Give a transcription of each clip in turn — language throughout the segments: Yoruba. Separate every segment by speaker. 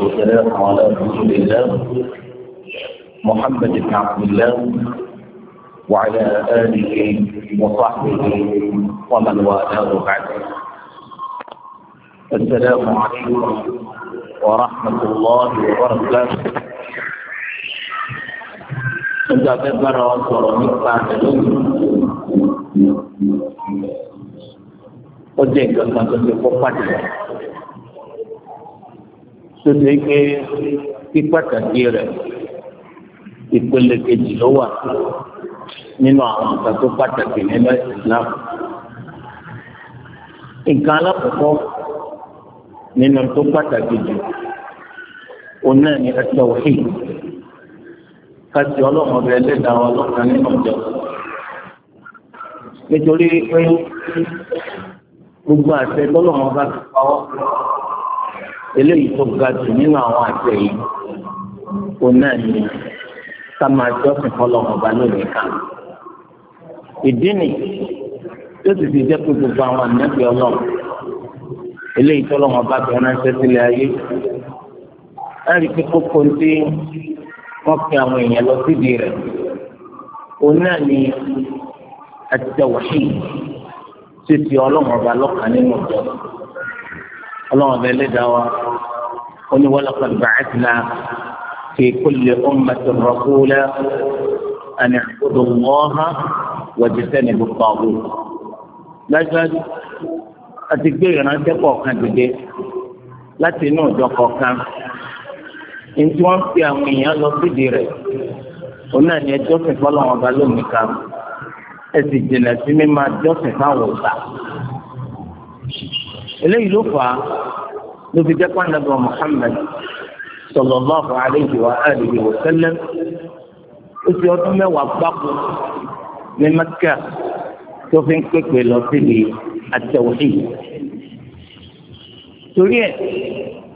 Speaker 1: والسلام على رسول الله محمد بن عبد الله وعلى آله وصحبه ومن والاه بعد السلام عليكم ورحمة الله وبركاته انت fẹ́ bára wa sọ̀rọ̀ nípa ẹ̀lú. Ó jẹ́ tó ṣe pé pípàtàkì rẹ̀ ìpele kejì ló wà nínú àwọn nǹkan tó pàtàkì nínú Islam nǹkan alákọ̀ọ́kọ́ nínú tó pàtàkì jù òun náà ni ẹsẹ̀ òhìn káṣí ọlọ́run ọbẹ̀ ẹlẹ́dàá ọlọ́kan nínú ọjọ́ nítorí pé gbogbo àṣẹ tọ́lọ́run ọba ti pa ọ́ eléyìí tó ga jù nínú àwọn àgbẹ̀ yìí òun náà ni ká máa jọ́sìn fọlọ́mù ọba lónìí kan. ìdí ni tó sì ti jẹ́ pé gbogbo àwọn ànábì ọlọ́run eléyìí tó lọ́mọ ọba bẹ̀rẹ̀ ránṣẹ́ sílẹ̀ ayé á rí pé kókó tí wọ́n fi àwọn èèyàn lọ síbi rẹ̀ òun náà ni àtẹ̀wọ̀ṣì ti ti ọlọ́mọ ọba lọ́kàn nínú ìjọba ọlọ́run ọbẹ̀ lẹ́dàá wa ó ní wọ́n lọ́kọ̀ bàtìlá fi kúlẹ̀ ọmọdé rọ́kúlẹ̀ àni àkóso mọ́ha wọ́jẹ́sẹ́ ní gbogbo ọ̀gbọ́n. lájọ́jú a ti gbé ìránṣẹ́ kọ̀ọ̀kan dìde láti inú ọ̀dọ́ kọ̀ọ̀kan ní tí wọ́n fi àwọn èèyàn lọ sídìí rẹ̀ òun náà ni ẹjọ́ fìfọ́ lọ́wọ́ ọba lómìnira ẹ sì jìnnà sí mímọ́ ẹjọ́ fìfọ́ àwọn ọ̀sà eléyìí ló fà á ló fi jẹ́pọ̀ nàbọ̀ Muhammad sallallahu alayhi wa alihi wa sallam ó ti ọdún mẹ́wàá gbáko ní Mẹ́kà tó fi ń pèpè lọ síbi at-tawhid torí ẹ̀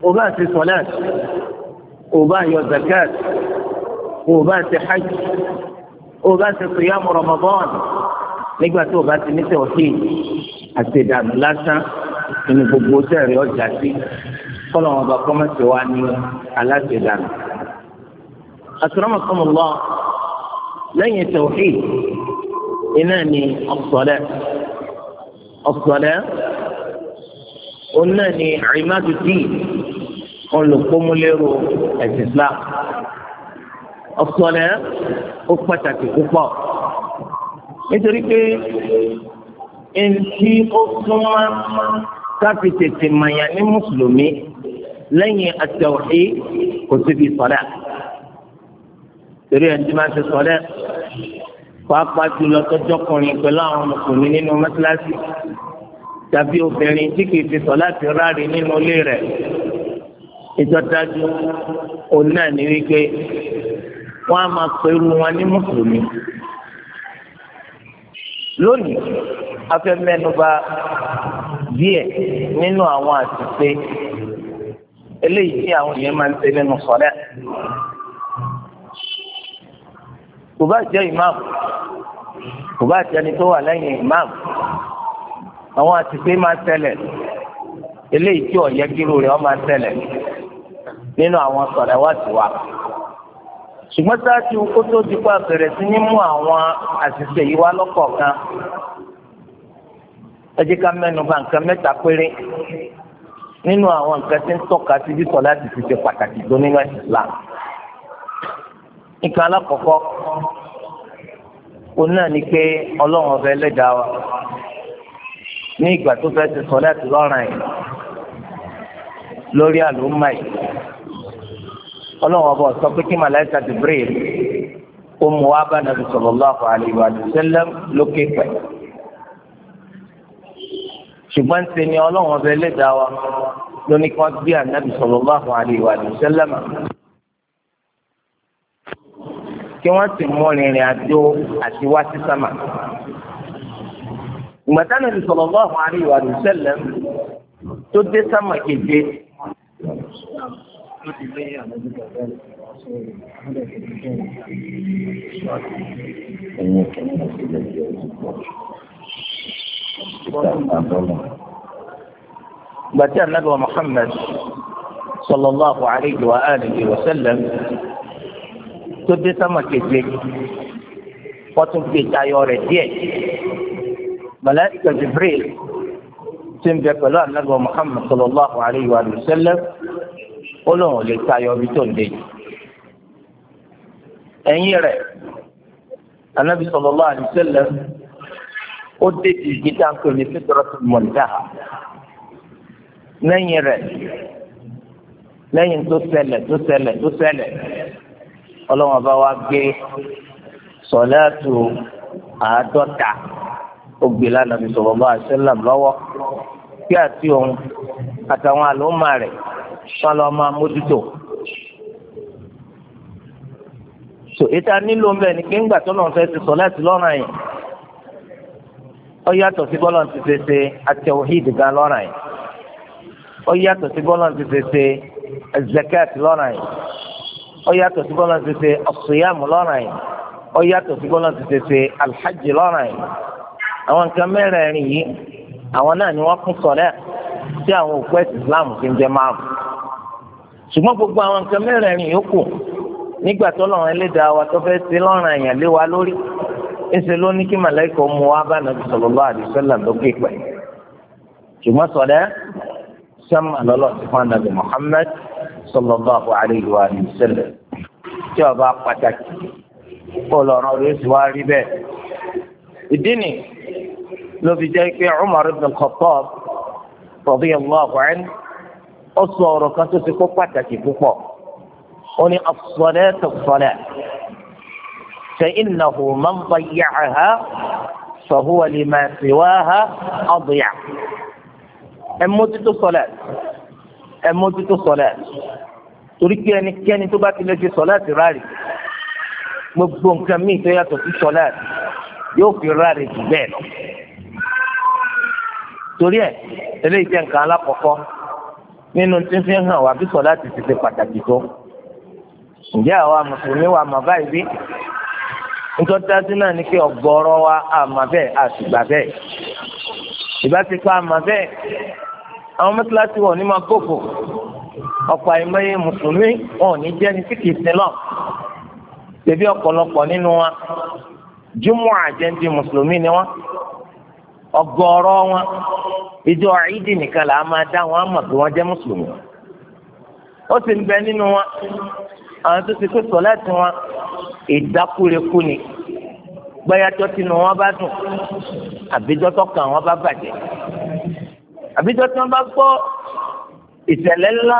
Speaker 1: ó bá ti sọ̀láàt ó bá yọ zakat ó bá ti hajj ó bá ti siyam Ramadan nígbà tó o bá ti ní tawhid àti ìdànù nínú gbogbo sẹ́ẹ̀rì ọjà sí kọ́lọ̀ wọn bá kọ́mẹ́sì wa ní aláṣẹ̀dànù. akramakumullah lẹ́yìn tawhid iná ni as-salat as-salat òun náà ni imadu din olùkómúlérò ẹ̀sìn Islam ó pàtàkì púpọ̀ nítorí pé ẹni tí ó súnmọ́ káfí tètè màyà ní mùsùlùmí lẹ́yìn àtẹ̀wọ̀hí kò síbi sọ̀dá torí ẹni tí máa ti sọ̀dá pàápàá jùlọ tọjọ́ kùnrin pẹ̀lú àwọn mùsùlùmí nínú mọ́tíláṣí tàbí obìnrin tí kìí ti sọ láti ráre nínú ilé rẹ̀ ìjọdájú òun náà ní wípé wọ́n á máa pẹ̀lú wọn ní mùsùlùmí lónìí a fẹ́ mẹ́nubà díẹ̀ nínú àwọn àtúnṣe eléyìí tí àwọn èèyàn máa ń ṣe nínú sọ̀rẹ́ kò bá jẹ́ ìmáàmù kò bá jẹ́ ẹni tó wà lẹ́yìn ìmáàmù àwọn àtúnṣe máa ń ṣẹlẹ̀ eléyìí tí ọ̀yẹ́ kírú rẹ̀ ọ́ máa ń ṣẹlẹ̀ nínú àwọn sọ̀rẹ́ wá sí wa ṣùgbọ́n sáájú kó tó di pa bẹ̀rẹ̀ sí ní mú àwọn àṣìṣe yìí wá lọ́kọ̀ọ̀kan ẹ jẹ́ ká mẹ́nu bà nǹkan mẹ́ta péré nínú àwọn nǹkan tí ń tọ́ka sí bí sọlá ti fi ṣe pàtàkì tó nínú ẹ̀sìn Islam nǹkan alákọ̀ọ́kọ́ òun náà ni pé ọlọ́run ọba ẹlẹ́dàá wa ní ìgbà tó fẹ́ ti sọlá ti lọ́ràn yìí lórí àlùmọ́ ọlọ́run ọba sọ pé kí màláìka Jibril ó mú wá bá nàbì sallallahu alaihi wa sallam lókè pẹ̀. ṣùgbọ́n ń sẹ́ni ọlọ́run ọba ẹlẹ́dàá wa lóní kan gbé ànábì sallallahu alaihi wa sallam. kí wọ́n sì mú rìnrìn àjò àti wá sí sámà. ìgbà tí ànábì sallallahu alaihi wa sallam tó dé sámà keje. Ẹ̀yìn kìíní ìṣẹ̀lẹ̀ jẹ́ ojú pọ̀ jù. Ìta àbọ̀mọ̀. Ìgbà tí Ànábì wa Muhammad sallallahu alayhi wa alihi wa sallam tó dé sámà keje wọ́n tún gbé tayọ rẹ̀ díẹ̀. Màláíkà Jibril ti ń bẹ pẹ̀lú Ànábì Muhammad sallallahu alayhi wa sallam ó lóun lè tayọ ibi tó ń dé yìí ẹ̀yìn rẹ̀ anabi sallallahu alaihi wasallam ó dé ti gíga ń pè ní fitratul muntaha lẹ́yìn rẹ̀ lẹ́yìn tó ṣẹlẹ̀ tó ṣẹlẹ̀ tó ṣẹlẹ̀ ọlọ́wọ́n bá wa gbé sọ̀láàtù àádọ́ta ògbé lánàbì sallallahu alaihi wasallam lọ́wọ́ kí àti òun àtàwọn àlùmọ́ rẹ̀. wọn lọ máa mójútó so ìta nílò ń bẹ ní pé ńgbà tó lọ́n fẹ́ ti sọ láti yìí ó yàtọ̀ sí bọ́lá ti ṣe ṣe àtẹ̀wòhídì gan lọ́rùn yìí ó yàtọ̀ sí bọ́lá ti ṣe ṣe zakat lọ́rùn yìí ó ti ṣe ọ̀sùnyàmù yìí ó yàtọ̀ ti ṣe ṣe alhaji lọ́rùn yìí àwọn nǹkan mẹ́rẹ̀ẹ̀rin yìí àwọn náà ni wọ́n kún sọ̀rẹ́ tí àwọn òkú ṣùgbọ́n gbogbo àwọn nǹkan mẹ́rẹ̀ẹ̀rin yòókù nígbà tó lọ́wọ́ ẹlẹ́dàá wa tó fẹ́ẹ́ ṣe lọ́rùn àyàn lé wa lórí ńṣe ló ní kí màláìkà mú wa bá nàbì sallallahu alaihi wasallam lókè pẹ̀ ṣùgbọ́n sọ̀dẹ́ sẹ́mà lọ́lọ́ ti fún ànàbì Muhammad sallallahu alaihi wasallam tí ọba pàtàkì kó lọ́rọ̀ rẹ̀ sì wá rí bẹ́ẹ̀ ìdí ni ló fi jẹ́ pé Umar ibn al-Khattab radiyallahu anhu ó sọ ọ̀rọ̀ kan tó ti kó pàtàkì púpọ̀ ó ní as-salatu as-salat fa innahu man dayya'aha fa huwa lima siwaha adiya' ẹ mójútó sọlẹ ẹ mójútó sọlẹ torí kí ẹnikẹ́ni tó bá ti lè ṣe sọlẹ ti rárẹ gbogbo nǹkan míì tó yàtọ̀ sí sọlẹ yóò fi rárẹ jù bẹ́ẹ̀ lọ torí ẹ eléyìí jẹ́ nǹkan alákọ̀ọ́kọ́ nínú tí ń fi hàn wá bí sọlá ti ti ṣe pàtàkì tó ǹjẹ́ àwa mùsùlùmí wa mà báyìí bí nítorí dájú náà ni pé ọ̀gọ̀rọ̀ wa àmà bẹ́ẹ̀ àtìgbà bẹ́ẹ̀ ìbá ti pa àmà bẹ́ẹ̀ àwọn mọ́tíláṣí wọn ò ní máa gbòkò ọ̀pọ̀ àìmọye mùsùlùmí wọn ò ní jẹ́ ní sí kìí sin tẹ̀bí ọ̀pọ̀lọpọ̀ nínú wa júmọ̀ àjẹ́ndì mùsùlùmí ni wọ́n ọ̀gọ̀rọ̀ wọn ìjọ ìdí nìkan là á máa dá wọn á mọ̀ pé wọ́n jẹ́ mùsùlùmí ó sì ń bẹ nínú wọn àwọn tó ti pé sọ̀láàtì wọn ìdákúrekú ni gbẹ́yàjọ́ tinú wọn bá dùn àbíjọ́ tọkàn wọn bá bàjẹ́ àbíjọ́ tí bá gbọ́ ìṣẹ̀lẹ̀ ńlá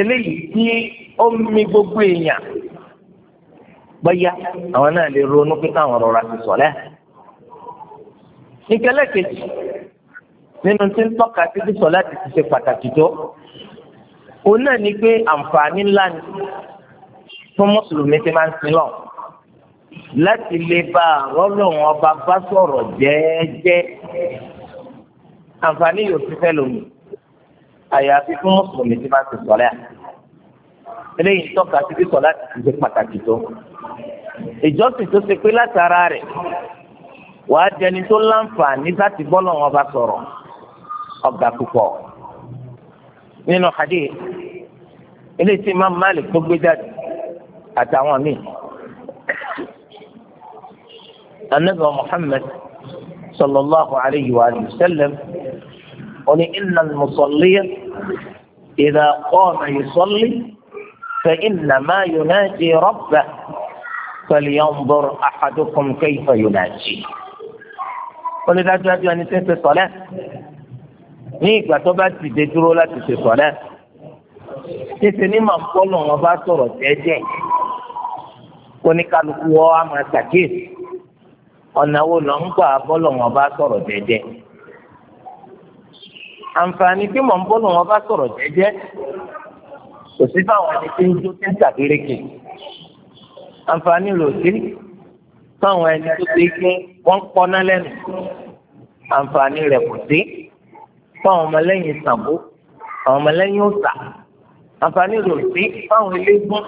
Speaker 1: eléyìí tí ó mì gbogbo èèyàn gbẹ́yà àwọn náà lè ronú pé káwọn rọra ti sọ̀lẹ́ ìkẹlẹ̀ kejì nínú tí ń tọ́ka sí bí sọlá ti ti ṣe pàtàkì tó òun náà ni pé àǹfààní ńlá ni fún mùsùlùmí ti máa ń sin lọ láti lè bá rọlọ́run ọba bá sọ̀rọ̀ jẹ́ẹ́jẹ́ àǹfààní yóò fi fẹ́ lómi àyàfi fún mùsùlùmí ti máa ń sin sọlá eléyìí tọ́ka sí bí sọlá ti ti ṣe pàtàkì tó ìjọsìn tó ṣe pé látara rẹ̀ wàá jẹni tó láǹfààní láti bọ́lọ̀ wọn bá sọ̀rọ̀ ọgbà púpọ̀ nínú hadith eléyìí tí Imam Malik tó gbé jáde àtàwọn míì anabi Muhammad sallallahu alayhi wa sallam oní inna al-musalliya idha qama yusalli fa innama yunaji rabbah falyanzur ahadukum kayfa yunaji ó ní dájúdájú ẹni tó ń ṣe sọ̀lẹ́ ní ìgbà tó bá dìde dúró láti ṣe sọ̀lẹ́ ṣíṣe ní màá pọ́lọ̀ wọn bá sọ̀rọ̀ jẹ́jẹ́ oníkálukú wọ́n á máa ṣàkíyèsí ọ̀nà wo lọ ń gbà bọ́lọ̀ wọn bá sọ̀rọ̀ jẹ́jẹ́ àǹfààní tí mò ń bọ́lọ̀ wọn bá sọ̀rọ̀ jẹ́jẹ́ kò sí fáwọn ẹni tí ń jó tí ń fáwọn ẹni tó ṣe pé wọ́n pọ́ná lẹ́nu àǹfààní rẹ̀ kò sí fáwọn ọmọlẹ́yìn Ṣàngó àwọn ọmọlẹ́yìn Òòṣà àǹfààní rẹ̀ kò sí fáwọn eléégún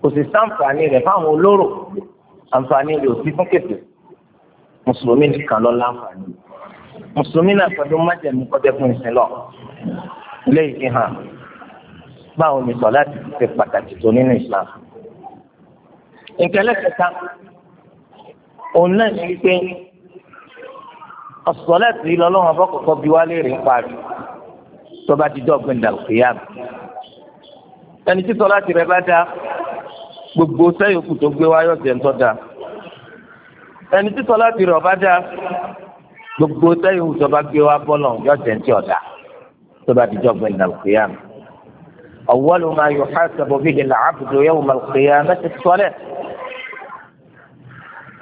Speaker 1: kò sì sáǹfààní rẹ̀ fáwọn olóró àǹfààní rẹ̀ kò sí fún kẹfẹ́ mùsùlùmí nìkan ló láǹfààní mùsùlùmí náà pẹ̀lú májẹ̀mú kọjá fún ìsìn lọ ilé ìfihàn báwo ni sọ láti ṣe pàtàkì tó nínú ìsìlámù nkẹlẹ kẹta òun náà ní wípé ọ̀sọ̀lẹ́tì lọ́lọ́wọ́n afọ́kọ̀kọ́ bí wálé rè ń parí tó bá ti dọ́gbìn dàlùkìyàm ẹni tí sọlá tirẹ̀ bá dá gbogbo sẹ́yòkù tó gbé wáyọ̀ jẹ́ ńtọ́ dá ẹni tí sọlá tirẹ̀ ọba dá gbogbo sẹ́yòkù tó bá gbé wá bọ́lọ̀ yọ̀ jẹ́ ńtí ọ̀dà tó bá ti dọ́gbìn dàlùkìyàm. أول ما يحاسب به العبد يوم القيامة الصلاة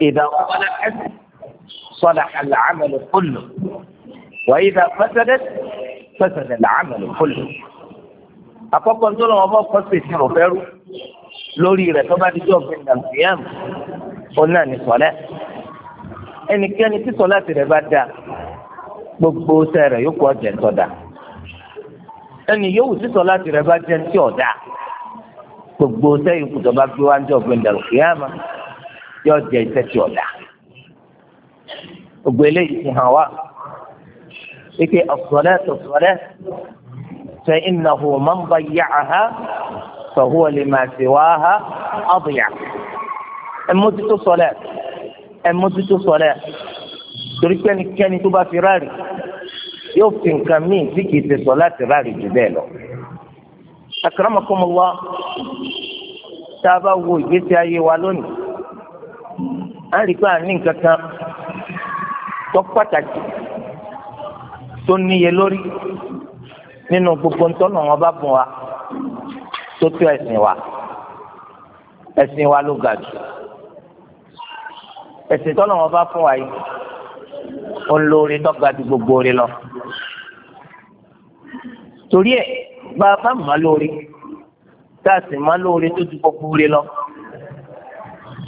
Speaker 1: إذا صلحت صلح العمل كله وإذا فسدت فسد العمل كله àkọ́kọ́ tó lọ́wọ́ bọ́ kọ́ sí ìṣirò fẹ́rú lórí rẹ̀ tó bá di jọ́ òfin nàìjíríàm òun náà ní sọ́lẹ̀ ẹnikẹ́ni tí sọ́lẹ̀ tirẹ̀ bá dáa gbogbo sẹ́rẹ̀ yóò kọ́ jẹ́ tọ́da ẹni yóò tí sọ́lẹ̀ tirẹ̀ bá jẹ́ tí ọ̀dà gbogbo sẹ́yìn kùtọ́ bá gbé wá ń jọ́ òfin nàìjíríàm yọ jẹ iṣẹ́ tí ọdà gbogbo eléyìí fi hàn wá wípé as-salatu as-salatu fa innahu man dayya'aha fa huwa lima siwaha adiya ẹmójútó sọlẹ ẹmójútó sọlẹ torí kẹ́nikẹ́ni tó bá fi ráàlì yóò fi nǹkan míì tí kìí ṣe sọ láti ráàlì jù bẹ́ẹ̀ lọ. akramakumullah tá a bá wo ìgbésí ayé wa lónìí á rí i pé à ní nǹkan kan tó pàtàkì tó níye lórí nínú gbogbo ntọ́nà wọn bá fún wa tó tó ẹ̀sìn wa ẹ̀sìn wa ló ga jù ẹ̀sìn tọ́nà wọn bá fún wa yìí ó ń lórí dọ́gba ju gbogbo orí lọ torí ẹ̀ bá a bá mọ̀ lórí tá a sì mọ̀ lórí tó ju gbogbo orí lọ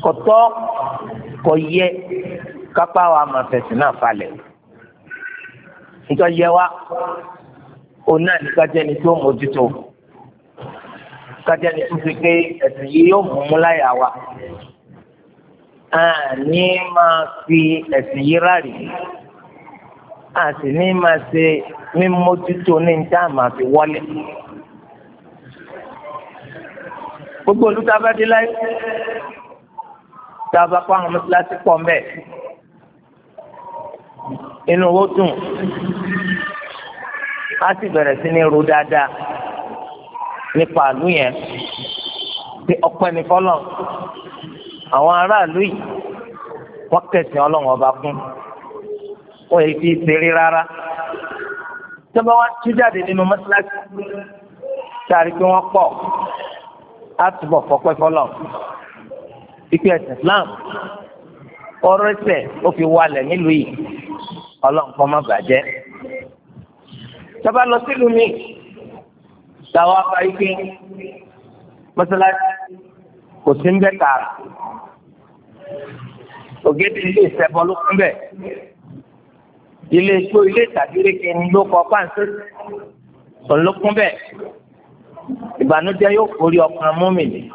Speaker 1: kọ̀tọ́ kọ̀ kapa wa máa fẹ̀sìn náà falẹ̀ nítorí ọyẹ wa òun náà ní kájẹ́ni tó mójútó kájẹ́ni tó fi pé ẹ̀sìn yìí yóò mú mú láyà wa àní ma fi ẹ̀sìn yìí rárí àti ní máa ṣe mímójútó ní ní tá a fi wọlé gbogbo olùtàbádé láyé tá a bá kọ́ àwọn mọ́sálásí pọ̀ mbẹ́ inú owó dùn á sì bẹ̀rẹ̀ sí ní ro dáadáa nípa àlú yẹn ti ọpẹ́ ní fọlọ́ àwọn aráàlú yìí wọ́n kẹsìn ọlọ́run ọba kún wọ́n èyí fi ṣeré rárá tọ́ba wa tú jáde nínú mọ́sálásí sáré pé wọ́n pọ̀ á túbọ̀ fọpẹ́ fọlọ́ ikú ẹ̀sìn Islam ọ̀rọ̀ ẹsẹ̀ ó fi wálẹ̀ nílùú yìí ọlọ́nkọ́ má bàjẹ́. sábà lọ sílùú mi táwa fa ike mọ́sálásí kò sí ń bẹ́ tààrà ògèdè ilé ìṣẹ́bọ ló kún bẹ́ẹ̀ ilé iṣó ilé ìtàgéréke ni ló kọ pàǹsẹ́ òun ló kún bẹ́ẹ̀ ìbànújẹ́ yóò forí ọkàn múmi nìyí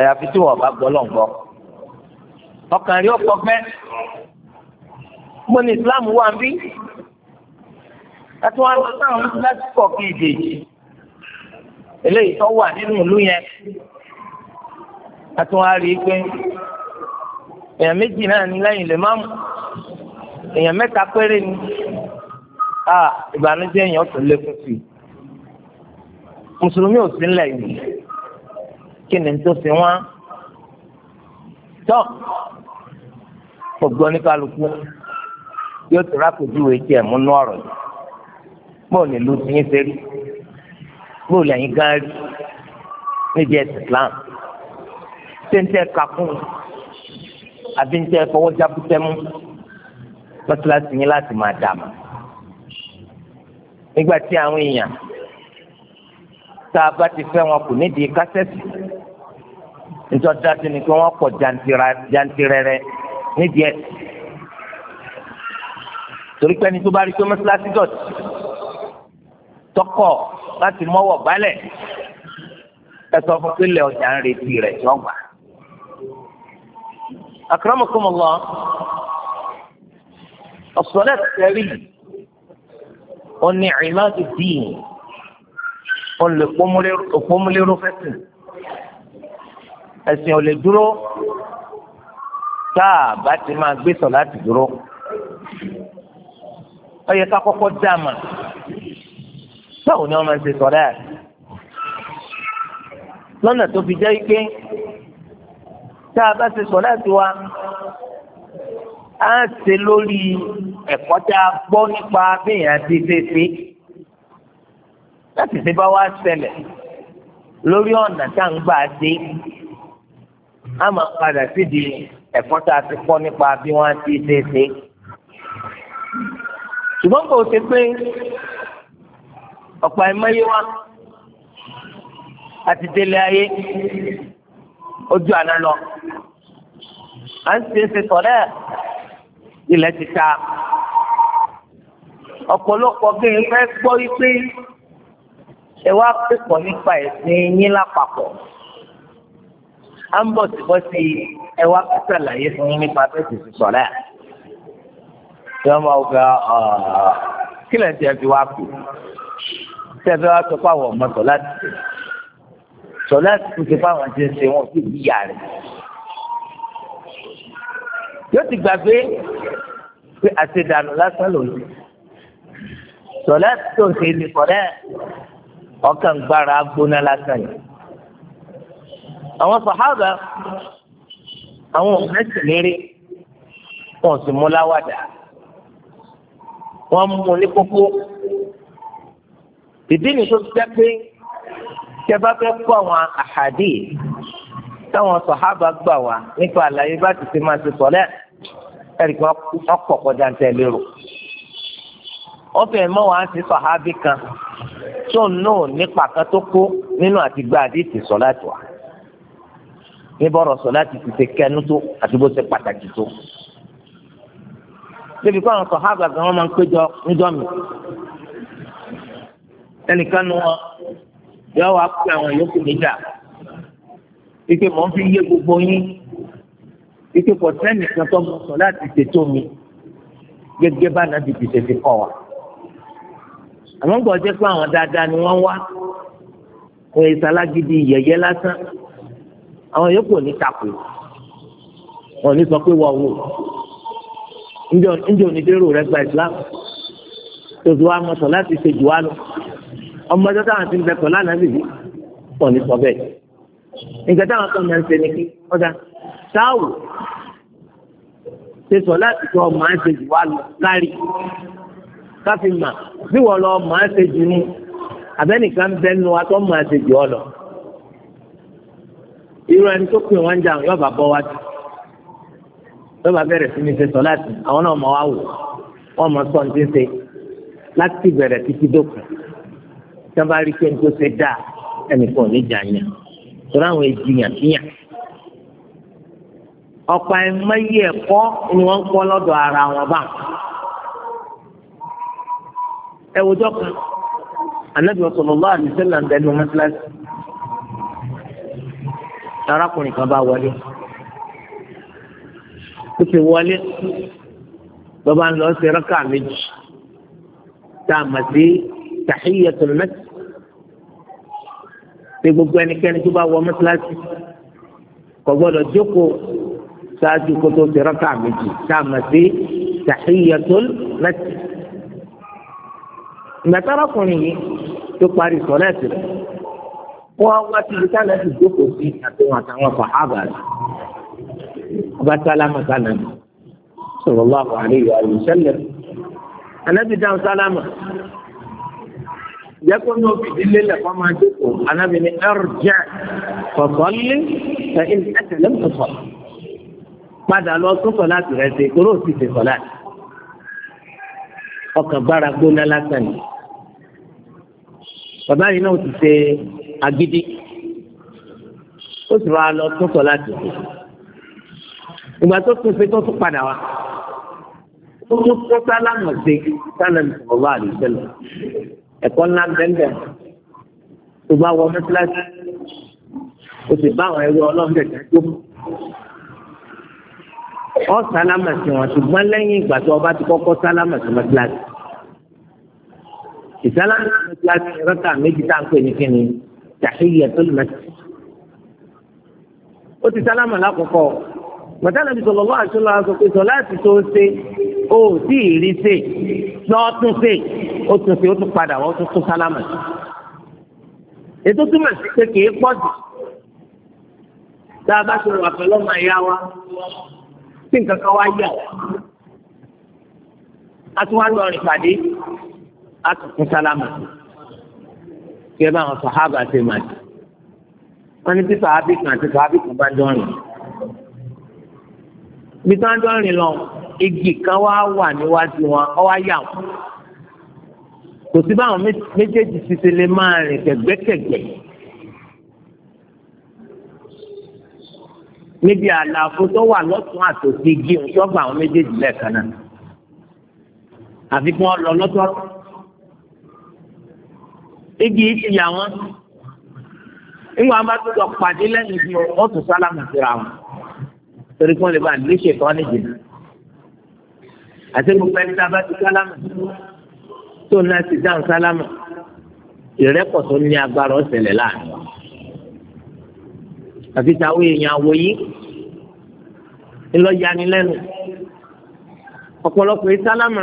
Speaker 1: ẹ̀yà fi tí wọ́n bá gbọ́ lọ́n gbọ́. ọkàn rí ọ̀pọ̀ pẹ́ mo ní Islam wà ń bí láti wọn lọ sáwọn láti pọ̀ kí ìdèjì eléyìí tó wà nínú ìlú yẹn láti wọn rí i pé èèyàn méjì náà ní lẹ́yìn lè má mú èèyàn mẹ́ta péré ni ah, ìbànújẹ́ èèyàn tó lékún sí i mùsùlùmí ò sí ńlẹ̀ yìí kí ni tó fi wọ́n tọ́ ògbọ́n oníkálukú yóò tó rákòjúwe tiẹ̀ múnú ọ̀rọ̀ yìí bó ní ìlú ti yín ṣe rí bó lẹ́yìn gan rí níbi ẹ̀sìn Islam ṣé ń tẹ́ kakún àbí ń tẹ́ fọwọ́ jábútẹ́ mú mọ́tíláṣí yín láti máa dà mà nígbà tí àwọn èèyàn tá a bá ti fẹ́ wọn kò nídìí kásẹ̀tì nítorí dájú ni pé wọ́n pọ̀ jantirẹrẹ nídìí ẹ̀ torí pé ẹni tó bá rí pé mọ́sálásí dọ̀tí tọkọ̀ láti mọ́wọ́ gbálẹ̀ ẹ sọ fún pé ilẹ̀ ọjà ń retí rẹ̀ tí wọ́n gbà. akramakumullah as-salat tẹ̀rí ó ní ìmáàdù dín ó lè pọ́nmúlérò fẹ́sìn ẹ̀sìn ò lè dúró tá a bá ti máa gbé sọ láti dúró ó yẹ ká kọ́kọ́ dá a mà báwo ni wọ́n máa ṣe sọ dáa lọ́nà tó fi jẹ́ pé tá a bá ṣe sọ láti wa á ṣe lórí ẹ̀kọ́ tá a gbọ́ nípa béèyàn ti ṣe láti ṣe bá wa ṣẹlẹ̀ lórí ọ̀nà tá à ń gbà ṣe a máa padà sídìí ẹ̀kọ́ tá a ti kọ́ nípa bí wọ́n á ti ṣe é ṣe. ṣùgbọ́n kò ṣe pé ọ̀pọ̀ ẹ̀mọ́yé wa àti délé ayé ojú àná lọ. à ń ṣe é ṣe sọ̀rẹ́ ilẹ̀ ti ta ọ̀pọ̀lọpọ̀ bí n fẹ́ gbọ́ wípé ẹ wá pẹ̀pọ̀ nípa ẹ̀sìn yín lápapọ̀ à ń bọ̀ síbọ̀ sí ẹwà kásàlàyé fún yín nípa bẹ́ẹ̀ sì sọ̀rọ̀ yà. wọ́n máa gba kí lẹ́yìn ẹ fi wá kù tí ẹ fi wá sọ fáwọn ọmọ sọ láti tẹ̀ sọ láti tún ṣe fáwọn tí ń ṣe wọn sí ìyá rẹ̀. yóò ti gbàgbé pé àṣedànù lásán lòun sọ láti tó ṣe lè kọ́ náà ọkàn gbára gbóná lásán yìí àwọn sàhábà àwọn òǹkẹ́sì lérí wọn sì mú láwàdà wọn mú ní kókó ìdí ni tó jẹ́ pé tẹ́bá fẹ́ kó àwọn àhàdì táwọn sàhábà gbà wá nípa àlàyé bá ti ti máa ti sọ̀lẹ́ ẹ̀rí kan ọkọ̀ kọjá ń tẹ̀lé rò ọfẹ mọ wàá sí sọhábì kan tó ń nù nípa kan tó kó nínú àtìgbà àdìsí sọlá tó wa ní bọ́rọ̀ sọ láti ti ṣe kẹnu tó àti bó ṣe pàtàkì tó. débi kó àwọn sọ̀hábà kan wọ́n máa ń péjọ níjọ́ mi. ẹnìkan nu wọn yọ wá pé àwọn yòókù níjà ike mọ̀ ń fi yé gbogbo yín ike pọ̀ sẹ́nìkan tó mọ̀ sọ láti ṣètò mi gẹ́gẹ́ bá nàbì ti ṣe fi kọ́ wa. àwọn gbọ́dọ̀ jẹ́ pé àwọn dáadáa ni wọ́n wá òun ìsalágídí yẹ̀yẹ́ lásán àwọn yòókù ò ní takò wọn ò ní sọ pé wọ́n wò ǹjẹ́ onídéró rẹ gba islam tòtò wa mọ̀tọ̀ láti ṣe jù wá lọ ọmọ ẹjọ́ táwọn ti ń bẹ̀tọ̀ lánàá bìbí wọn ò ní sọ bẹ́ẹ̀ nǹkan táwọn kan máa ń ṣe ni kí ọjà táwò ṣe sọ láti sọ máa ń ṣe jù wá lọ kárí káfí mà bí wọ́n lọ máa ń ṣe jù ní abẹ́nìkan bẹ́ẹ̀ nu wa tó máa ṣe jù ọ lọ irú ẹni tó pè wọ́n ń jà yóò bá bọ́ wá jù yóò bá bẹ̀rẹ̀ sí ní ṣe sọ láti àwọn náà mọ̀ wá wò wọ́n mọ̀ sọ ní ṣe láti bẹ̀rẹ̀ títí dókun tí wọ́n bá rí pé ní tó ṣe dáa ẹnìkan ò ní jà yàn torí àwọn èjìyàn kíyàn ọ̀pọ̀ ẹ̀mọ́yé ẹ̀kọ́ ni wọ́n ń kọ́ lọ́dọ̀ ara wọn bá ẹ̀wòjọ́ kan anábìyàn sọ̀rọ̀ lọ́wọ́ àdìsẹ́lẹ̀ ń bẹ́ẹ̀ mọ́tíláṣí. arákùnrin kan bá wọlé ó ti wọlé ló bá ń lọ sí rákà méjì tá a mọ̀ sí tó masjid ṣe gbogbo ẹnikẹ́ni tó bá wọ mọ́sálásí kò gbọ́dọ̀ jókòó ṣáájú kó tó ti rákà méjì tá a mọ̀ sí tahiyatul masjid ìgbà tárákùnrin yìí tó parí sọ̀rọ̀ ẹ̀sìn rẹ̀. wọ́n wá sí ibi táwọn ti jókòó sí àtúnwọ̀n àtàwọn fàhábà rẹ̀ ọba sálámà sálámà sallallahu alayhi wa sallam anábì dáhùn sálámà jẹ́kọ́ ní òbí ilé lẹ́kọ́ máa jókòó anábì ní ẹ̀rọ̀jẹ́ fọ̀sọ́lé ẹ̀yìn ẹ̀tẹ̀lẹ́ fọ̀sọ́ padà lọ tún sọ̀lá tìrẹ̀ ṣe kúrò sí ṣe sọ̀lá ọkàn bára gbóná lásán ni bàbá yìí náà ti ṣe agídí ó sì máa lọ tún sọ láti ṣe ìgbà tó tún ṣe tó tún padà wá ó tún kó sálámù ṣe sálámù ọba àdìsẹlẹ ẹ̀kọ́ ńlá bẹ́ẹ̀ tó bá wọ mẹsàlásì ó sì bá àwọn ẹrú ọlọ́ọ̀dẹ̀ tó ọ sálámà sí wọn ṣùgbọ́n lẹ́yìn ìgbà tó ọba ti kọ́kọ́ sálámà sí mẹsàlásì ìsálámù sí mẹsàlásì rẹ́ta méjì tá à ń pè ní kíni tahiyyatul masjid ó ti sálámà lákòókò mọ̀tánà bí sọ̀rọ̀ lọ́wọ́ àṣọ lọ́wọ́ sọ pé sọ láti tó ṣe ó sì rí ṣe lọ́ọ̀tún ṣe ó tún ṣe ó tún padà wọ́n tún tún sálámà sí. ètò túmọ̀ sí pé kì í pọ̀ jù tá a bá ṣe wà pẹ̀lú ọmọ ìyá wa tí nǹkan kan wá yà á tún wá lọ rìn pàdé á tún tún sálámà sí kí ẹ bá àwọn sàhábà ṣe máa ṣe wọn ní tí sàhábì kan àti sàhábì kan bá dọ́rin bí tí wọ́n dọ́rin lọ igi kan wá wà níwájú wọn ọ wá yà wọn kò sí báwọn méjèèjì ti ṣe lè máa rìn kẹ̀gbẹ́kẹ̀gbẹ́. níbi àlàfo tó wà lọ́tún àtòsí igi òun tó gba àwọn méjèèjì lẹ́ẹ̀kan náà àfi kí wọ́n lọ lọ́tọ̀ọ̀tọ̀ igi ti yà wọn nígbà wọn bá tó lọ pàdé lẹ́yìn ibi wọn tún sálámù síra wọn torí kí wọn lè bá àdéhùn ìtọ́ níjì àti gbogbo ẹni tá a bá ti sálámù tó náà ti dáhùn sálámù ìrẹ́pọ̀ tó ní agbára ọ̀sẹ̀lẹ̀ láàrin wọn àfi táwọn èèyàn àwòyí ńlọ́yanilẹ́nu ọ̀pọ̀lọpọ̀ ìsálámà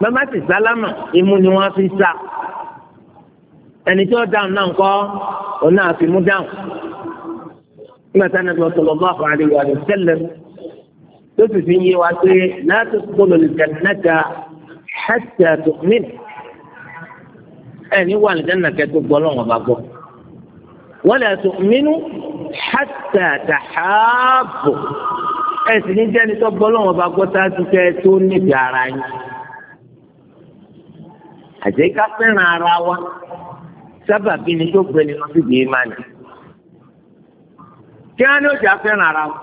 Speaker 1: bàbá ti sálámà imú ni wọ́n fi sá ẹni tí ó dáhùn náà kọ́ òun náà fi mú dáhùn nígbà tí Ànábì sallallahu alaihi wa sallam tó sì fi yé wa pé la tadkhulul jannata hatta tu'minu ẹni wà ní jẹ́nà kẹ́tọ́ gbọ́ lọ́wọ́ bá gbọ́ wala tu'minu hatta tahabbu ẹ̀sìn ní jẹ́ni tó gbọ́ lọ́wọ́ bá gbọ́ tá a ti kẹ́ tó níbi ara yín àjẹ́ká fẹ́ràn ara wa. sábà bí ni tó gbé ni lọ síbi ìmánì. kí wọ́n ní oṣù afẹ́ràn ara wọn.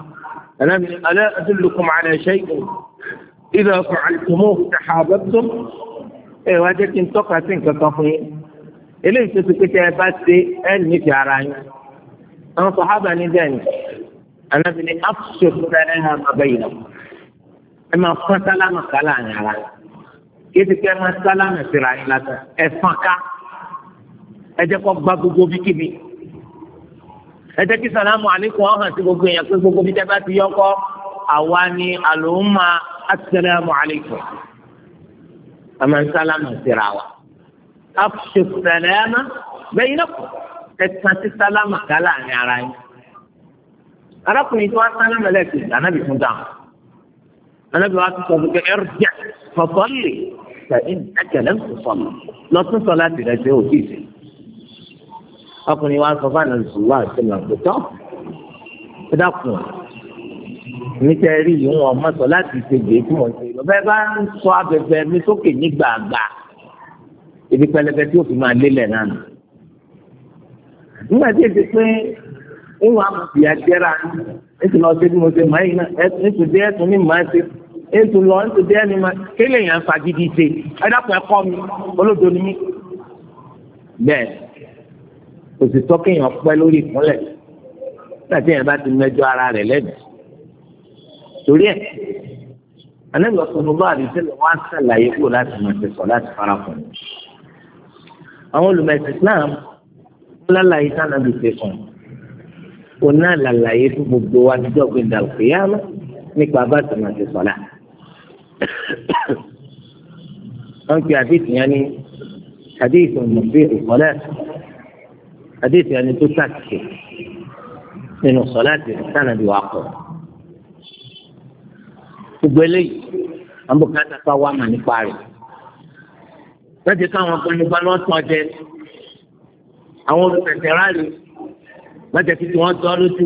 Speaker 1: ẹlẹ́mi alẹ́ adúlùkùn àlẹ́ ṣe ìgbìn ìdá ọkùnrin àlùkùnmọ́ ṣàbẹ̀tọ́. ẹ wá jẹ́ kí n tọ́ka sí nǹkan kan fún yín. eléyìí tó ti pété ẹ bá ṣe ẹ nífẹ̀ẹ́ ara yín. àwọn sọ̀hábà ní bẹ́ẹ̀ ni. ẹlẹ́mi ni àpùsọ̀ fúnra ẹ̀ hàn abẹ́yìn náà. ẹ máa fọ́n sálámà kálá àyàrá. kí ẹ ti kẹ́ ẹ máa sálámà síra yín látà ẹ maa salama sira ẹ jẹ́ kó gba gbogbo bíkíbi ẹ jẹ́ kí sàlámù àlékún ọ̀hún àti gbogbo èèyàn pé gbogbo bíjẹ́ bá ti yọkọ́ àwa ni àlòmà àtìsàlámù àlékún àmà ń sàlámù síra wa àfṣe sàlámà bẹ́yìn náà ẹ̀sán sí sàlámù kálá ní ara yín arákùnrin tí wọ́n sàlámù lẹ́sìn ànábì fún dáhùn ànábì wa ti sọ fún pé ẹrù jẹ fọ̀fọ́lì ṣàyìn ń sọ̀rọ̀ lọ́tún sọ láti rẹ̀ ṣe òkè ìṣẹ̀lẹ̀ ọkùnrin wa sọ fáànà ìṣòwò àti ìlànàpọ̀tọ́ ẹ dákun níta rí ìwọ̀n ọmọsọ láti ṣe gbé tí mo ṣe lọ́bẹ̀ bá ń sọ abẹ̀bẹ̀ mi sókè ní gbàgbà ibi pẹlẹbẹ tí ó fi máa lélẹ̀ náà nù. nígbà tí èsì pé ìwọ̀n àmọ̀tì àjẹrà ètò lọ sí bí mo ṣe máa yìí náà ètò díẹ̀ tún ní màá ṣe ètò lọ ètò díẹ̀ ní màá kéèyàn fagídí ṣe ẹ dákun mi olódo ni mí bẹ́ẹ̀ kò sì tọ́ kéèyàn pẹ́ lórí ìkúnlẹ̀ nígbà tí èèyàn bá ti mẹjọ ara rẹ̀ lẹ́dìí torí ẹ̀ anábì ọ̀sán bá àdìsẹ́ lọ wá sàlàyé kó láti máa ṣe sọ láti fara fún un àwọn olùmẹ̀sìn Islam lálàyé sànàbì ṣe fún un òun náà lálàyé fún gbogbo wa níjọ́ pé dàlùkìyàmù nípa bá ti máa ṣe sọ̀lá wọn pe àdéhùn yẹn ní àdéhùn mọ̀fẹ́ àdéhìí ẹni tó ṣàkíyè nínú sọláàtì sànàbí wa kọ gbogbo eléyìí àbùkátà ká wà mà nípa rẹ̀ lọ́jọ́ káwọn gbanigbá lọ́ tán jẹ àwọn olùfẹ̀sẹ̀ ráàlì lọ́jọ́ títí wọ́n tọ́ lójú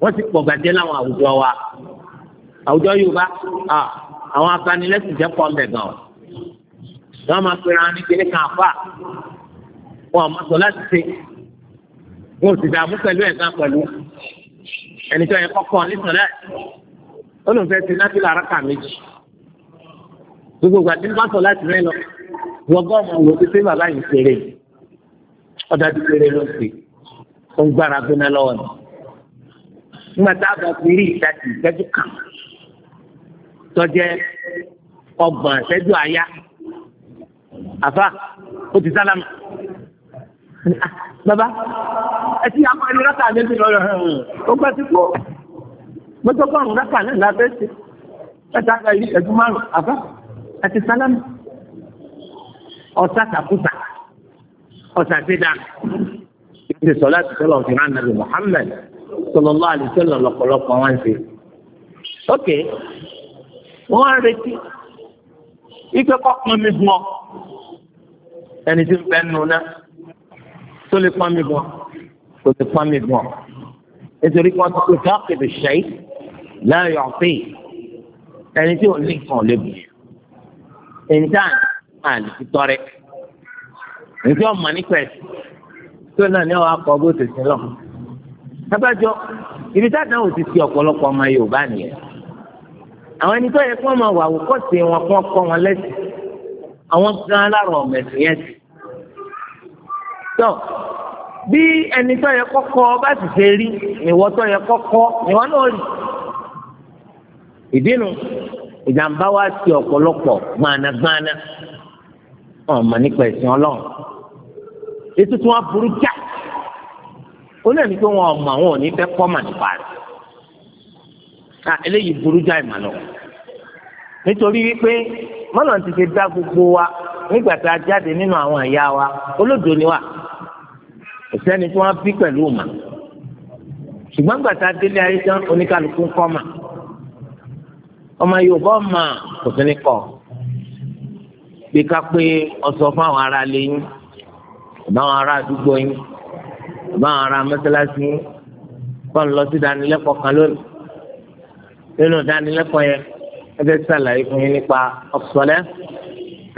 Speaker 1: wọ́n ti pọ̀ gbàjẹ́ láwọn àwùjọ wa àwùjọ Yorùbá àwọn afanilẹ́sìn jẹ́ pọ̀ mẹ́gàn wọ́n máa pera ní kíní kan àfà wọn àmọ́ sọ láti ṣe wọn ò sì dààmú pẹ̀lú ẹ̀ka pẹ̀lú ẹni tó yẹ kọ́kọ́ nítorí ẹ̀ ó lóun fẹ́ ti láti lára kà méjì gbogbo ìgbà tí ń bá sọ láti rẹ lọ wọgọ́ ọmọ wò ó ti pé bàbá yìí ṣeré ọ̀dà ti ṣeré ló ṣe ó ń gbára gbóná lọ́wọ́ ni nígbà tá a bá fi rí ìdájì ìtẹ́jú kan tọ́jẹ́ ọgbọ̀n ìtẹ́jú àyà àfa ó ti sálámà bàbá ẹtí akọ ẹni rákà méjì lọ́rọ̀ ó pẹ́ tí kò mọ́tòkọ́rùn rákà náà lábẹ́ ṣe ẹ̀ta àgbà yìí ẹ̀dún márùn àbá àti sálámù ọ̀sà kàkúta ọ̀sà dídá ìdí sọlá ti sọlọ fi hàn nàbì Muhammad sọlọlọ àlùsọlọ lọ́pọ̀lọpọ̀ wọn ṣe. ok wọn á retí ikẹ́kọ̀ọ́ pọnmi fún ọ ẹni tí ń bẹ́ẹ̀ nù náà tó lè pamí bọ̀ kò lè pamí bọ̀ nítorí pé wọ́n ti pè káàkiri ṣẹ́yí láàyò ọ̀pẹ́ ẹni tí ò ní nǹkan lè bù ẹ̀ńtà àlè ti tọrẹ ẹ̀ńtì ọ̀mà ní pẹ̀sì tó náà ní ọ̀hún akọ bó tètè lọ. abájọ ibi tá a dáhùn ti fi ọ̀pọ̀lọpọ̀ ọmọ Yorùbá nìyẹn àwọn ẹni tó yẹ kí wọ́n máa wà wò kọ́sì wọn kí wọ́n kọ́ wọn lẹ́sìn àwọn gan-an lára ọ̀mẹ̀sìn yẹn ti tó bí ẹni tó yẹ kọ́kọ́ bá sì ṣe rí ìwọ tó yẹ kọ́kọ́ ìwọ náà rí ìdí nu ìjàmbá wa ti ọ̀pọ̀lọpọ̀ gbanagbana ọmọ nípa ẹ̀sìn ọlọ́run ètò tí wọ́n burú já ó náà ní pé wọn ọmọ àwọn ò ní fẹ́ kọ́ mà nípa rẹ̀ ká eléyìí burú já ìmọ̀ lọ nítorí wípé mọ́nà ti ṣe dá gbogbo wa nígbà tá a jáde nínú àwọn ìyá wa olódo ni wa kò sẹ́ni tí wọ́n bí pẹ̀lú mà ṣùgbọ́n gbà tá a délé ayé tán oníkálukú ń kọ́ mà ọmọ Yorùbá ọmọ kò sí ní kọ́ bí ká pé ọsọ fún àwọn ará ilé yín ìbáwọn ará àdúgbò yín ìbáwọn ará mọ́sálásí yín kọ́ ń lọ sí ìdánilẹ́kọ̀ọ́ kan lónìí nínú ìdánilẹ́kọ̀ọ́ yẹn ẹ sàlàyé fún yín nípa ọ̀sọ̀lẹ́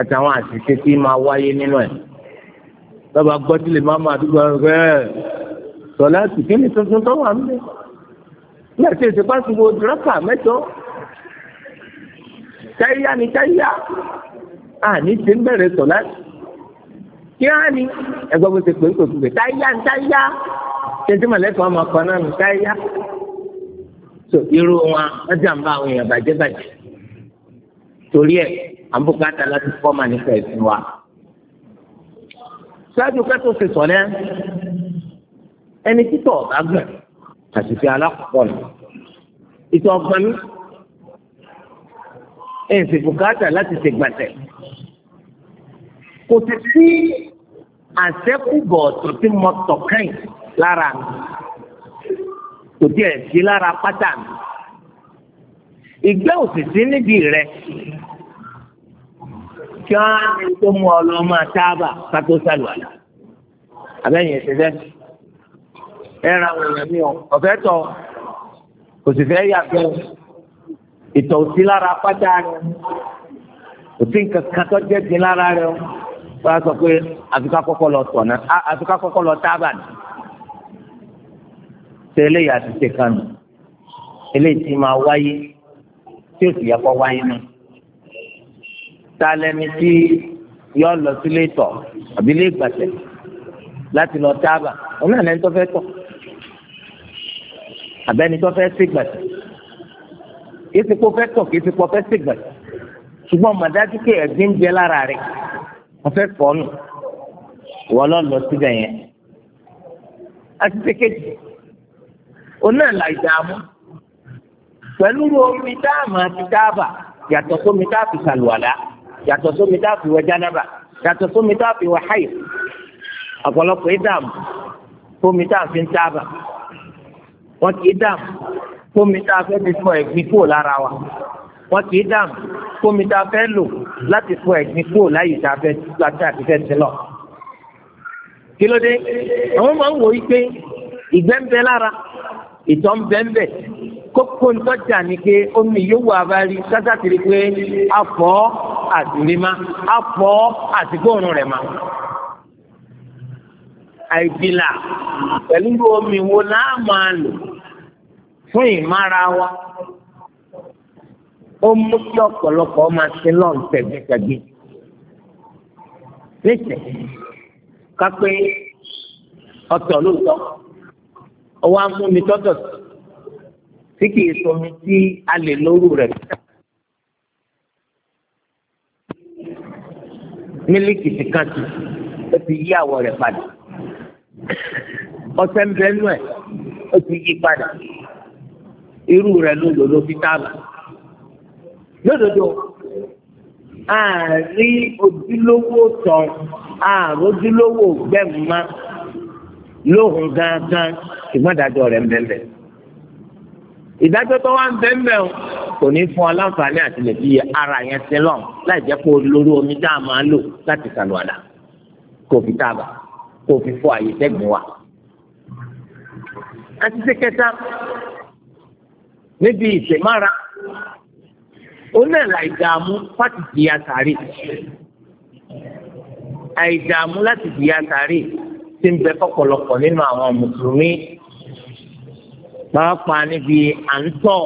Speaker 1: àtàwọn àṣìṣe tí máa wáyé nínú ẹ̀ lọ́ba gbọ́dílé máa máa dúgbò ẹ̀ sọ̀lá tìkí ni tuntun tó wà nílé nígbà tí èsì pàṣípò dúrákà mẹ́jọ táyà ni táyà àní ti ń bẹ̀rẹ̀ sọ̀lá kí á ní ẹgbẹ́ bó ti pè é kò tún bẹ̀ táyà ni táyà tètè mọ̀lẹ́kọ̀ọ́ ọmọ kan náà ní táyà irú wọn ọjà ń bá àwọn èèyàn bàjẹ́ bàjẹ́ torí ẹ̀ àbúkátà láti fọ́ọ̀mà nípa ẹ̀sìn wa. ṣáájú kẹ́tọ́ ṣe sọ̀rẹ́ ẹni títọ̀ ọ̀gágbẹ̀ àṣìṣe alákọ̀ọ́ ni ìtọ̀ ọ̀gbọ́n mi ẹ̀ sì bùkátà láti ṣe gbàtẹ̀ kò sì sí àṣẹ́kùbọ̀ ọ̀tún tí mo tọ̀ kẹ́yìn lára mi kò tiẹ̀ sí lára pátá mi ìgbẹ́ òsì sí nídìí rẹ̀ kí wọ́n á ní tó mú ọ lọ máa tábà kátó sàlùwàlà abẹ́yìn ẹ̀sẹ̀ fẹ́ ẹ ra àwọn èèyàn mi ọ ọ̀fẹ́ tọ̀ kò sì fẹ́ yàgbẹ́ ìtọ̀ òsí lára pátá rẹ òsí nǹkan kan tó jẹ́ dín lára rẹ o wọ́n á sọ pé àfikà kọ́kọ́ lọ tọ̀ náà àfikà kọ́kọ́ lọ tábà náà ṣe eléyìí àti ṣe kánú eléyìí ti máa wáyé tí ó sì yẹ kó wáyé náà ta lẹni tí yọ lọ sílé tọ̀ àbí ilé ìgbàsẹ̀ láti lọ tábà òun náà lẹni tó fẹ́ tọ̀ àbẹ́ni tó fẹ́ sígbàsẹ̀ kìí ti kó fẹ́ tọ̀ kìí ti kó fẹ́ sígbàsẹ̀ ṣùgbọ́n màdájú pé ẹ̀gbin ń jẹ lára rẹ̀ wọ́n fẹ́ fọ́ nù wọ́n lọ lọ síbẹ̀ yẹn àti pékejì òun náà là ìdààmú pẹ̀lú omi dáàmú àti dáàbà yàtọ̀ sómi dáàbì sàlùwàlá yàtọ̀ sómi tá a fi wẹ̀ jánábà yàtọ̀ sómi tá a fi wẹ̀ háyì ọ̀pọ̀lọpọ̀ ìdààmú fómi tá a fi ń tábà wọn kì í dààmú fómi tá a fẹ́ fi fọ ẹ̀gbin kúrò lára wa wọn kì í dààmú fómi tá a fẹ́ lò láti fọ ẹ̀gbin kúrò láyè tá a fẹ́ láti àti fẹ́ sílọ̀ kí ló dé àwọn máa ń wò yí pé ìgbẹ́ ń bẹ lára ìtọ̀ ń bẹ ń bẹ kókó omi ni pé omi yòówù abárí afọ pé afọ́ afọ afọ́ àtìgbóòrùn rẹ̀ ma. àìbìlà pẹ̀lú omi wo náà máa lò fún ìmára wa ó mú kí ọ̀pọ̀lọpọ̀ máa ṣe lọ́n tẹ̀gbẹ́tẹ̀gbẹ́. ọ̀tọ̀ lóòótọ́ ọwọ́ tí kì í somi tí a lè lóru rẹ̀. mílíkì ti kàn tù ó ti yí àwọ̀ rẹ̀ padà ọṣẹ ń bẹ nú ẹ̀ ó ti yí padà irú rẹ̀ lódò ló fi tábà lódodo àárín ojúlówó tán ààrùn ojúlówó gbẹ̀mú ma lóhùn gángan ṣùgbọ́n ìdájọ́ rẹ̀ ń bẹ̀ẹ̀ ìdájọ́ tó wá ń bẹ́ ń bẹ́ o kò ní fún ọ láǹfààní àti lè fi ara yẹn sin lọ láì jẹ́ kó lórí omi tá a máa lò láti sàlùwàlà kò fi tábà kò fi fọ àyè tẹ́gùn wa. àti ṣe kẹta níbi ìṣèmára onílà ìdààmú láti di àtàrí àìdààmú láti di àtàrí ti ń bẹ fọ́pọ̀lọpọ̀ nínú àwọn mùsùlùmí pàápàá níbi à ń tọ̀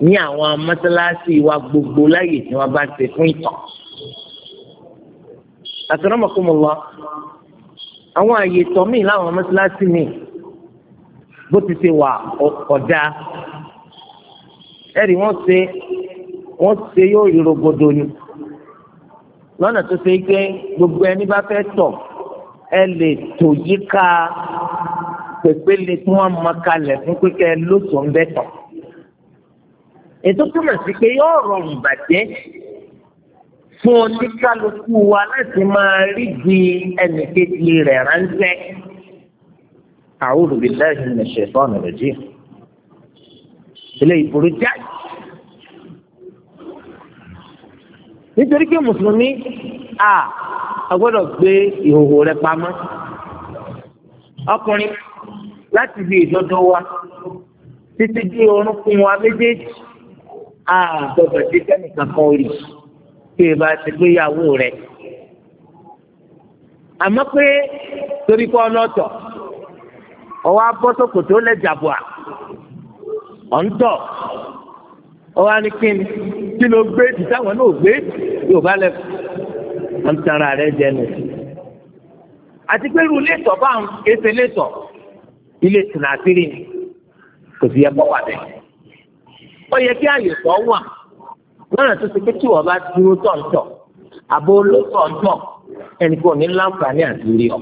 Speaker 1: ní àwọn mọ́sálásí wa gbogbo láyè tí wọ́n bá ṣe fún ìtọ̀. àtúrọ́mọ̀kúmọ̀lá àwọn àyè tọ̀ míì láwọn mọ́sálásí mi bó ti ṣe wà ọ̀dà ẹ̀rí wọ́n ṣe wọ́n ṣe yóò rí rogodo ni lọ́nà tó ṣe pé gbogbo ẹni bá fẹ́ tọ̀ ẹ lè tò yíká pèpéle tí wọ́n mọ kalẹ̀ fún pípẹ́ lóṣùn bẹ́tọ̀ ètò túmọ̀ sí pé yóò rọrùn bàjẹ́ fún oníkálukú wa láti máa rí di ẹnìkejì rẹ̀ ránṣẹ́. A'udhu billahi minash shaitani rajim. ilé ìburú jáì. nítorí pé mùsùlùmí a gbọ́dọ̀ gbé ìhòòhò rẹ̀ pamọ́ ọkùnrin láti bí ìdodo wa títí di orúnkún wa méjèèjì àgbọ̀dọ̀ tí kẹ́nìkan kan rí tí ìbá ti gbéyàwó rẹ̀. àmọ́ pé torí pé ọlọ́tọ̀ ọwọ́ abọ́sọ̀kò tó lẹ́jàbọ̀ à ọ̀ńtọ̀ ọwọ́ anìkíni kí ló gbé jù táwọn náà gbé yóò bá lẹ́kọ̀ọ́ wọ́n tara rẹ̀ jẹ́ nù. àti pé irú létọ̀ báwọn kéṣe létọ̀. ilé tìǹàtìrì ni kò sí ẹ̀kọ́ wà bẹ́ẹ̀. ó yẹ kí àyè tó wà lọ́nà tó ti pé tí wọ́n bá dúró tọ̀ǹtọ̀ àbó olótọ̀ǹtọ̀ ẹnì kò ní láǹfààní àdúrí ọ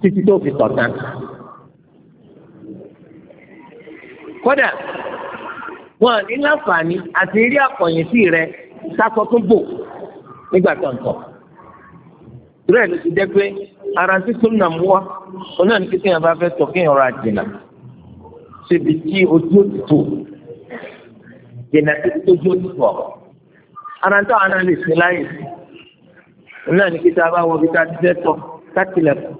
Speaker 1: títí tó fi tọ̀tàn. kódà wọn ní láǹfààní àti rí àkọ̀yìntì rẹ sásọ tó bò nígbà tọ̀ǹtọ̀. ìrẹ́lú ti dẹ́gbẹ́ ara tí súnà mú wa òun náà ní kí kéèyàn bá fẹ́ tọ̀ kéèyàn ra jìnnà síbi tí ojú òtútù jìnnà tí ojú òtútù ọ̀ ara ń tọ́ ara lè sin láyè òun náà ní kí tá a bá wọ bí ká ti fẹ́ tọ̀ ká tilẹ̀kùn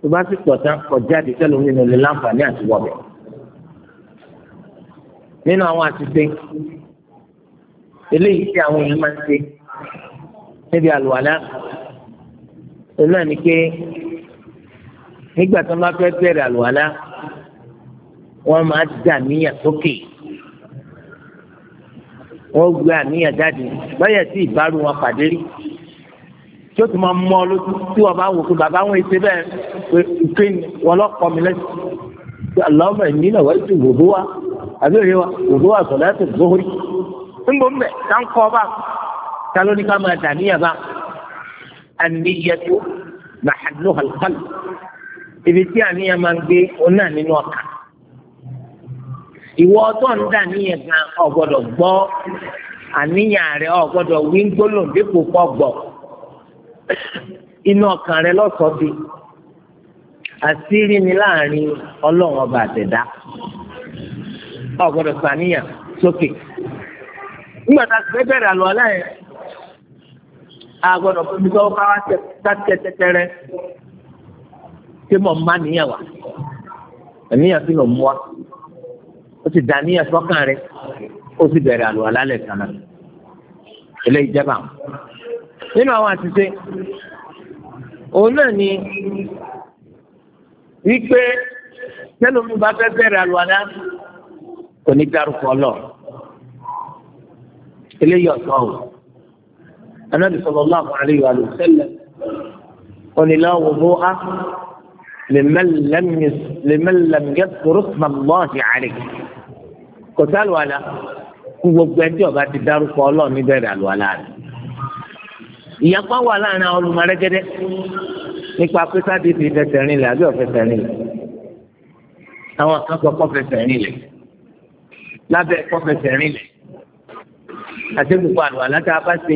Speaker 1: tó bá sì pọ̀ tán kọjá àdìsẹ́lẹ̀ omi nílẹ̀ láǹfààní àti wọ̀bẹ̀. nínú àwọn àtúnṣe eléyìí tí àwọn èèyàn máa ń ṣe níbi àlùwàlá òun náà ni pé nígbà tí wọ́n bá fẹ́ bẹ̀rẹ̀ àlùwàlá wọ́n máa dà níyàn sókè wọ́n gbé àníyàn jáde báyà tí ìbárò wọn pàdé rí tí ó ti máa mọ ọ lójú tí wọ́n bá wò pé bàbá wọn ṣe bẹ́ẹ̀ pé ìpè wọn lọ́kọ̀ mi lẹ́sìn aláwọ̀ ẹ̀mí náà wọ́n ti wòdó wa àbí òye wa wòdó wa sọ̀rọ̀ ẹ̀ tó ń bọ̀ ń bẹ̀ ká ọ bá ta ló ní ká máa dà níyàn bá. النية محلها القلب ibi tí àníyàn máa ń gbé òun náà nínú ọkàn ìwọ ọtọ ń dà níyẹn gan o gbọ́dọ̀ àníyàn rẹ o wí ń gbólóhùn dípò pọ gbọ inú ọkàn rẹ lọsọọ àṣírí ni láàrin ọba a ti fẹ́ agbọ́dọ̀ fún mi tó káwá tẹ́tẹ́tẹ́rẹ́ tí mo má níyàn wá àníyàn sí ló mú wa ó sì dá níyàn sọ́kàn rẹ ó sì bẹ̀rẹ̀ àlọ́ alálẹ̀ kanáà eléyìí jẹ́bà nínú àwọn àtúnṣe òun náà ni wípé tẹ́lómi bá fẹ́ bẹ̀rẹ̀ àlọ́ alá kò ní dárúkọ lọ eléyìí ọ̀tọ̀ o. النبي صلى الله عليه وآله وسلم قل لا وضوء لمن لم يس... لمن لم يذكر اسم الله عليه kò sí àlùwàlà kú gbogbo ẹni tí ó bá ti dárúkọ Ọlọ́run níbẹ̀rẹ̀ àlùwàlà rẹ̀ ìyapa wà láàrin àwọn olùmọ̀rẹ́gẹ́dẹ́ nípa pé sádìsì fẹsẹ̀ rinlẹ̀ àbí ọ̀fẹsẹ̀ rinlẹ̀ àwọn kan sọ kọ́fẹsẹ̀ rinlẹ̀ lábẹ́ kọ́fẹsẹ̀ rinlẹ̀ àti gbogbo àlùwàlà tá a bá ṣe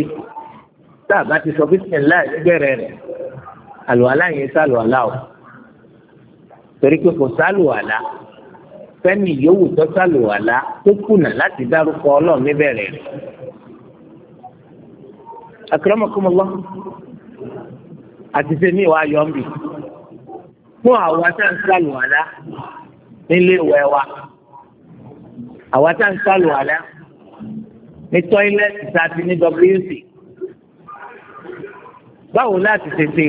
Speaker 1: tá a bá ti sọ bísímìlá ìgbẹ́rẹ̀ rẹ̀ àlùwàlá yẹn sàlùwàlá o torí pé kò sàlùwàlá fẹ́mi yòówù tó sàlùwàlá tó kùnà láti dárúkọ ọlọ́run níbẹ̀rẹ̀ rẹ̀ akramakumullah àti sẹ́mi ìwà yọ̀ǹbì fún àwa tá à ń sàlùwàlá nílé ìwẹ̀ wa àwa tá sàlùwàlá ní tọ́ílẹ̀tì tá a ti ní wc báwo láti tètè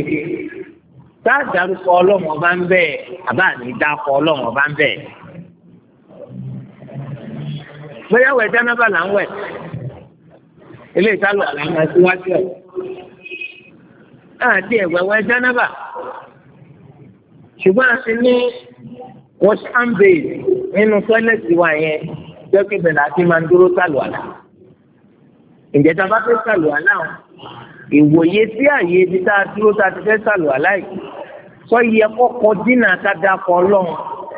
Speaker 1: tá a dárúkọ ọlọ́run ọba ń bẹ̀ àbá ní dákọ ọlọ́run ọba ń bẹ̀. bóyá wẹ̀ jánábà là ń wẹ̀ ilé ìtàlọ̀ là ń rántí wájú ẹ̀. àti ẹ̀wẹ̀wẹ̀ jánábà ṣùgbọ́n a ti ní wash and bathe nínú tọ́lẹ̀tì wa yẹn jẹ́ kí bẹ̀rẹ̀ àti máa ń dúró sàlùwàlà. ǹjẹ́ tá a bá fẹ́ sàlùwàlà ìwòye sí àyè ibi tá a dúró tá a ti fẹ́ sàlù aláì sọ yẹ kọ́kọ́ dínà ká dákọ̀ ọlọ́run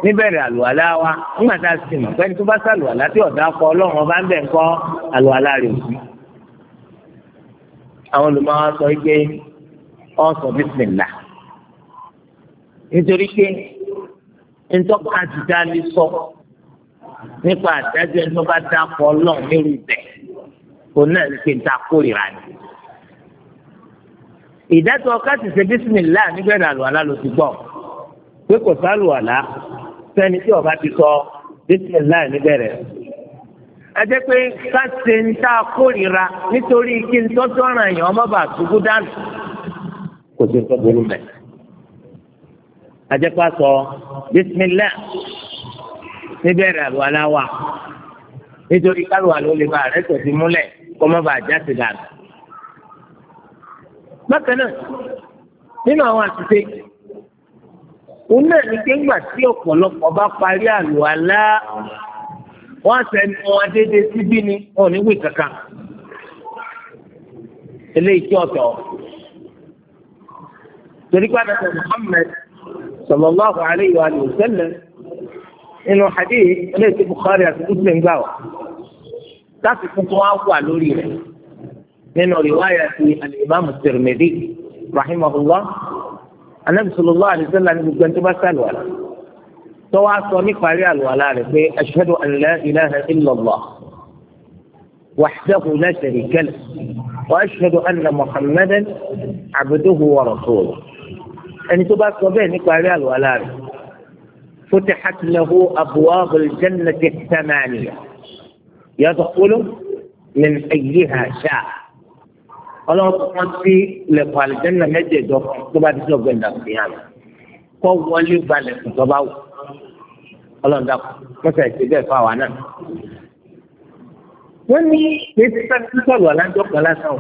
Speaker 1: níbẹ̀rẹ̀ àlùwàlá wa nígbà tá a sì mọ̀ pé tó bá sàlùwàlá tí ọ̀dà kọ ọlọ́run ọba ń bẹ̀ ń kọ́ àlùwàlá rẹ̀ òsì. àwọn olùmọ̀wá sọ pé ọ sọ bísímìlà nítorí pé ntọ́ka àtijọ́ alẹ́ sọ nípa àdájọ́ ẹni tó bá dákọ̀ ọlọ́run nírú ibẹ̀ òun náà ní pé ń ta kórìíra ni ìdátọ̀ káàtì ṣe bísímìlá nígbẹ̀rẹ̀ àlùwàlá ló ti gbọ́ pé kò sálùwàlá sẹ́ni tí ọba ti sọ bísímìlá níbẹ̀rẹ̀. ẹ jẹ́ pé káṣe ń tá a kórìíra nítorí kí n tọ́jú ọ̀ràn èèyàn ọmọ bá ṣubú dànù kò sí nǹkan burú mẹ́. ẹ jẹ́ pé a sọ bísímìlá níbẹ̀rẹ̀ àlùwàlá wa nítorí kálùwàlá ó lè bá rẹ̀ tẹ̀sí múlẹ̀ kọ́mọ́ bá já sí dànù bákan náà nínú àwọn àtúnṣe òun náà ní kéńgbà tí ọ̀pọ̀lọpọ̀ bá parí àlùwàlá wọ́n sẹ́ni wọn déédéé síbí ni wọn ò ní wí kankan eléyìí tí ọ̀tọ̀ torí pàdé sọ Muhammad sallallahu alayhi wa sallam nínú hadith eléyìí tí Bukhari àti Muslim gbà wá láti fún kó wá wà lórí rẹ̀. من رواية الإمام الترمذي رحمه الله النبي صلى الله عليه وسلم يقول بس الولا تواصل مقاري الولا أشهد أن لا إله إلا الله وحده لا شريك له وأشهد أن محمدا عبده ورسوله أن تباك به نقاري الولا فتحت له أبواب الجنة الثمانية يدخل من أيها شاء ọlọ́run tó wọ́n sí ilẹ̀kùn àlìjẹ́nà mẹ́jẹ̀ẹ̀jọ tó bá ti sọ gbẹ̀ndà sí àná kọ́ wọlé balẹ̀ tó bá wù ọlọ́run dàpọ̀ mọ́tà ìṣe bẹ́ẹ̀ fún àwa náà. wọ́n ní kéésì sáfì sọ̀rọ̀ alájọ́ kan lásán o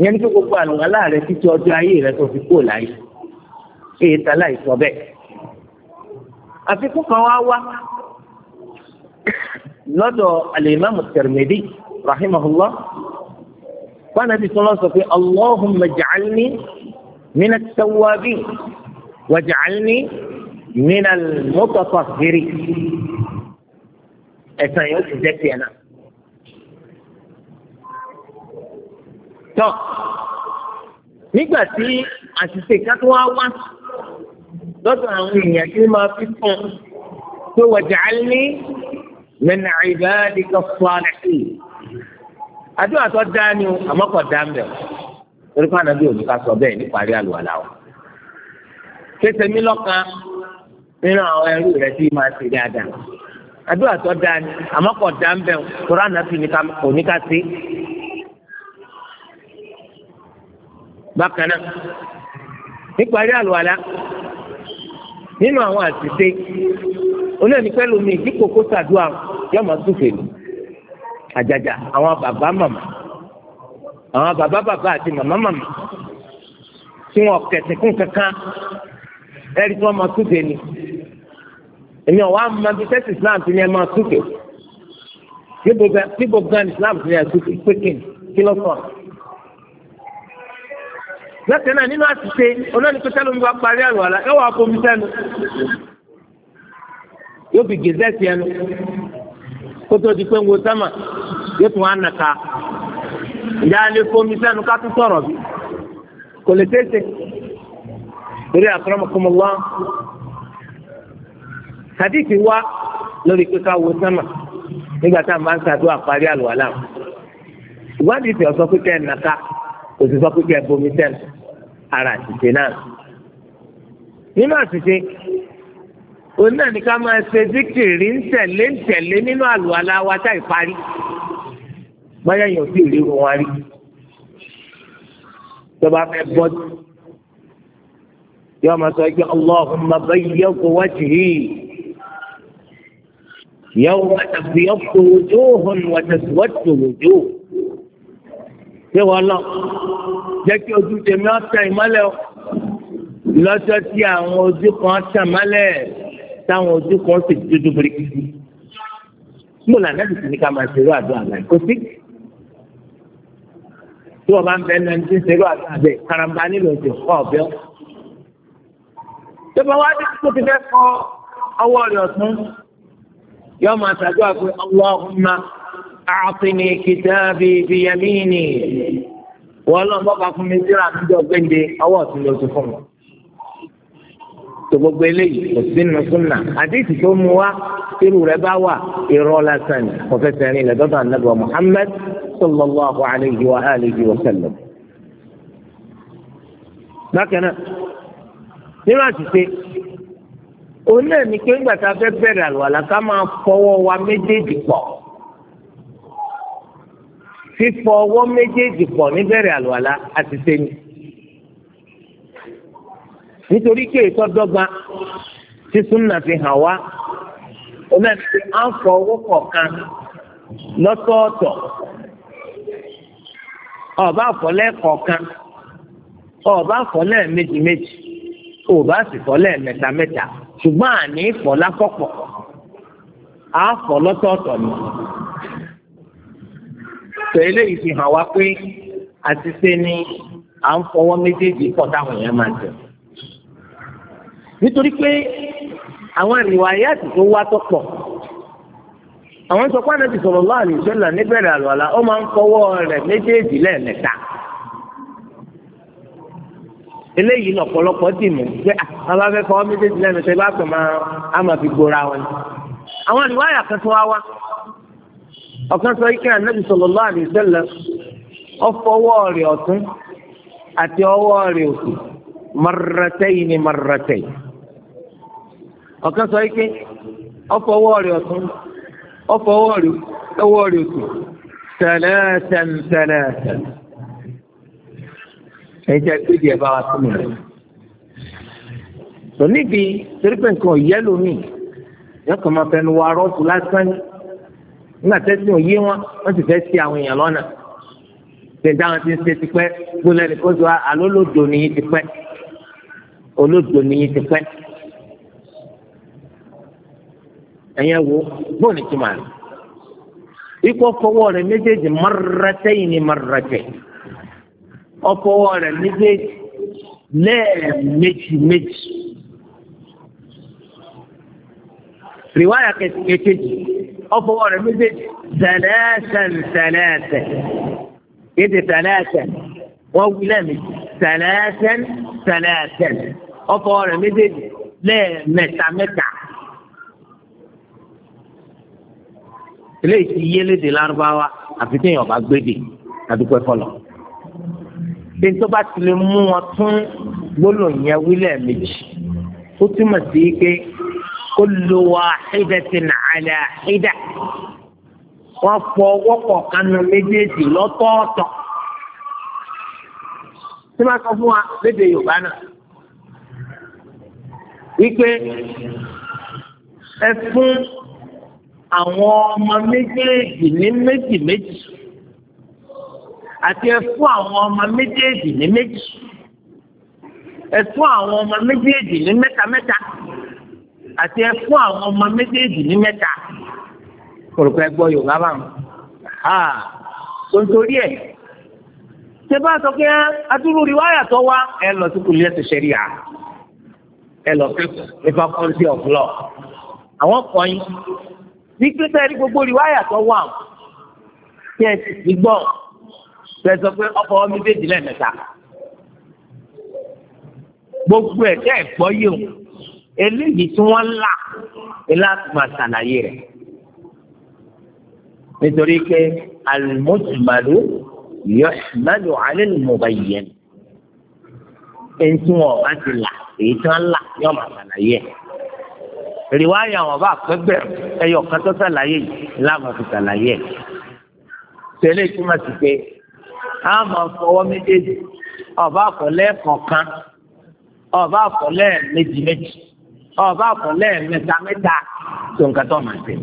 Speaker 1: ìyẹn ní kí gbogbo àlùwà láàrẹ títí ọjọ́ ayé rẹ tó fi kó láyé èyí ta láì sọ bẹ́ẹ̀. àfikún kan wá wá lọ́dọ̀ al-Imam Tirmidhi rahimahullah fanabi sọlọ sọ pé allahumma ja'alni minat tawwabin wa ja'alni minal mutatahhirin ẹ̀sán yóò ti jẹ́ tiẹ̀ náà. tọ́ nígbà tí àṣìṣe kan tó wá wá lọ́dọ̀ àwọn èèyàn tí máa fi fún un tó waj'alni min ibadika as-salihin. àdúrà tó dáa ni o àmọ́ kò dáa ń bẹ̀ torí fún anabi òní ká sọ bẹ́ẹ̀ níparí àlùwàlà o kése mi lọ́kàn nínú àwọn ẹrú rẹ tí máa ṣe dáadáa àdúrà tó dáa ni àmọ́ kò dáa ń bẹ̀ o torí anabi òní ká sí. bákan náà níparí àlùwàlà nínú àwọn àṣìṣe olóòní pẹ̀lú mi ìdí kòkó sàdúrà yọmọ súfèé àjàjà àwọn bàbá màmá àwọn bàbá bàbá àti màmá màmá tí wọn kẹsìn kún kankan ẹrí tí wọn máa túde ni èmi ọwọ àmọ́ tẹsí islam ti ní ẹ máa túde níbo gan islam ti ní ẹ túde pékin kìlọ̀ sọ̀rọ̀ lọ́sẹ̀ náà nínú àtúnṣe olóòní pé sẹ́nu bá parí àrùn àlá ẹ wà á fomi sẹ́nu yóò fi gèzẹ́sì ẹnu kótó di pé ń wo sẹ́mà yóò tún wá nàka ìyá ilé fomi sẹ́nu ká tún sọ̀rọ̀ bí kò lè tẹ́sẹ̀ lórí akramakumullah hadith wa lórí pé ká wo sẹ́mà nígbà tá a máa ń ṣàdúrà parí àlùwàlà ìwádìí ti ọ̀sọ́ pé nàka kò sì sọ bomi sẹ́nu ara àṣìṣe náà nínú àṣìṣe òun náà ní ká máa ṣe díkìrì ńtẹ̀lé ńtẹ̀lé nínú àlùwàlá wa tá ìparí báyà yàn sí ìléwọ wọn rí tọba fẹ bọ yọọ máa sọ pé Allahumma bayyid wajhi yawma tabyaddu wujuhun wa taswaddu wujuh ṣé wọn lọ jẹ́ kí ojú tèmi ọtẹ ìmọ́lẹ̀ lọ́jọ́ tí àwọn ojú kan tẹ mọ́lẹ̀ táwọn ojú kan sì dúdú birikiti mo là náà sì ní ká máa ṣerú àdúrà náà kò sí tí wọn bá ń bẹ ẹnu ẹni tí ń ṣerú àdúrà bẹ́ẹ̀ karamba nílò ìṣe fún ọbẹ tó bá wá dé tó ti fẹ́ kọ ọwọ́ rẹ̀ ọ̀tún yóò máa ṣàdúrà pé Allahumma a'tini kitabi biyamini wọ́n lọ́n bọ́ bá fún mi síra àtijọ́ gbẹ́ndé ọwọ́ ọ̀tún ló ti fún mi tó gbogbo eléyìí kò sínú súnà àdéhìí tó mú wa irú rẹ̀ bá wà irọ́ lásán ni kò fẹsẹ̀ rìn lẹ̀ dọ́tà nàbẹ̀ Muhammad sallallahu alayhi wa alihi wa sallam. bákan náà nínú àṣìṣe òun náà ní pé ńgbà tá a fẹ́ bẹ̀rẹ̀ àlùwàlà ká máa fọwọ́ wa méjèèjì pọ̀ fífọ ọwọ́ méjèèjì pọ̀ níbẹ̀rẹ̀ àlùwàlà àti sẹ́yìn nítorí kí èyí tó dọ́gba tí súnà fi hàn wá ọ̀nà tí a ń fọ owó kọ̀ọ̀kan lọ́tọ̀ọ̀tọ̀ ọba àfọlẹ́ kọ̀ọ̀kan ọba àfọlẹ́ méjì méjì ọba àsìfọlẹ́ mẹ́ta mẹ́ta ṣùgbọ́n àní ìfọ̀lá kọ̀pọ̀ àfọ̀ lọ́tọ̀ọ̀tọ̀ ni tó eléyìí fi hàn wá pé àtisẹ́ ni à ń fọwọ́ méjèèjì kọ́ táwọn èèyàn máa jẹun nítorí pé àwọn ìwàyà ti tó wá tó pọ̀ àwọn sọ pé ànábì sallallahu alaihi wasallam níbẹ̀rẹ̀ àlùwàlá ó máa ń fọwọ́ rẹ̀ méjèèjì lẹ́ẹ̀mẹ́ta eléyìí lọ́pọ̀lọpọ̀ dì mí pé àwọn ah, afẹ́fọ́ méjèèjì lẹ́ẹ̀mẹ́ta bá pè máa á máa fi gbóra wọn. àwọn ìwàyà kan tó wá wá ọ̀kan sọ ike ànábì sallallahu alaihi wasallam ó fọwọ́ rẹ̀ ọ̀tún àti ọwọ́ rẹ̀ òsì marratayn marratayn ọ̀kan sọ wípé ọfọ ọwọ́ rẹ̀ ọ̀tún ọfọ ọwọ́ rẹ̀ ọwọ́ rẹ̀ òkè tẹ̀lẹ́tẹ̀n tẹ̀lẹ́tẹ̀n. ẹ̀jẹ̀ ìdí ẹ̀ bá wa sí mi. sọ níbi torípé nǹkan ọ̀yẹ́ lómi yọkàn máa fẹnu wa rọ́ọ̀tù lásán ní nígbà tẹ́sí òye wọn wọ́n sì fẹ́ sí àwọn èèyàn lọ́nà gbẹ̀dá wọn ti ń ṣe tipẹ́ gbọ́dọ̀ ẹnì kó sọ àlọ́ olódò nìyí tipẹ́ olódò nìyí tipẹ́. ẹ̀yẹn wo bó ni túmọ̀ rẹ̀ ikú ọfọwọ́ rẹ̀ méjèèjì marratẹ́ yìí ni marratẹ́ ọfọwọ́ rẹ̀ méjèèjì lẹ́ẹ̀mejì méjì rìwáyà kẹ̀kẹ́jì ọfọwọ́ rẹ̀ méjèèjì tẹ̀lẹ́ẹ̀sẹ̀n tẹ̀lẹ́ẹ̀sẹ̀ kéde tẹ̀lẹ́ẹ̀sẹ̀ wọ́n wí lẹ́ẹ̀mejì tẹ̀lẹ́ẹ̀sẹ̀n tẹ̀lẹ́ẹ̀sẹ̀n ọfọwọ́ rẹ̀ méjèèjì lẹ́ẹ̀mẹ́ta mẹ́ta. eléyìí ti yé léde lárúbáwá àfi téèyàn bá gbédè àdúpẹ́ fọlọ́ bí tó bá ti lè mú wọn tún gbólóhùn yẹn wílẹ̀ méjì ó túmọ̀ sí pé kullu wahidatin ala hida wọ́n fọ wọ́pọ̀ kanu méjèèjì lọ́tọ̀ọ̀tọ̀ tí wọ́n sọ fún wa léde yorùbá náà wípé ẹ fún àwọn ọmọ méjèèjì ní méjì méjì àti ẹ fún àwọn ọmọ méjèèjì ní méjì ẹ fún àwọn ọmọ méjèèjì ní mẹ́ta mẹ́ta àti ẹ fún àwọn ọmọ méjèèjì ní mẹ́ta kòròkò ẹgbọ́ yorùbá bá wọn tontori ẹ ṣe bá sọ pé adúrú rí wáyà tó wá ẹ lọ sí kùlẹ̀ tó ṣẹlẹ̀ à ẹ lọ kẹ́kọ̀ọ́ nípa kọ́ńtì ọ̀f àwọn kọ́ yín ní pípẹ́ rí gbogbo rìwáyà tó wà tí ẹ sì ti gbọ́ tẹ sọ pé ọkọ mi bèjì lẹ́ẹ̀mẹ́ta gbogbo ẹ̀ tẹ́ ẹ̀ gbọ́ yìí o eléyìí tí wọ́n là láti máa ṣàlàyé rẹ̀ nítorí pé alimọ́tìmọ́lù yọ̀ṣùmọ́lù alẹ́lùmọ́bàyẹn ẹ̀ ń tún ọ̀ bá ti là èyí tí wọ́n là yọ̀ máa ṣàlàyé rẹ̀ rìwáyà wọn bá pẹgbẹ ẹyọ kan tó ṣàlàyé yìí láàmú fi ṣàlàyé ẹ tẹ́lẹ̀ ìtumọ̀ sí pé a máa fọwọ́ méjèèjì ọba àkọlẹ kọ̀ọ̀kan ọba àkọlẹ méjì méjì ọba àkọlẹ mẹ́ta mẹ́ta tó nǹkan tó máa tẹ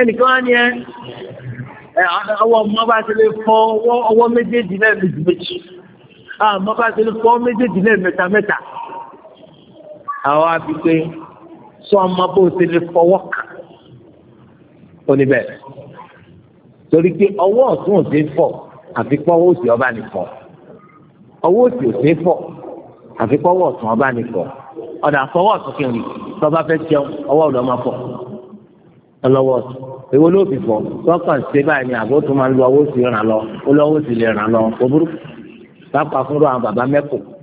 Speaker 1: ẹnìkan á ní ẹ ọwọ́ ọmọ bá ti lè méjèèjì náà méjì méjì ọmọ bá méjèèjì náà àwọn àbí pé sọ ọmọ bó ti lè fọwọ́ kà ó ní bẹ́ẹ̀ torí pé ọwọ́ ọ̀tún ò sí fọ̀ àfikún ọwọ́ òsì ọba nìkan ọwọ́ òsì ò sí fọ̀ àfikún ọwọ́ ọ̀tún ọba nìkan ọ̀dà fọwọ́ ọ̀tún kí n rí tọ́ba fẹ́ jẹun ọwọ́ ọ̀dọ́ máa fọ̀ ọlọ́wọ́ ọ̀tún èwo ló fi fọ̀ tọ́kàn ṣe báyìí ni àbó tó máa ń lo ọwọ́ òsì ràn lọ ó lọ́wọ́ òsì lè ràn lọ òbúrú pápá fúnra àwọn bàbá mẹ́kọ̀ọ́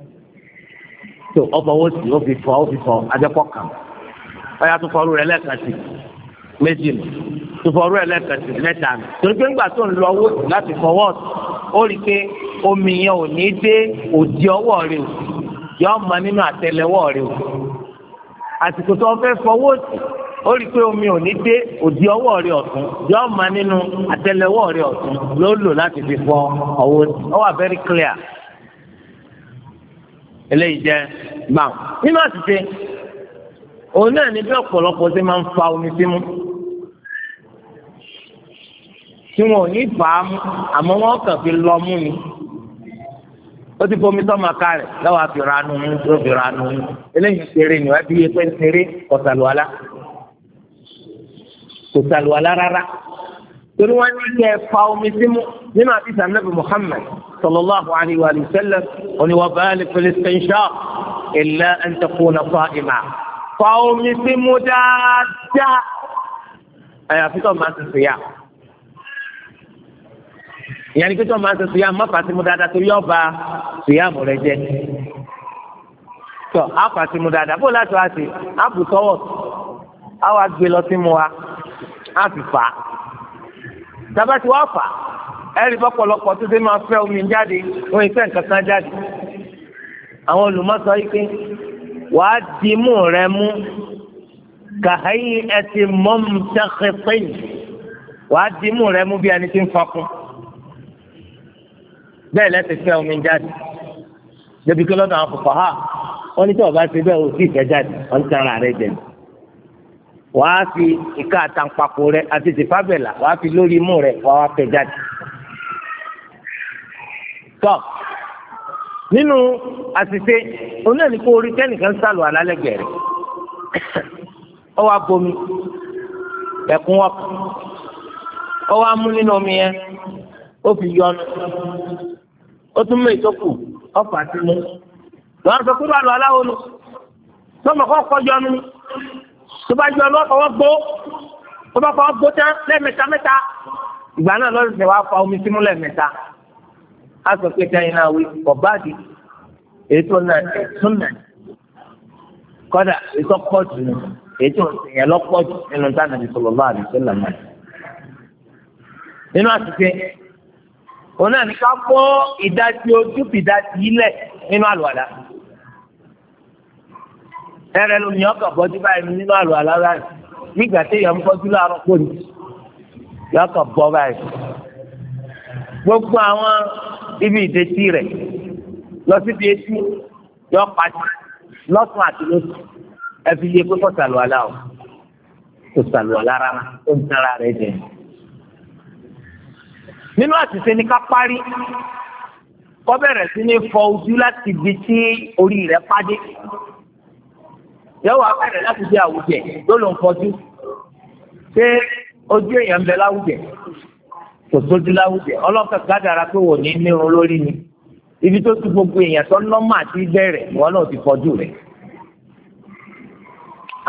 Speaker 1: tó ọfọwọ́ sí ó fi fọ́ ó fi fọ́ adẹ́kọ̀ kàn ọ̀yà tó fọ́ọ́rù rẹ̀ lẹ́ẹ̀kan sí méjì nù tó fọ́ọ́rù rẹ̀ lẹ́ẹ̀kan sí mẹ́ta nù torí pé ńgbà tó ń lọ owó láti fọwọ́ ó rí i pé omi yẹn ò ní dé òdi ọwọ́ rẹ̀ o yọ ọmọ nínú àtẹ́lẹwọ́ rẹ̀ o àsìkò tó fẹ́ fọwọ́ sí ó rí i pé omi ò ní dé òdi ọwọ́ rẹ̀ ọ̀tún yọ ọmọ nínú àtẹ́lẹwọ́ rẹ̀ ọ̀tún ló lò láti fi fọ ọwọ́ sí ọwọ́ very clear eléyìí jẹ́ gbàm nínú àtìsí òun náà ní bí ọ̀pọ̀lọpọ̀ ṣe máa ń fa omi símú tí wọn ò ní fà á mú àmọ́ wọn kàn fi lọ mú ni ó ti fomi sọ́mọ ká rẹ̀ lọ́wọ́ àfihàn anú mú tó fi ra anú mú eléyìí ṣeré ni wọ́n bí yẹ pé ń ṣeré kọ̀sàlùwàlá kọ̀sàlùwàlá rárá torí wọn ní kẹ fa omi símú nínú àti sànàbì muhammed sallallahu alayhi wa sallam oníwà báyìí fẹlẹsẹńṣà ilẹ ẹntẹkùnà fáìmà fa omi símú dáadáa àyàfi tó máa ti sèyà ìyẹn ni kíkọ́ máa ti sèyà má fa símú dáadáa torí ọba sèyà mọ̀ rẹ jẹ tọ afa símú dáadáa bó láti wá sí abùsọ̀wọ̀ àwọn àgbélọ́símú wa á fi fà á tàbá ti wá fà ẹ̀rí bọ́pọ̀lọpọ̀ tó ṣe máa fẹ́ omi jáde wọ́n ìfẹ́ nǹkan kan jáde àwọn olùmọ̀sọ yìí pé wàá di mú rẹ mú kàhẹ́yì ẹtì mọ́mùtẹ́kẹ́pẹ́yì wàá di mú rẹ mú bí ẹni tí ń fọkún bẹ́ẹ̀ lẹ́sìn fẹ́ omi jáde débi kí lọ́dọ̀ àwọn fòfò ha wọ́n ní tí wọ́n bá ṣe bẹ́ẹ̀ ò sí ìfẹ́ jáde wọ́n ń tan ara rẹ jẹ wàá fi ìka àtàǹpàkò rẹ àti tìfábẹ̀là wàá fi lórí imú rẹ wàá wá pẹ̀ jáde. tọ́ nínú àṣìṣe onáà ní kó orí kẹ́nìkan sálò alálẹ́gbẹ̀ẹ́ rẹ̀ ọ wá bomi ẹ̀kún ọkọ̀ ọ wá mú nínú omi yẹn ó fi yọnu ó tún mú ìtókù ọkọ̀ àti lọ́wọ́ sọ pé bá lọ aláwo lọ sọ́mọ̀ kọjọ́ nínú tó bá jọ lọ́wọ́ fọwọ́ gbó tó bá fọwọ́ gbó tán lẹ́ẹ̀mẹ́ta mẹ́ta ìgbà náà lọ́dún tẹ̀ wá fa omi sínú lẹ́ẹ̀mẹ́ta á sọ pé tẹ́yìn náà wí kọ̀báàdì ètò náà ẹ̀ tún náà kọ́dà ètò pọ̀ jù ní ètò ìyẹn lọ́pọ̀ jù nínú táwọn àti sọ̀rọ̀ bá àdìsọ́ làmà nínú àtúnṣe òun náà ní ká kó ìdajì ojú ìdajì ilẹ̀ nínú àlùwàlà ẹrẹ lomi ọkọ bọjú báyìí nínú àlọ alára nígbà téèyàn ń bọjú láàárọ̀ pọ ní yọkọ bọ báyìí gbogbo àwọn ibi ìdẹtí rẹ lọ síbi etí yọ pàṣẹ lọsùn àti lọsùn ẹfi yẹ pé kò sàlù àlà o kò sàlù àlà rárá ó ń tara rẹ jẹ nínú àṣìṣe ni ká parí kọ bẹ̀rẹ̀ sí ní fọ ojú láti ibi tí orí rẹ pàdé yóò wá bẹ̀rẹ̀ láti ṣe àwùjẹ yóò ló ń fọjú ṣé ojú èèyàn ń bẹ láwùjẹ kò sójú láwùjẹ ọlọ́kàn gádàrà pé wò ní nírun lórí ni ibi tó ti gbogbo èèyàn tó nọ́mà ti bẹ̀rẹ̀ wọn náà ti fọjú rẹ̀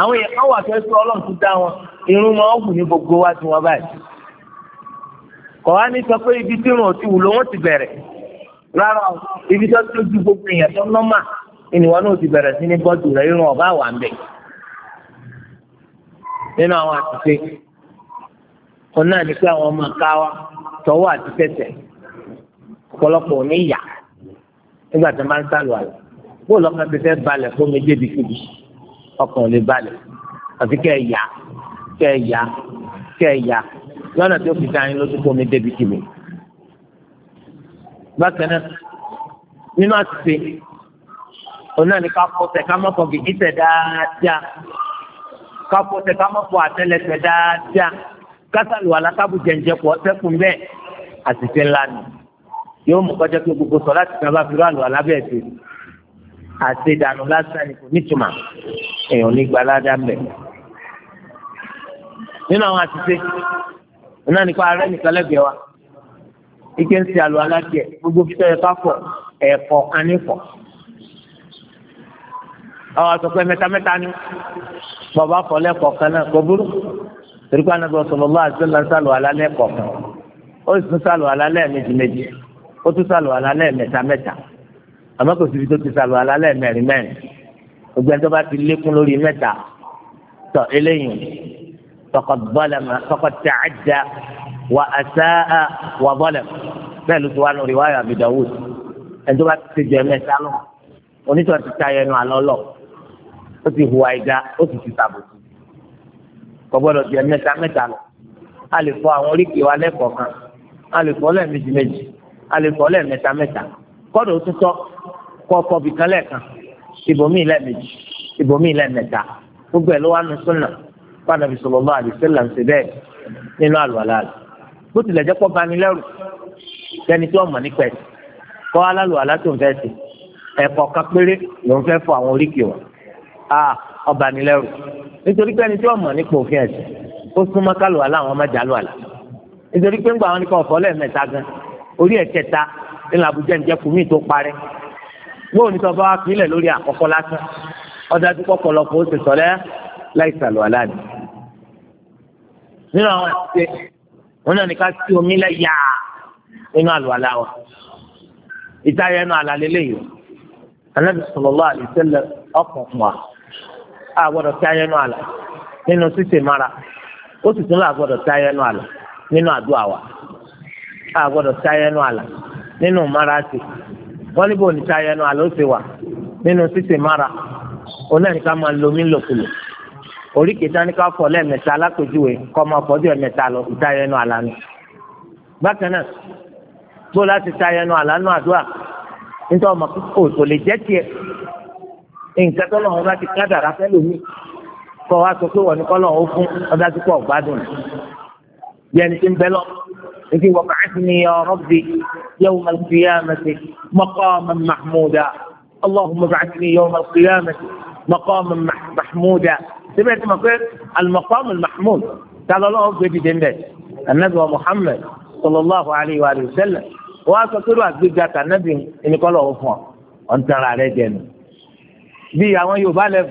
Speaker 1: àwọn èèyàn kan wà fẹ́ sọ ọlọ́run ti dá wọn irun máa ń ní gbogbo wa tí wọ́n báyìí kọ̀ sọ pé ibi tí irun ò ti wù ló ti bẹ̀rẹ̀ rárá ibi tó ti gbogbo èèyàn tó nọ́mà ìníwọ́n náà ti bẹ̀rẹ̀ sí ní bọ́ọ̀dù rẹ̀ irun ọ̀bá wà ń bẹ̀. nínú àwọn àtúnṣe òun náà ní pé àwọn ọmọ ká wa tọwọ́ àti tẹ̀tẹ̀ ọ̀pọ̀lọpọ̀ ní ìyà nígbà tí wọ́n bá ń sálù àlọ́ bó lọ́kàn ti fẹ́ balẹ̀ fún mi débi síbi ọkàn ò lè balẹ̀ àfi kẹ́ ẹ yá kẹ́ ẹ yá kẹ́ ẹ yá lọ́nà tí ó fi dáhìn ló ti fún mi débi síbi. bákan náà nínú àtúnṣe òun náà ni ká fọsẹ̀ ká má fọ gìgísẹ̀ dáadáa ká fọsẹ̀ ká má fọ àtẹlẹsẹ̀ dáadáa kásálù alákàbù jẹ̀ǹjẹ̀ pọ̀ sẹ́kùn bẹ́ẹ̀ àtìsí ńlá nù yóò mú kọjá pé gbogbo sọ láti sábà fi rà lù alábẹ́ẹ̀sẹ̀ àti ìdànù lásán ni kò nítumà èèyàn nígbà ládàá mbẹ nínú àwọn àtìsí iná nípa arẹ nìkan lẹ́gbẹ̀ẹ́ wa ike ń ṣe àlù alájẹ gbogbo fífẹ ẹ̀ka fọ ẹ̀fọ́ kanífọ àwọn àtọ̀pẹ́ mẹ́tamẹ́ta ni bàbá fọlẹ́ kọ̀ọ̀kan náà kò burú torí pé anabi sallallahu alaihi wasallam sálò alálẹ́ kọ̀ọ̀kan ó sì tún sálò alálẹ́ méjì méjì ó tún sálò alálẹ́ mẹ́ta mẹ́ta àmọ́ kò síbi tó ti sálò alálẹ́ mẹ́rin mẹ́rin gbogbo ẹni tó bá ti lékún lórí mẹ́ta tọ eléyìí faqad zalama faqad ta'adda wa asa'a wa zalama bẹ́ẹ̀ ló ti wá lórí riwaya Abi ẹni tó bá ti ti jẹ mẹ́ta lọ onítọ̀ ti ta ẹnu àlọ́ lọ́ọ̀ ó ti hùwà ìdá ó sì ti tàbùkù kò gbọ́dọ̀ jẹ mẹ́ta mẹ́ta lọ a lè fọ àwọn oríkèé wa lẹ́kọ̀ọ́ kan a lè fọ lẹ́ẹ̀mejì méjì a lè fọ lẹ́ẹ̀mẹ́ta mẹ́ta kọ́dọ̀ tó tọ́ kọ́ fọbì kan lẹ́ẹ̀kan ibòmíì lẹ́ẹ̀mejì ibòmíì lẹ́ẹ̀mẹ́ta gbogbo ẹ̀ ló wà nù súnà fànàbí sallallahu alaihi wasallam ń ṣe bẹ́ẹ̀ nínú àlùwàlá rẹ̀ bó tilẹ̀ jẹ́ pọ́ bani sẹ́ni tí wọ́n mọ̀ nípa ẹ̀ kọ́ alálùwàlá tó ń fẹ́ ṣe ẹ̀kọ́ kan péré ló ń fẹ́ fọ àwọn oríkèé wọn a ọba nílẹrù nítorí pé ẹni tí wọn mọ nípa òfin ẹsẹ ó súnmọ́ kálù àlá àwọn ọmọdé àlù àlá nítorí pé ńgbà wọn ni kò fọ lẹ́ẹ̀mẹ́ta gan orí ẹ̀kẹta nílò àbújá ǹjẹ́ kùmí tó parẹ́ wọn ò ní sọfọ àpilẹ̀ lórí àkọ́kọ́ lásán ọ̀dájú pọ̀pọ̀lọpọ̀ ó ti sọ̀lẹ́ láì sàlù àlá ni nínú àwọn àti wọn náà ní ká sí omi lẹ́yà nínú àlùwàlá wa ìtayẹnu àlàlélẹ́yìn anábì sallallahu alaihi wasallam ọkùnrin wa. àgbọ̀dọ̀ tí ayẹnu àlà nínú mara ó sì tún lọ àgbọ̀dọ̀ tí ayẹnu àlà nínú wa àgbọ̀dọ̀ tí ayẹnu àlà nínú mara sí wọ́n níbo ní tí ayẹnu àlà ó sì wà nínú mara oná ní ká lo mí lòkulò oríkèé tání ká fọ lẹ́ẹ̀mẹ́ta alákòjúwe kọ́ máa lọ ìta àlà ni bákan náà láti ta àlà nù àdúrà nítorí ọmọ kò tó lè jẹ́ nǹkan tó lọ́wọ́ bá ti kádàrá fẹ́lòmíì kọ́ wa sọ pé wọ́n ní kọ́lọ́ ó fún ọ̀dà tí kò gbádùn bí ẹni tí ń bẹ lọ níbi wọ́n bá ti ní ọ̀rọ̀ bí yawm al-qiyamati maqaman mahmuda allahumma ba'athni yawm al-qiyamati maqaman mahmuda síbẹ̀ tí mo pé al-maqam mahmud kálọ̀ lọ́wọ́ gbé dìde ń bẹ̀ anabi wa muhammad sallallahu alayhi wa sallam wọ́n sọ pé wọ́n gbé gàtà anabi ẹni kọ́lọ́ ó fún ọ ọ̀ ń tara rẹ jẹ bí àwọn Yorùbá lẹ́fù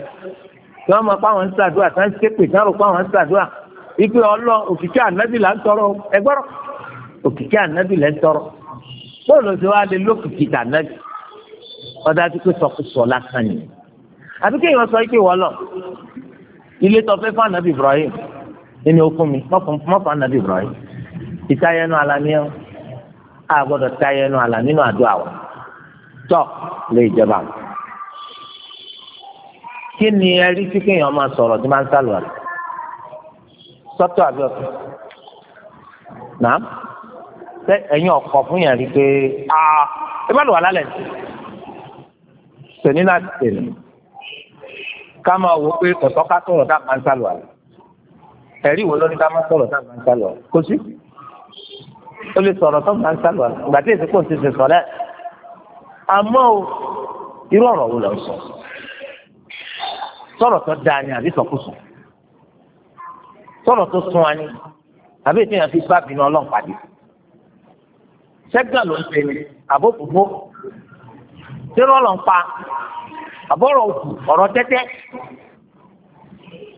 Speaker 1: tí wọ́n mọ̀ pé àwọn ń ṣàdúrà tí wọ́n ń ṣépè tí wọ́n rò pé àwọn ń ṣàdúrà ipe ọlọ òkìkí ànábì là ń tọrọ ẹgbọrọ òkìkí ànábì là ń tọrọ bóòlù tí wàá lè lókìkí ànábì ọdá tó pé sọkúsọ lásán ni àbí kéèyàn sọ ike wọlọ ilé tó fẹ́ fún ànábì Ibrahim nínú okun mi mọ́fà ànábì Ibrahim ìtayẹnu alamiyan a gbọ́dọ̀ tayẹnu ala nínú àdúrà wa tọ́ lè jẹba àwọn kí ni ẹrí tí kéèyàn máa sọ̀rọ̀ tí máa ń sálùwà sọ́tọ̀ àbí ọ̀tọ̀ nàá ṣe ẹ̀yin ọ̀kọ̀ fún yàn rí pé aa ẹ bá lù wà lálẹ́ tòní láti tèmi ká máa wò pé ọ̀tọ̀ ká sọ̀rọ̀ tá a máa ń sálùwà ẹ̀rí wo lórí ká máa sọ̀rọ̀ tá a máa ń sálùwà kò sí ó lè sọ̀rọ̀ tó máa ń sálùwà gbàdé ìsìnkú ti ṣe sọ̀rẹ́ àmọ́ irú ọ̀rọ̀ wo lọ sọ̀rọ̀ sọ̀rọ̀ tó dáa ni àbí sọ̀kúsọ sọ̀rọ̀ tó sún wa ni àbí ètò yẹn fi bá bínú ọlọ́run pàdé sẹ́gbọ̀n ló ń pè ní àbófòfó tẹ́lọ̀ lọ́n pa àbọ̀rọ̀ òkú ọ̀rọ̀ tẹ́tẹ́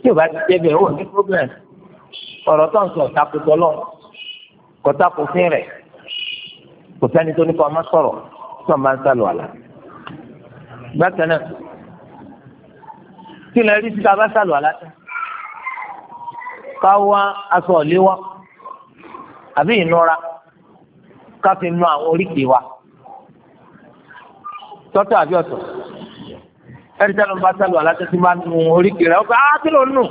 Speaker 1: tí o bá ti tẹ́ bẹ́ẹ̀ ó ní problem ọ̀rọ̀ tó ń sọ ọ̀tàkùtọ̀ lọ kọ̀tàkùfín rẹ̀ kò sẹ́ni tó ní kọ́ ọ sọ̀rọ̀ tó ń bá ń sálọ àlà bákan náà kí lè rí síta bá sàlù aláta ká wá aṣọ ọ̀lẹ́ wa àbí ìnura ká fi nu àwọn oríkèé wa tọ́tọ̀ àbí ọ̀tọ̀ ẹni tí wọn bá sálù aláṣẹ tí máa nu oríkèé rẹ ó pé kí ló ń nù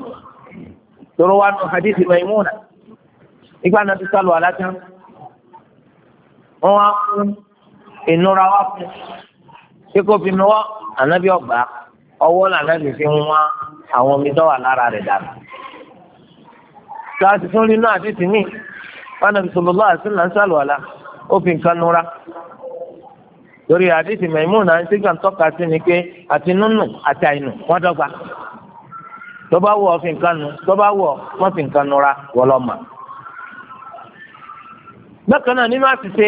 Speaker 1: tọrọ wa nù hadithi Maimuna ìgbà náà ti sálù aláṣẹ wọn wá fún ìnura wa fún kíkó fi nu wọ ànábì ọgbà ọwọ́ làná mi fi ń wá àwọn omi dọ́wà lára rẹ̀ dànù. Sáà ti tún rí náà àdìsí mi, wọn àbí sọlọ́lá àti làǹṣàlùwàlà, ó fi nǹkan nura. Lórí àdìsí Mẹ̀múnà náà ṣígbà ń tọ́ka sí ni pé àti nùnù àti àìnù wọ́n dọ́gba. Tó bá wọ̀ fi nǹkan nu, tó bá wọ̀ wọ́n fi nǹkan nura wọlọ́mà. Bákan náà nínú àṣìṣe,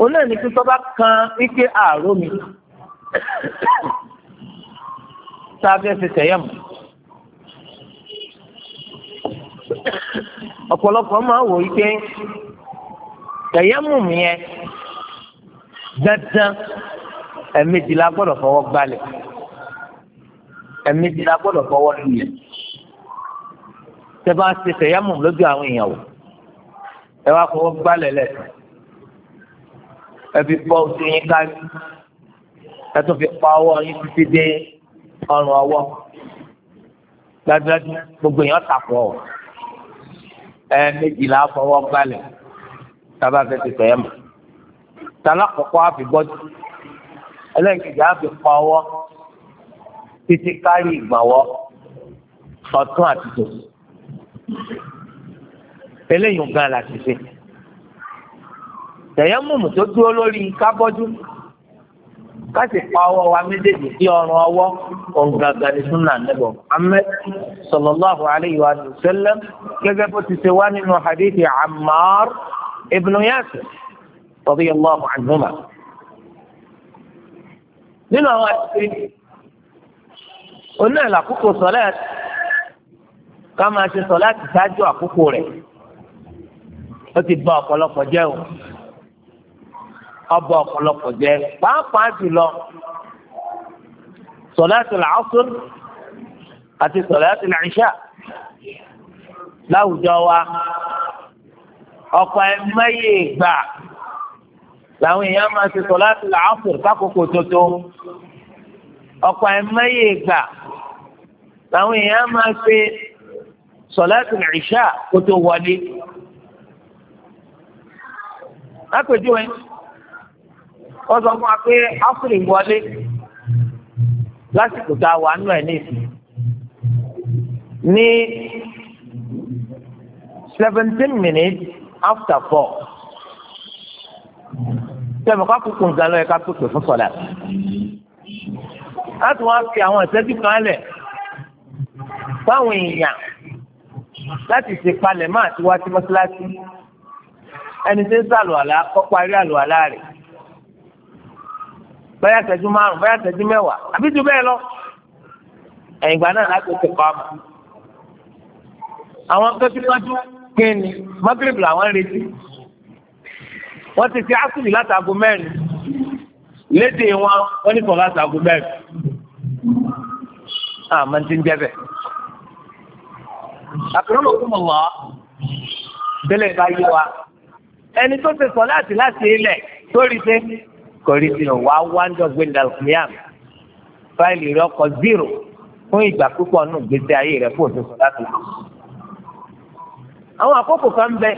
Speaker 1: òun náà ní kí tó bá kan wípé àárò mi tá a fẹ́ fi tẹ̀yẹ̀ mọ́. ọ̀pọ̀lọpọ̀ máa wò yí pé tẹ̀yẹ́mù yẹn dandan ẹ̀mejì la gbọ́dọ̀ fọwọ́ gbalẹ̀ ẹ̀mejì la gbọ́dọ̀ fọwọ́ lulẹ̀ tẹ́bá ṣe tẹ̀yẹ́mù lójú àwọn èèyàn wò ẹ wá fọwọ́ gbalẹ̀ lẹ̀ ẹbí pọ́ oṣù yín kárí ẹtún fi pa ọwọ́ yín títí dé ọrùn ọwọ́ gbadúgbadú gbogbo èèyàn tàpọ̀ ẹ méjìlá fọwọ́ gbalẹ̀ tábà fẹ́ ti tẹ̀ ẹ́ mọ̀ tàlá kọ̀kọ́ àfi gbọ́dọ̀ ẹlẹ́ẹ̀kejì àfi pa ọwọ́ títí kárí ìgbàwọ́ ọ̀tún àti tòsí eléyìí ń gan la ti ṣe tẹ̀yẹ́ mùmù tó dúró lórí kábọ́jú káṣí pa ọwọ́ wa méjèèjì sí ọrùn ọwọ́ ọ̀ǹgàgà ní súnà nẹ́bọ̀ Muhammad sallallahu alayhi wa sallam gẹ́gẹ́ bó ti ṣe wá nínú hadithi Ammar ibn Yasir radiyallahu anhuma. nínú àwọn àti oní ẹ̀là àkókò sọ̀lẹ́ ká máa ṣe sọ̀lẹ́ ṣáájú àkókò rẹ̀ ó ti bà ọ̀pọ̀lọpọ̀ jẹ́ o ọba ọ̀pọ̀lọpọ̀ jẹ́ pàápàá jùlọ sọ̀láàtì làásùn àti sọ̀láàtì làìṣà láwùjọ wa ọ̀pọ̀ ẹ̀mẹ́yẹ gbà làwọn èèyàn máa ti sọ̀láàtì làásùn kákòókò tótó ọ̀pọ̀ ẹ̀mẹ́yẹ gbà làwọn èèyàn máa ṣe sọ̀láàtì làìṣà kótó wọlé. lápèjúwe wọ́n sọ fún wa pé áfírí wọlé lásìkò tá a wà nù ẹ̀ nísìn ní seventeen minutes after four tẹ̀mọ̀ ká kúkú nǹkan lọ́yẹ ká pèpè fún sọ̀dà láti wá fi àwọn ìṣẹ́jú kan lẹ̀ fáwọn èèyàn láti ṣèpalẹ̀ máa ti wá sí mọ́ṣáláṣí ẹni tí ń sàlùwàlá kọ́ parí àlùwàlá rẹ̀ bóyá ìṣẹ́jú márùn bóyá ìṣẹ́jú mẹ́wàá àbí ju bẹ́ẹ̀ lọ ẹ̀yìn ìgbà náà láti ti kọ́ ọmọ. àwọn kẹ́kíwájú kí ni magrib làwọn retí wọ́n ti fi asùn látàgò mẹ́rin léde wọn wọ́n ní sọ látàgò mẹ́rin àmọ́ ah, ti ń jẹ́ bẹ́ẹ̀. àkùrọ̀ lòókù mọ̀ wá bẹ́lẹ̀ bá yé wa ẹni tó ti sọ láti láti ilẹ̀ tó rí sẹ́yìn kọrí sí ọ wá wá ń dọ̀gbìn dàlùkìyàm fáìlì rẹ ọkọ̀ zero fún ìgbà púpọ̀ nù gbèsè ayé rẹ fún òṣèlú láti lò. àwọn àkókò kan bẹ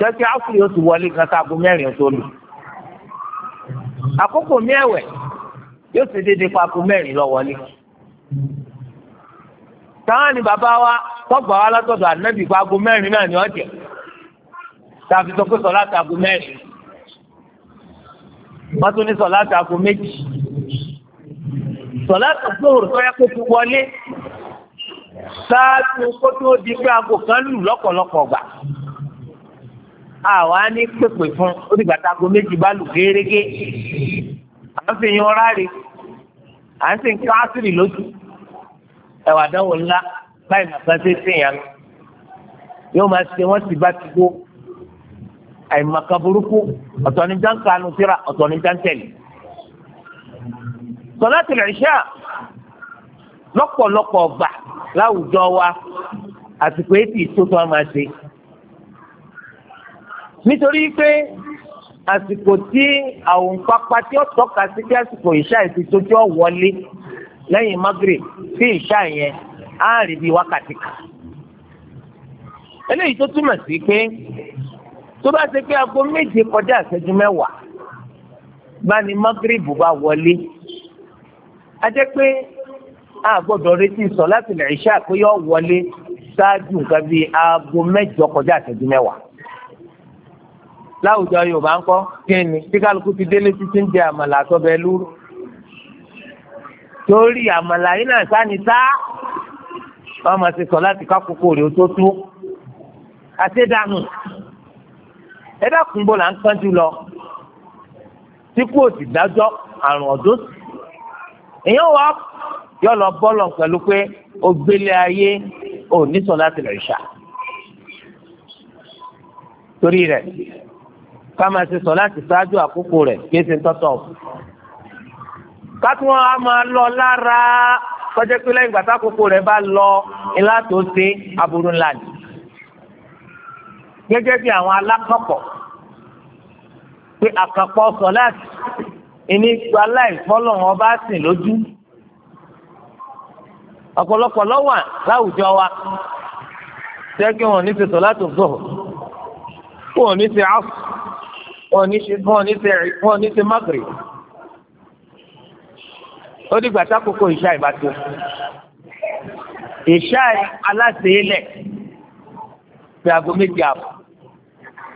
Speaker 1: jẹ́kí áfírí oṣù wọlé kan ká gun mẹ́rin tó lù. àkókò mẹ́wẹ̀ yóò ṣe déédéé papò mẹ́rin lọ wọlé. táwọn ni bàbá wa tọ́gbà wa látọ̀dọ̀ ànábì pa aago mẹ́rin náà ni ọ̀jẹ̀ tàbí sọ pé sọ láti aago mẹ́rin wọ́n tún ní sọ̀láàtì aago méjì sọ̀láàtì gbòòrò tó yẹ kó ti wọlé ṣáájú kó tó di pé aago kan lù lọ́pọ̀lọpọ̀ gbà àwa ní pèpè fún ó dìgbà tá aago méjì bá lù gérégé à ń fi yan ráre à ń sì ń ká lójú ẹ̀wà dánwò ńlá báyìí màkà ṣe ń sìn yàn yóò máa ṣe wọ́n ti bá ti gbó àìmọ̀kà burúkú ọ̀tọ̀ ní jáǹkà nu síra ọ̀tọ̀ ní jáǹtẹ̀lì. sọláàtì ìṣá lọ́pọ̀lọpọ̀ ọgbà láwùjọ wa àsìkò ètì tó tó a máa ṣe. nítorí pé àsìkò tí àwọn pápá tí ó tọ́ka sí kí àsìkò ìṣá ìfi tójú ọ̀ wọlé lẹ́yìn Maghrib sí ìṣá yẹn á rí bí wákàtí kan. eléyìí tó túmọ̀ sí pé tó bá ṣe pé aago méje kọjá ìṣẹ́jú mẹ́wàá bá ní mọ́gírìbù bá wọlé a jẹ́ pé a gbọ́dọ̀ retí sọ láti lè ṣe àkóyọ wọlé ṣáájú nǹkan bíi aago mẹ́jọ kọjá ìṣẹ́jú mẹ́wàá láwùjọ yorùbá ńkọ kíni tí kálukú ti délé títí ń jẹ àmàlà àtọbẹ̀ lúrú torí àmàlà yìí náà sáni tá wọn máa ti sọ láti kákòókò rè ó tó tú àti dànù ẹ dákun bó là ń kánjú lọ tí kò sì dájọ́ àrùn ọ̀dọ́ sí èèyàn wà yọ lọ bọ́lọ̀ pẹ̀lú pé o gbélé ayé o ní sọ láti lọ ìṣà torí rẹ̀ ká máa ṣe sọ láti ṣáájú àkókò rẹ̀ kí ṣe ń tọ́tọ̀ ká tún wọn á máa lọ lára kọjá pé lẹ́yìn gbàtà àkókò rẹ̀ bá lọ ilá tó ṣe aburú ńlá ni gẹ́gẹ́ bí àwọn alákọ̀ọ́kọ̀ pé àkàpọ̀ sọ̀láàtì ìní gba láìfọ́lọ̀ wọn bá sìn lójú ọ̀pọ̀lọpọ̀ lọ́wọ́ láwùjọ wa jẹ́ kí wọn ní ti sọ̀láàtì zuhur kí wọn ní ti asr wọn ní ti wọn ní ti wọn ní ti maghrib ó dìgbà sákòókò ìṣá ìbátan ìṣá aláṣẹ ilẹ̀ pé aago méjì àbọ̀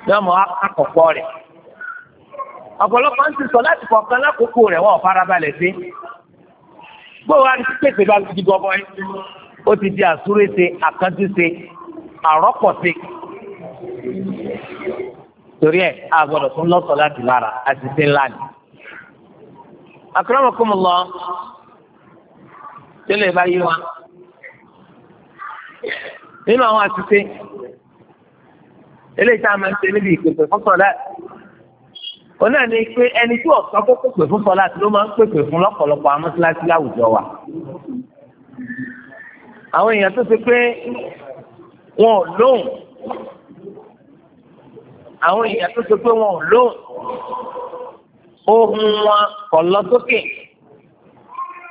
Speaker 1: yọmọ akọ̀pọ̀ rẹ̀ ọ̀pọ̀lọpọ̀ ń ti sọ láti kọ̀ọ̀kan lákòókò rẹ̀ wọ́n farabalẹ̀ sí gbówó wa ti pèsè bá ti gbọ́ bọ́ẹ́ ó ti di àsúrése àkántúnṣe àrọ́pọ̀ṣe torí ẹ̀ a gbọ́dọ̀ tún lọ́sọ̀ láti lára àti sí ńlá ni. akramakumullah tẹ́lẹ̀ bá yí wa nínú àwọn àtúnṣe eléyìí tá a máa ń ṣe níbi ìpèpè fún sọlá ó náà ní pé ẹni tí ọ̀sán kó pèpè fún sọlá ló máa ń pèpè fún lọ́pọ̀lọpọ̀ amọ́síláṣí láwùjọ wa àwọn èèyàn tó ṣe pé wọn ò lóhùn àwọn èèyàn tó ṣe pé wọn ò lóhùn ohun wọn kò lọ sókè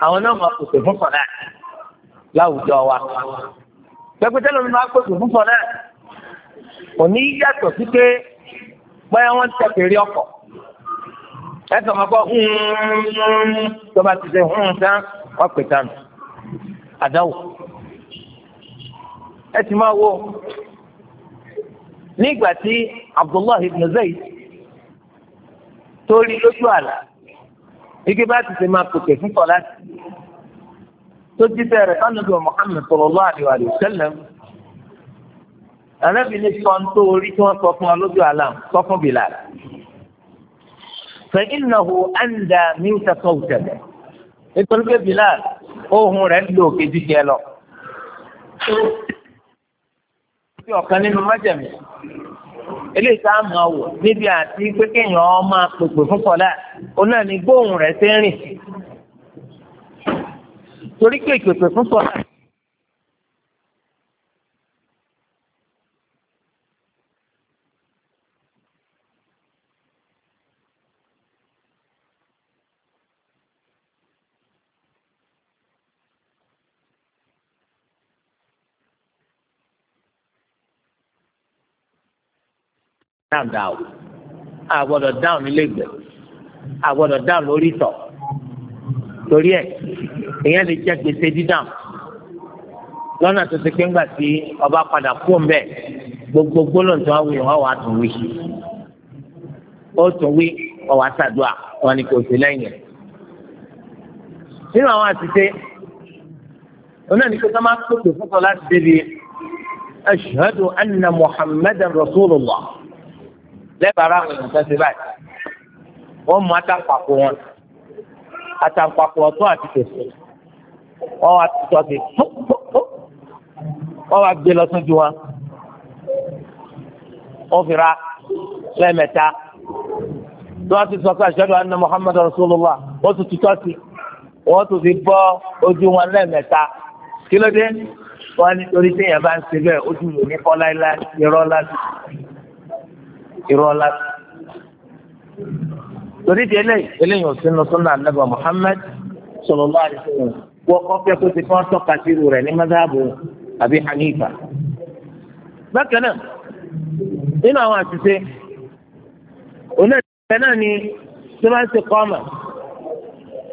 Speaker 1: àwọn náà máa pèsè fún sọlá láwùjọ wa pẹpẹtẹ lómi máa pèsè fún sọlá kò ní yàtọ̀ sí pé báyà wọ́n ń tẹ̀sẹ̀rí ọkọ̀ ẹ sọ ma kọ́ tó bá ti ṣe tán wọ́n Abdullahi ibn Zayd tó rí lójú àlá ike bá ti ṣe máa pèsè fún tọ́lá tó Muhammad arábìnrin sọ ń tó orí tí wọ́n sọ fún ọ lójú àlá sọ fún Bilal fẹ ìnáwó àǹdà mi ń sọ fún òtẹlẹ nítorí pé Bilal ohun rẹ̀ ń lo òkè jíjẹ lọ. bí ọ̀kan nínú májèmí eléyìí tá a máa wò níbi àti pé kéèyàn máa pèpè fún sọlá òun náà gbóhùn rẹ̀ ṣe ń rìn torí pé ìpèpè fún sọlá. náà dà o a gbọ́dọ̀ dáhùn nílé gbẹ a gbọ́dọ̀ dáhùn lórí tọ̀ torí ẹ̀ èèyàn lè jẹ́ gbèsè dídàn lọ́nà tó ti pé ńgbà tí ọba padà kú ń bẹ̀ gbogbo gbólóhùn tó wá wí wọ́n wàá tún wí ó tún wí wọ́n wàá wọn ni kò sí lẹ́yìn rẹ̀ nínú àwọn àtìsẹ́ onáà ní kí máa ń pèpè fún sọ láti débi ashhadu anna muhammadan rasulullah lẹ́bàá ara àwọn èèyàn tẹ́sí báyìí wọ́n mú àtàǹpàkò wọn àtàǹpàkò ọ̀tún àti tẹ̀sí wọ́n wá tutọ́ sí wọ́n wá gbé lọ sójú wọn wọ́n fi ra lẹ́ẹ̀mẹ́ta tí wọ́n ti sọ pé ashadu anna Muhammad rasulullah wọ́n tún tutọ́ sí wọ́n tún fi bọ́ ojú wọn lẹ́ẹ̀mẹ́ta kí ló dé wọ́n á nítorí téèyàn bá ń ṣe bẹ́ẹ̀ ojú rẹ̀ ní kọ́ láéláé irọ́ láti irọ́ láti. torí di eléyìí eléyìí ò sí nínú sunnah anábà Muhammad sallallahu alaihi wasallam wọ́n kọ́ fẹ́ kó ti fọ́n tọ́ka sí irú rẹ̀ ní madhabu àbí Hanifa. bákan náà nínú àwọn àṣìṣe òun náà náà ni tí wọ́n ti kọ́ ọmọ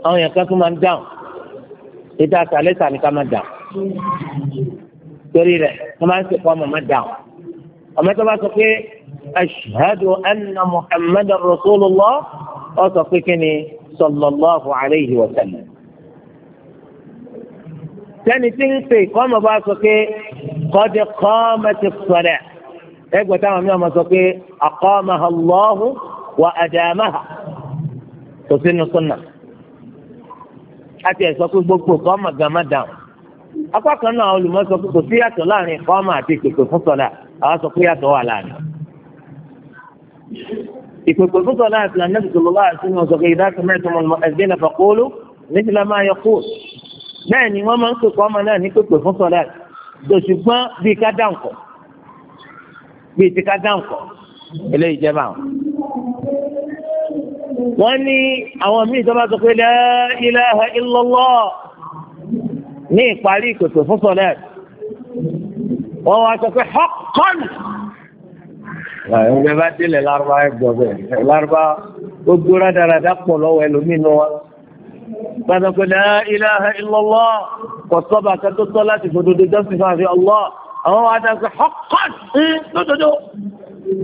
Speaker 1: àwọn yẹn kan tó máa ń dáhùn ètò àtàlẹ́ sàmì ká máa dáhùn torí rẹ̀ wọ́n máa ń ti kọ́ ọmọ máa dáhùn ọmọ tó bá sọ pé ashhadu anna muhammadan rasulullah ọ sọ pé kí ni sallallahu alayhi wa sallam. sẹ́ni tí ń pè kọ́mọ bá sọ pé kọ́dé kọ́mọ ti sọ̀rẹ̀ ẹgbẹ́ táwọn mi ọmọ sọ pé aqamaha Allahu wa adamaha kò sínú súnà àti ẹ̀sọ́ pé gbogbo kọ́mọ gàmá dáhùn apá kan náà olùmọ̀ sọ pé kò sí yàtọ̀ láàrin kọ́mọ àti ìpèpè fún sọ̀rẹ̀ àwọn sọ pé yàtọ̀ wà láàrin ìpèpè fún sọlá àti ànábì sọlọ́lá àti ní ọ̀sọ̀ kejì dákẹ́ mẹ́tọ́ mọ́ ẹgbẹ́ náà fàkóóló nígbà máa yọ kó bẹ́ẹ̀ ni wọ́n máa ń pèpè ọmọ náà ní pèpè fún sọlá dòṣùgbọ́n bíi ká dáǹkọ̀ bíi ti ká dáǹkọ̀ eléyìí jẹ́ báwọn. wọ́n ní àwọn míì tó bá sọ pé la ilaha illallah ní ìparí ìpèpè fún sọlá wọ́n wá sọ pé haqqan ẹgbẹ́ bá délẹ̀ lárúbá ẹgbọ́ bẹ́ẹ̀ lárúbá gbogbo rádaràdá pọ̀ lọ́wọ́ ẹlòmínú wa gbàdọ̀ pé la ilaha illallah kò sọ́ba kan tó tọ́ láti fòdodo jọ́sìn fún àfi ọlọ́ àwọn wa dá sọ haqqan ní lódodo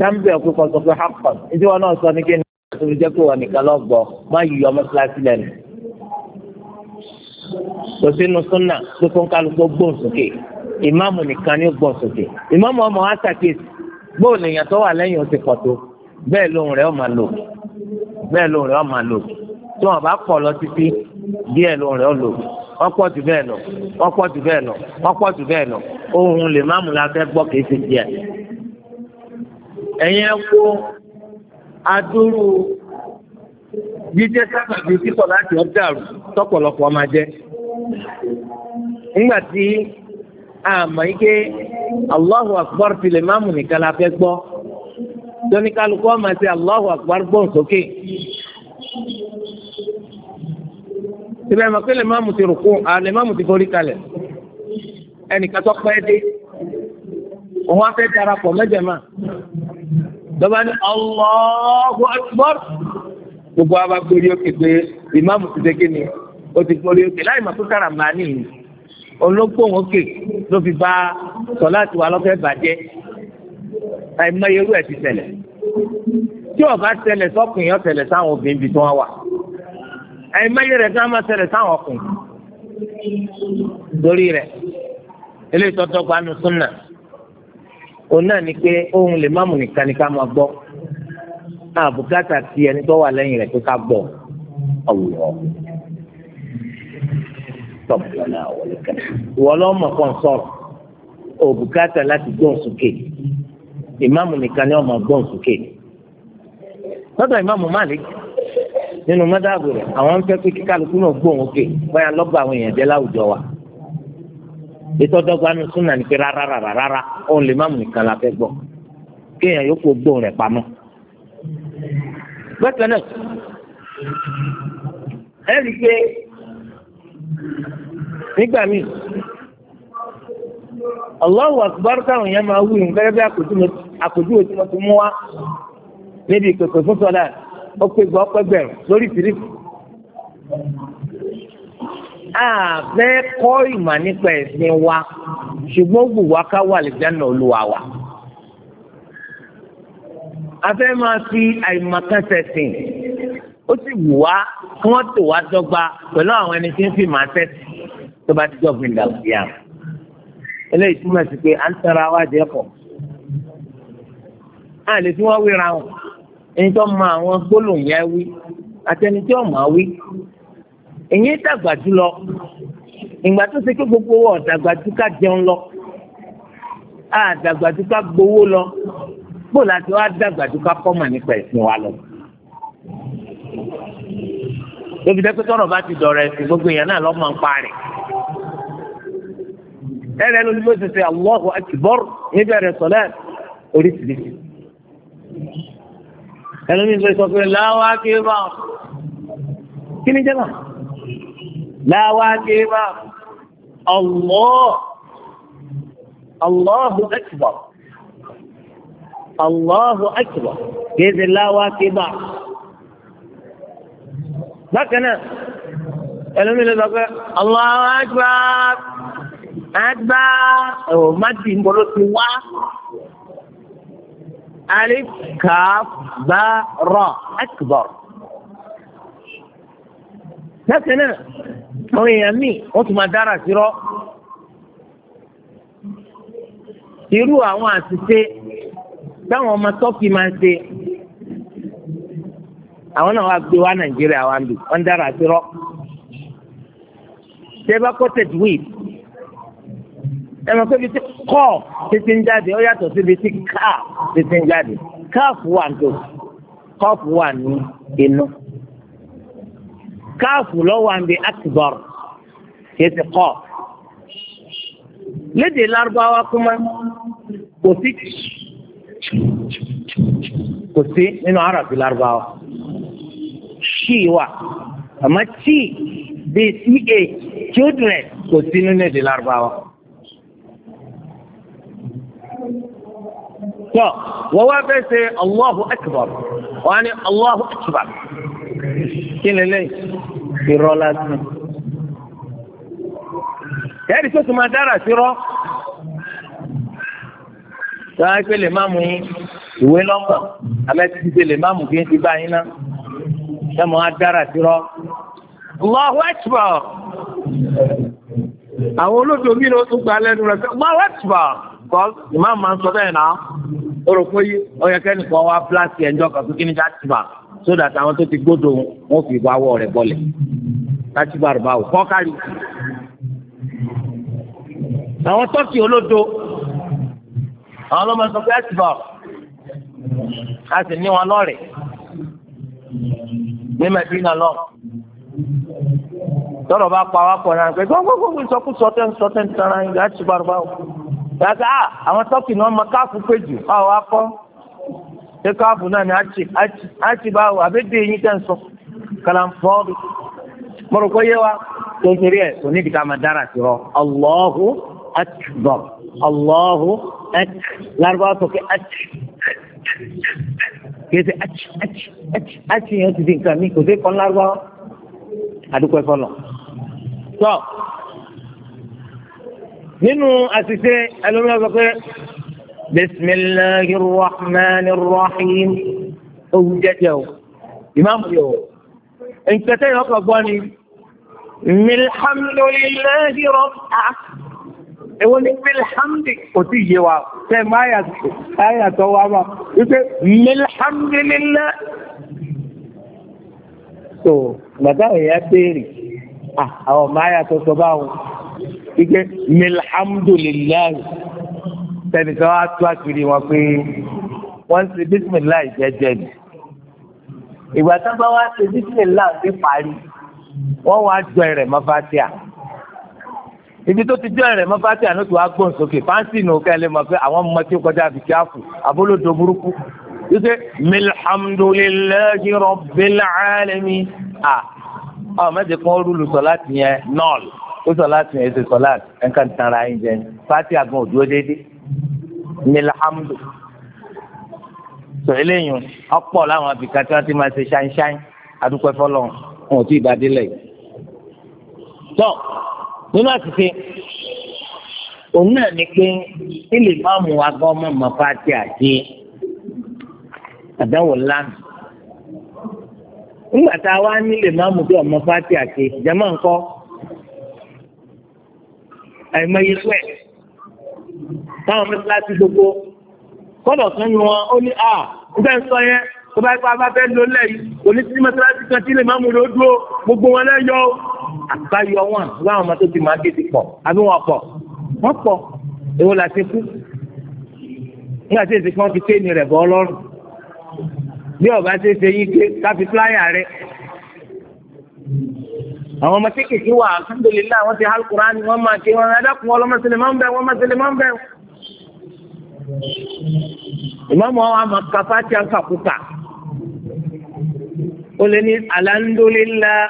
Speaker 1: dáńbì ọ̀pẹ kan sọ pé haqqan ìdí wọn náà sọ ní kí ni tó fi jẹ́ pé wà nìkan lọ́gbọ̀ má yíyọ mọ́sálásí lẹ́nu kò sínú súnà tó kó kálukó gbóǹsókè ìmáàmù nìkan ní gbóǹsókè ìmáàmù ọmọ wa ṣàkíyèsí bóò lèèyàn tó wà lẹ́yìn ó ti pọ̀ tó bẹ́ẹ̀ lóhùn rẹ̀ ó máa lò bẹ́ẹ̀ lóhùn rẹ̀ ó máa lò tí wọ́n bá pọ̀ lọ títí díẹ̀ lóhùn rẹ̀ ó lò wọ́n pọ̀ jù bẹ́ẹ̀ lọ wọ́n pọ̀ jù bẹ́ẹ̀ lọ wọ́n pọ̀ jù bẹ́ẹ̀ lọ ohun lè má mú la fẹ́ gbọ́ kìí ṣe díẹ̀. ẹ̀yin ẹ̀kú adúrú jíjẹ́ sábàbí títọ̀ láti ọ̀dàrú tọ́pọ̀lọpọ̀ máa jẹ́. nígbà tí àmọ́ ike allahu akbar tilẹ̀ máàmù nìkan la fẹ́ gbọ́ tóníkàlùkù ọmọ sí allahu akbar gbọ́n sókè síbẹ̀ mọ̀ pé lè máàmù ti rùkú àlè máàmù ti forí kalẹ̀ ẹnìkan tó pẹ́ dé òun á fẹ́ darapọ̀ mẹ́jẹ̀má dọ́bà ní allahu akbar gbogbo àbá gbórí pé ìmáàmù ti dé ni ó ti gbórí òkè láì mọ̀ pé kàràmbání yìí olóńgbòhùn òkè ló fi bá sọláàtì wa lọ́fẹ́ bàjẹ́ àìmọye irú ẹ̀ ti ṣẹlẹ̀ tí ọba ṣẹlẹ̀ sọkùnrin yọ ṣẹlẹ̀ sáwọn obìnrin bí tí wọ́n wà àìmọye rẹ̀ sáwọn máa ṣẹlẹ̀ sáwọn ọkùnrin torí rẹ̀ eléyìí tọ́tọ́ gbanu súnà òun náà ni pé ohun lè máàmù nìkan ni ká máa gbọ́ àbùkátà ti ẹni tó wà lẹ́yìn rẹ̀ pé ká gbọ́ ọ̀wọ́ sọ̀bùnà òwòlùkà ìwọ lọ́mọ kan sọ̀rọ̀ òbùkátà láti gbóhùn sókè ìmáàmù nìkan ni ọmọ gbóhùn sókè lọ́dọ̀ ìmáàmù Malik nínú mọ́tàbù rẹ̀ àwọn ń fẹ́ pé kíkálukú náà gbóhùn òkè báyà lọ́gbà àwọn èèyàn jẹ́ láwùjọ wa ìtọ́dọ́gba nu súnà ní pé rárá rárá rárá òun lè má mú nìkan la fẹ́ gbọ́ kéèyàn yóò kó gbóhùn rẹ̀ pamọ́. bẹ́ẹ̀ náà ẹ rí i pé nígbà míì Allahu akbar táwọn èèyàn máa wí nǹkan gẹ́gẹ́ bí mú wá níbi ìpèpè fún sọ́lá ó pé gbọ́ pẹ́gbẹ̀rún lórí ìfìrífì. kọ́ ìmọ̀ nípa ẹ̀sìn wa ṣùgbọ́n wà fi ó sì wù kí wọ́n tò wá dọ́gba pẹ̀lú àwọn ẹni tí ń fi màá tẹ́sí tó bá ti dọ́gbìn dàgbìyà eléyìí túmọ̀ sí pé à ń tẹ́ra wá jẹ́ pọ̀ á lè fi wọ́n wéra wọn ẹni tó mọ àwọn gbólóhùn yẹn wí àtẹni tí ọmọ wí èyí dàgbà jùlọ ìgbà tó ṣe pé gbogbo wọn dàgbà jù jẹun lọ àdàgbà jù ká gbowó lọ bó láti wá dàgbà jù kọ́ mọ̀ nípa ẹ̀sìn wa lọ lóbi dẹ́ pé tọ́rọ̀ bá ti dọ̀rọ̀ ẹ̀sìn gbogbo èèyàn náà lọ́mọ ń parí. ẹ̀rẹ́ ló ní bó ti ṣe Allahu Akbar níbẹ̀rẹ̀ sọ̀lẹ́ oríṣiríṣi. ẹlòmíín sọ sọ pé الله أكبر الله أكبر kí ni jẹ́nà bákan náà ẹlòmíì ló sọ pé Allahu Akbar Akbar ẹ̀wọ̀ májì ń bọ̀ ló ti wá alif kaf ba ra akbar bákan náà àwọn èèyàn míì wọ́n tún máa dára sí rọ́ irú àwọn àṣìṣe táwọn ọmọ tọ́kì máa ṣe àwọn náà wá gbé wá nàìjíríà wá ń bì wọ́n dára sí rọ́ ṣé bá kó tètè wíì ẹ mọ̀ pé ibi tí kọ́ títí ń jáde ó yàtọ̀ sí ibi tí ká títí ń jáde káàfù wà ní kọ́ọ̀fù wà ní inú káàfù lọ́wọ́ àǹdí àtìbọ̀rù kìí ti kọ́ lédè lárúbáwá kúmá kò sí kò sí nínú àràbí lárúbáwá ṣíwà àmọ́ tí bíi ca children kò sí nínú èdè lárúbáwá. tọ́ wọ́n wá fẹ́ ṣe allahu akbar wọ́n á ní allahu akbar kí ni lẹ́yìn irọ́ lásán. ẹ̀rí tó tún máa dára sí rọ́ sọ́wọ́n á pé lè má mú yín ìwé lọ́kàn ti ṣe lè má mú ti bá yín náà. ẹ mọ̀ á Allahu Akbar àwọn olóòtú omi ni tún gba lẹ́nu rẹ̀ Allahu Akbar kọ́ ìmáà máa ń sọ bẹ́ẹ̀ náà ó rò pé ọ̀yẹ̀kẹ́ nìkan wá kan fún sódà táwọn tó ti gbódò wọn fi wọ rẹ̀ rẹ̀ báwò kọ́ kárí. àwọn tọ́kì àwọn ọlọ́mọ sọ pé sì ní wọn lọ́rẹ̀ẹ́. ní Madina lọ tọrọ bá pa wá pọ̀ náà pé gbogbogbò ìsọkúsọ tẹ́ ń sọ tẹ́ ń tẹ́ra ẹ̀ láti bàrúbà o yàtọ̀ à ah, àwọn tọ́kì náà máa káàfù pé jù á wà kọ́ ṣé káàfù náà ni á ti bá wò àbẹ́dẹ́ yín tẹ́ ń sọ kàlàǹfọ́ọ̀bì mo rò pé yé wa tó ń torí ẹ̀ kò ní ìdíkà máa dára sí ọ Allahu akbar Allahu akbar lárúbáwá sọ pé akbar kì í ṣe achi achi yẹn ti di nǹkan mi kò sí kan lárúbáwá àdúgbò ẹ̀fọ́ lọ. tọ́ nínú àṣìṣe ẹlòmíràn sọ pé bisimilahi rahman rahim owó jẹjẹ o ìmáàmù yẹ o nkẹtẹ yẹn ọkọ ni milhamdulilahi rọ́bà. Èwo ni Milhamdi kò tí yé wa tẹ máyà tọ́ wa máa wípé Milhamdulillah. So, bàbá ìyá béèrè, ah, àwọn máyà tó sọ báwọn, wípé Milhamdulillah. Tẹnìkan wá tó àkìrí wọn pé wọ́n ń ṣe bísímìlá ìjẹ́jẹ́ ni. Ìgbà tó bá wá ṣe bísímìlá ń parí, wọ́n wá jọ ẹ̀rẹ̀ mọ́fátíà ibi tó ti jẹ́ rẹ̀ mọ́ fásitì àná tó wá gbọ́n sókè fáǹsì nù kẹ́lẹ́ mọ̀ pé àwọn ọmọ tí ó kọjá àbí kíáfù abólódo burúkú wípé milhamdulilayi rabbil alamin a ọ mẹ́tẹ̀ kan rúlu sọ láti yẹn nọ́ọ̀lù ó sọ láti yẹn ṣe sọ láti ẹ̀ ń kàn tanra ẹ̀ ń jẹ fásitì àgbọn òdúró déédéé milhamdu sọ eléyìí ọ̀pọ̀ láwọn abìkan tí wọ́n ti máa ṣe ṣáínṣáín adúpẹ́ fọlọ́n nínú àtìsí òun náà ni pé kí lè má mú agbọ́n ọmọ mọ̀fá àti àti àdáwò lánàá nígbà tá a wá nílé má bí ọmọ fati àti ìjàmọ́ nǹkọ́ àìmọye pẹ́ táwọn mẹ́tíláṣí gbogbo kọ́dọ̀ kan ni wọn ó ní à nígbà sọ yẹn tó bá yẹ kó a bá fẹ́ lólẹ̀ yìí kò ní sí mẹ́tíláṣí kan tí lè má mú lò ó dúró gbogbo wọn lẹ́yọ àbáyọ wọn láwọn ọmọ tó ti máa dé ti pọ̀ àbí wọn pọ̀ wọn pọ̀ èwo la ti kú nígbà tí èsì kan ti ké ní rẹ̀ bọ́ ọlọ́run bí ọba ṣe ṣe yín ké káfí fúláyà rẹ̀ àwọn ọmọ kéékèèké wà alhamdulillah wọn ti alukura ni wọn máa ké wọn adákùn ọlọmọsílẹ máa ń bẹ wọn mọsílẹ máa ń bẹ ìmáàmù àwọn amakafa ti àǹkà kúkà ó lé ní alhamdulillah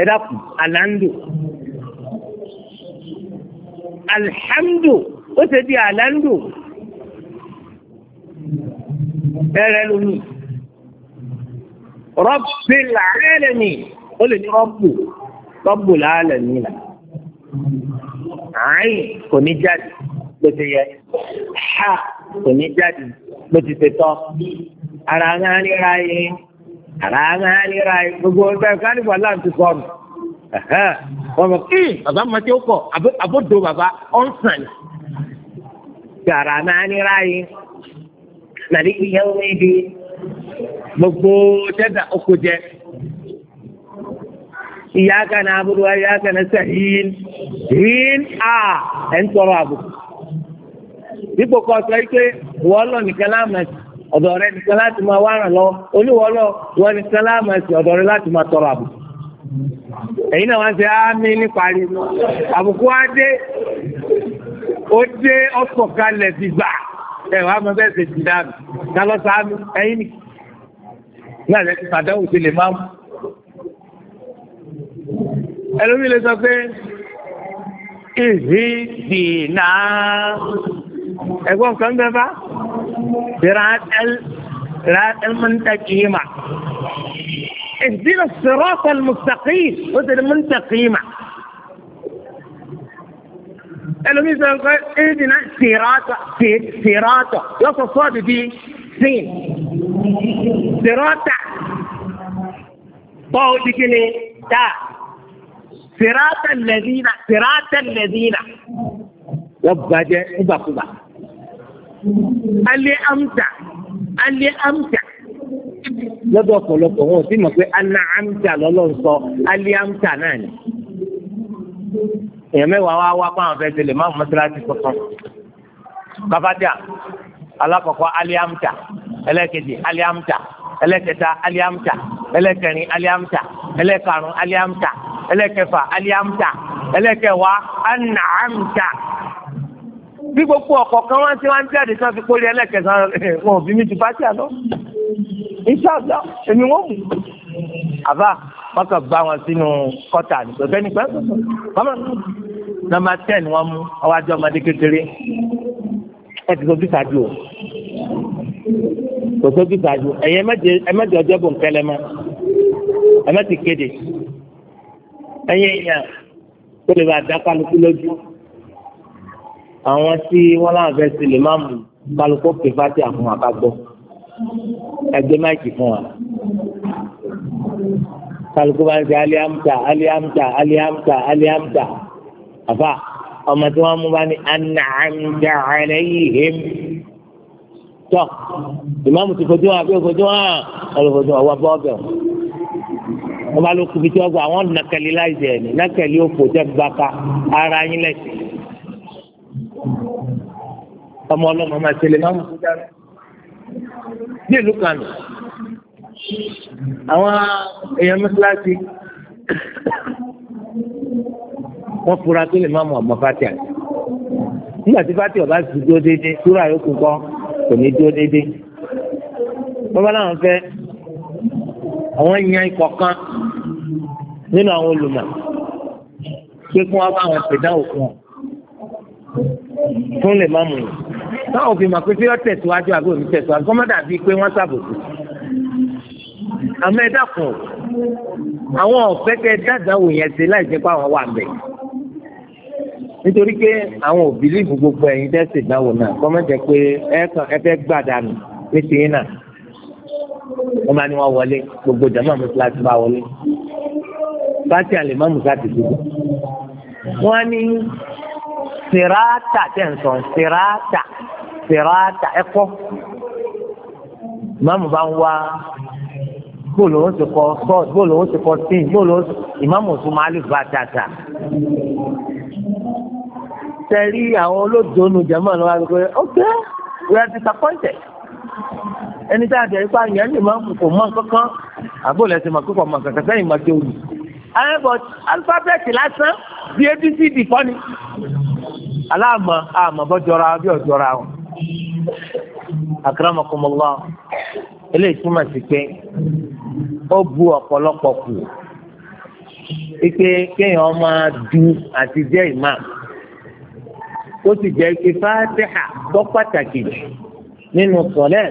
Speaker 1: ẹ dákun alando alhamdu ó ṣe di alando bẹ́ẹ̀rẹ̀ lómi rọ́bì làálẹ̀ ni ó lè ní rọ́bù rọ́bù làálẹ̀ ni là àáyìn kò ní jáde bó ti yẹ ha kò ní jáde bó ti ṣe tọ́ ara ń rárá yẹn àràmà àlera gbogbo ọgbẹ́ kálífù aláǹtí kọ́ọ̀nù wọ́n mọ̀ kí bàbá mọ̀ tí ó kọ̀ àbódo bàbá ọ̀nsán àràmà àlera yìí nàdí ìyẹn wọ́n mi di gbogbo dẹ́dà oko jẹ. Ìyáka na abudu wa ìyáka na sahin. Hin a ẹ̀ ń tọrọ àbùkù. Dípò kọ́ sọ pé wọ́n lọ nìkan láàmú ẹ̀sìn ọ̀dọ̀ rẹ nìkan láti máa wá ràn lọ olúwọ lọ wọn nìkan láàmú ẹsẹ̀ ọ̀dọ̀ rẹ láti máa tọrọ àbùkù. èyí náà wọ́n ṣe ámì níparí àbùkù á dé ó dé ọ̀sọ̀ kalẹ̀ gbígbà ẹ̀ wá máa bẹ́ẹ̀ ṣe jìnnà mi ká lọ sáámi ẹ̀yìn nìkan. ní àlẹ́ ti fàdáwò ṣe lè máa mú. ẹlòmíì lè sọ pé ìhí dìnnà. ايقوم كم دفع صراط صراط المنتقيمة اهدنا الصراط المستقيم مثل المنتقيمة قالوا ميزة اهدنا صراط صراط لص الصاد دي سين صراط طاو بكلي تا صراط الذين صراط الذين وبجاء بقبع alẹ́ amta alẹ́ amta lọ́dọ̀ ọ̀pọ̀lọpọ̀ wọn ò sì mọ̀ pé ana amta lọ́lọ́run sọ alẹ́ amta náà ni èèyàn mẹ́wàá wá wá pàwọn fẹ́ẹ́ tẹ̀lé máàmù mọ́sálásí tuntun babadia alakọkọ aliamta ẹlẹ́kejì aliamta elekarun aliamta ẹlẹ́kẹrin aliamta ẹlẹ́karùn aliamta ẹlẹ́kẹfà aliamta ẹlẹ́kẹwàá anaamta. bí gbogbo ọ̀kọ̀ọ̀kan wá tí wọ́n ń jáde tí wọ́n fi kórè ẹlẹ́kẹ̀sán eh, wọn ò bí mi ju pátí àlọ́ ìṣàlọ́ èmi wọ́n mú àbá wọ́n kàn bá wọn sínú kọ́tà nìgbẹ́gbẹ́ nígbà kọ́mọ̀ nọ́mbà ten wọ́n mú ọwọ́ àjọ ọmọdé kékeré ẹ ti sojú sáájú o kò sojú sáájú ẹ̀yẹ ẹ̀mẹ́jọ ọjọ́ bò ń kẹ́lẹ́ mọ́ ẹ̀mẹ́tì kéde ẹ̀yẹ ìyá tó lè bá dá kálukú lójú àwọn tí wọ́n láwọn fẹ́ sílẹ̀ máa mú kálukó pè fati àfún wa ká gbọ́ ẹgbẹ́ máìkì fún wa kálukó bá ń ṣe aliamta aliamta aliamta aliamta àfà ọmọ tí wọ́n mú bá ní anàmdà alayhim tọ́ ìmáàmù ti fojú wọn àbí fojú wọn ọ̀rọ̀ fojú wọn wọ́n bọ́ ọ̀bẹ̀ wọn bá ló kú àwọn nàkàlí láì ẹ̀ nàkàlí òfò tẹ́ gbàka ara yín lẹ́sìn ọmọ ọlọ́mọ máa ṣe lè má mú sójà rẹ̀ ní ìlú Kano àwọn èèyàn mọ́sálásí wọ́n fura tó lè má mú ọmọ fati àti nígbà tí fati ọba ti dúró déédéé súrà yókù kọ́ kò ní dúró déédéé bọ́bá làwọn fẹ́ àwọn yan ikọ̀ kan nínú àwọn olùmọ̀ pé kí wọ́n bá wọn pè dáhùn fún fún lè má mú yìí táwọn òfin màpé fi ọ́ tẹ̀síwájú àbí òní tẹ̀síwájú kọ́ má dàbí pé wọ́n ṣàbòsí. àmọ́ ẹ dákun àwọn ọ̀fẹ́ kẹ dáadáwò yẹn ṣe láì jẹ́ pé àwọn wà bẹ̀. nítorí pé àwọn òbí lífù gbogbo ẹ̀yin tẹ́sí ìdáwò náà kọ́ má jẹ́ pé ẹ fẹ́ gbà dànù ní tìyín náà. wọ́n máa ní wọ́n wọlé gbogbo jàmáà mùsùlùmí bá wọlé. bá ti àlè má mùsùlùmí ti dùn. wọ́n á ní sirata tẹ̀ ń sọ sirata sirata ẹ̀kọ́ ìmáàmù bá ń wá bóòlù ó ti kọ sọ́ọ̀t bóòlù ó ti kọ tíì bóòlù ìmáàmù tún máa lè fa tata. sẹ́rí àwọn olóòjó nu jẹ́mọ̀ ló wá wípé ok we are disappointed ẹni tá a jẹ́ ipá yẹn lè máa kò mọ̀ kankan àbóòlù ẹ̀sìn máa kókò mọ̀ kankan sẹ́yìn máa jẹ́ olù. ẹ bọ̀ alifábẹ́ẹ̀tì lásán bí ABC, kọ́ ni aláàmọ̀ àmọ̀ bọ́ jọra bí ọ̀jọra wọn. akramakumullah eléyìí túmọ̀ sí pé ó bu ọ̀pọ̀lọpọ̀ kù pé kéèyàn máa du àti jẹ́ imam tó sì jẹ́ pé fatiha gbọ́ pàtàkì nínú sọ̀lẹ́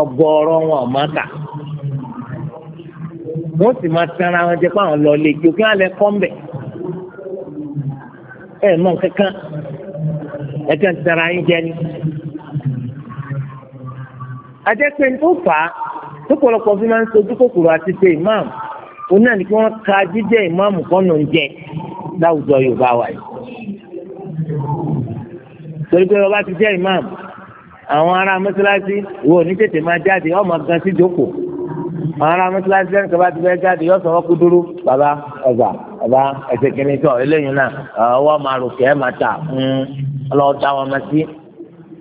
Speaker 1: ọgọ́rọ̀ wọn ọ̀mọ́ta wọ́n sì máa tẹ́ra wọn jẹ́ pé àwọn lọ lè jó kí kọ́ ń ẹ̀ mọ̀ kankan ẹ̀ kàn ti tara yín jẹ ni. àjẹpẹ́ tó fà á tó pọ̀lọpọ̀ fi máa ń sojú kòkòrò àti ṣe ìmáàmù òun náà ni kí wọ́n ka jíjẹ́ ìmáàmù kọ́nà ń jẹ láwùjọ Yorùbá wa yìí. torí pé ọba ti jẹ́ ìmáàmù àwọn ará mọ́sálásí wo ní tètè máa jáde ọmọ gan sí jókòó àwọn ará mọ́tíláṣí lẹ́nu kaba ti fẹ́ jáde yọ sọ̀rọ̀ kú dúró bàbá ẹ̀gbà bàbá ẹ̀sẹ̀ kìíní tọ̀ eléyìí náà ọwọ́ máa rò kẹ́ máa tà hmm, ọlọ́wọ́ ta wọn máa sí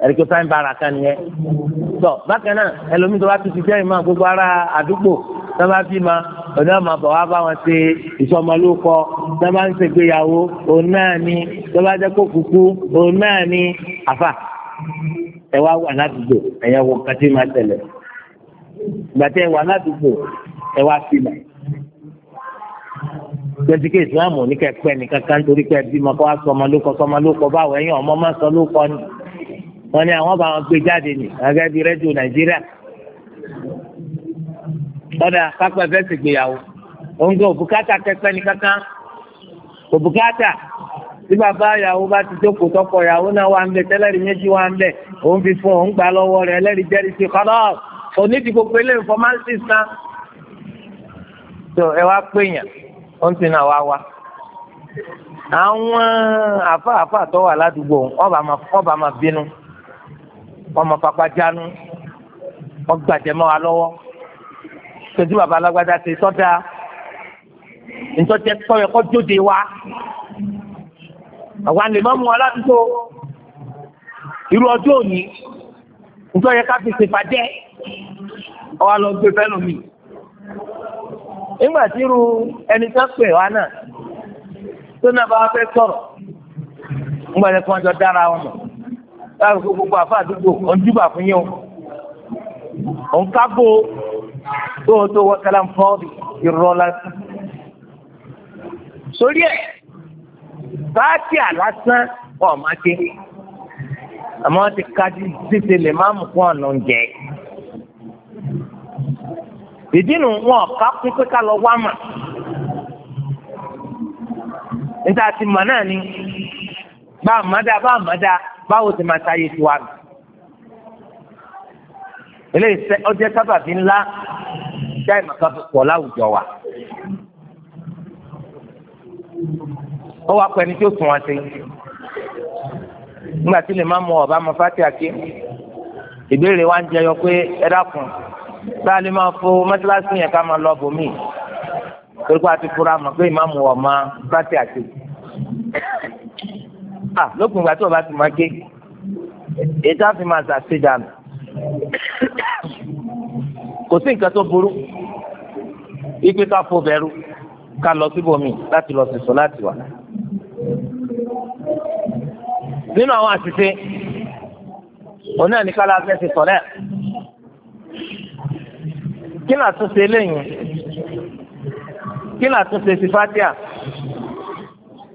Speaker 1: ẹ̀ríkẹ́ fáin bára kan nìyẹn. tọ́ bákan náà ẹlòmíì tó bá tún ti jẹ́ ìmọ̀ gbogbo ará àdúgbò sábà bí ma ọ̀dọ́ àmọ́ bọ̀ wá bá wọn ṣe ìsọmọlúkọ sábà ń ṣègbéyàwó òun náà ni sábà jẹ́ kó kúkú òun náà ni àfà ẹ wá wà ládùúgbò ẹ̀yẹ wo kàtí máa gbàtẹ́ wà ládùúgbò ẹ na. sílẹ̀ gbẹ̀dì kí ìsìláàmù ní ní kankan torí pé ẹbí ma kọ́ wá báwo ọmọ má sọ ni wọ́n ní àwọn bá wọn gbé jáde ní gẹ́gẹ́ bí nàìjíríà kápẹ́ sì gbéyàwó oúnjẹ òbúkátà ní kankan òbúkátà tí bàbá bá ti tọkọ náà wà ń bẹ méjì onídìí gbogbo ilé informatics náà tó ẹ wá péyàn ó ń tin náà wá wá àwọn àfààfà tó wà ládùúgbò ọba máa bínú ọmọ pápá jánu wọn gbàjẹ mọ́ wa lọ́wọ́ tòjú bàbá alágbádá ti sọdá ntọ́jẹ tọ́yọ kọ́ jóde wa àwa lè má mú irú ọjọ́ òní nítorí yẹ ká fi ṣèpàdé ọwọ́ lọ gbé fẹ́lú mi. nígbà tí irú ẹni tó pè wá náà tó náà bá fẹ́ sọ̀rọ̀ nígbà tí wọ́n jọ dára wọn mọ̀ láti fi gbogbo àfa àdúgbò òun júbà fún yín o òun kágbó tó o tó wọ kálánfọ́ ìrọ̀ lásán. sórí ẹ̀ bá tí a lásán ọ̀ máa ké àmọ́ wọ́n ti ka títí lè má mú kó ọ̀nà oúnjẹ. ìdínú wọn ká kún pé ká lọ wá mà. níta ti mọ̀ náà ni bá a mọ̀ dá bá a mọ̀ dá báwo ti máa sáyé tiwa nù. eléyìí ọjọ́ sábàbí ńlá dá ìmọ̀ká pọ̀ láwùjọ wa. ó wá pẹ́ni tó sùn wá sí i nígbà tí lè má mú ọba mọ fati àké ìbéèrè wa ń jẹyọ pé ẹ dákun sáà lè máa fo mọ́tíláṣí yẹn ká máa lọ bòmíì torípa àti fura mọ̀ pé ìmáàmù ọ̀ma fati àti. à lókun ìgbà tí o ti máa ké ètò àfi máa dànù. kò sí nǹkan tó burú ipe ká fo bẹ̀rù ká lọ síbòmí láti lọ sí láti wà nínú àwọn àṣìṣe òun náà ní kálá fẹ́ ti sọ̀rẹ́ kí là tún ṣe lẹ́yìn kí là tún ṣe sí fatia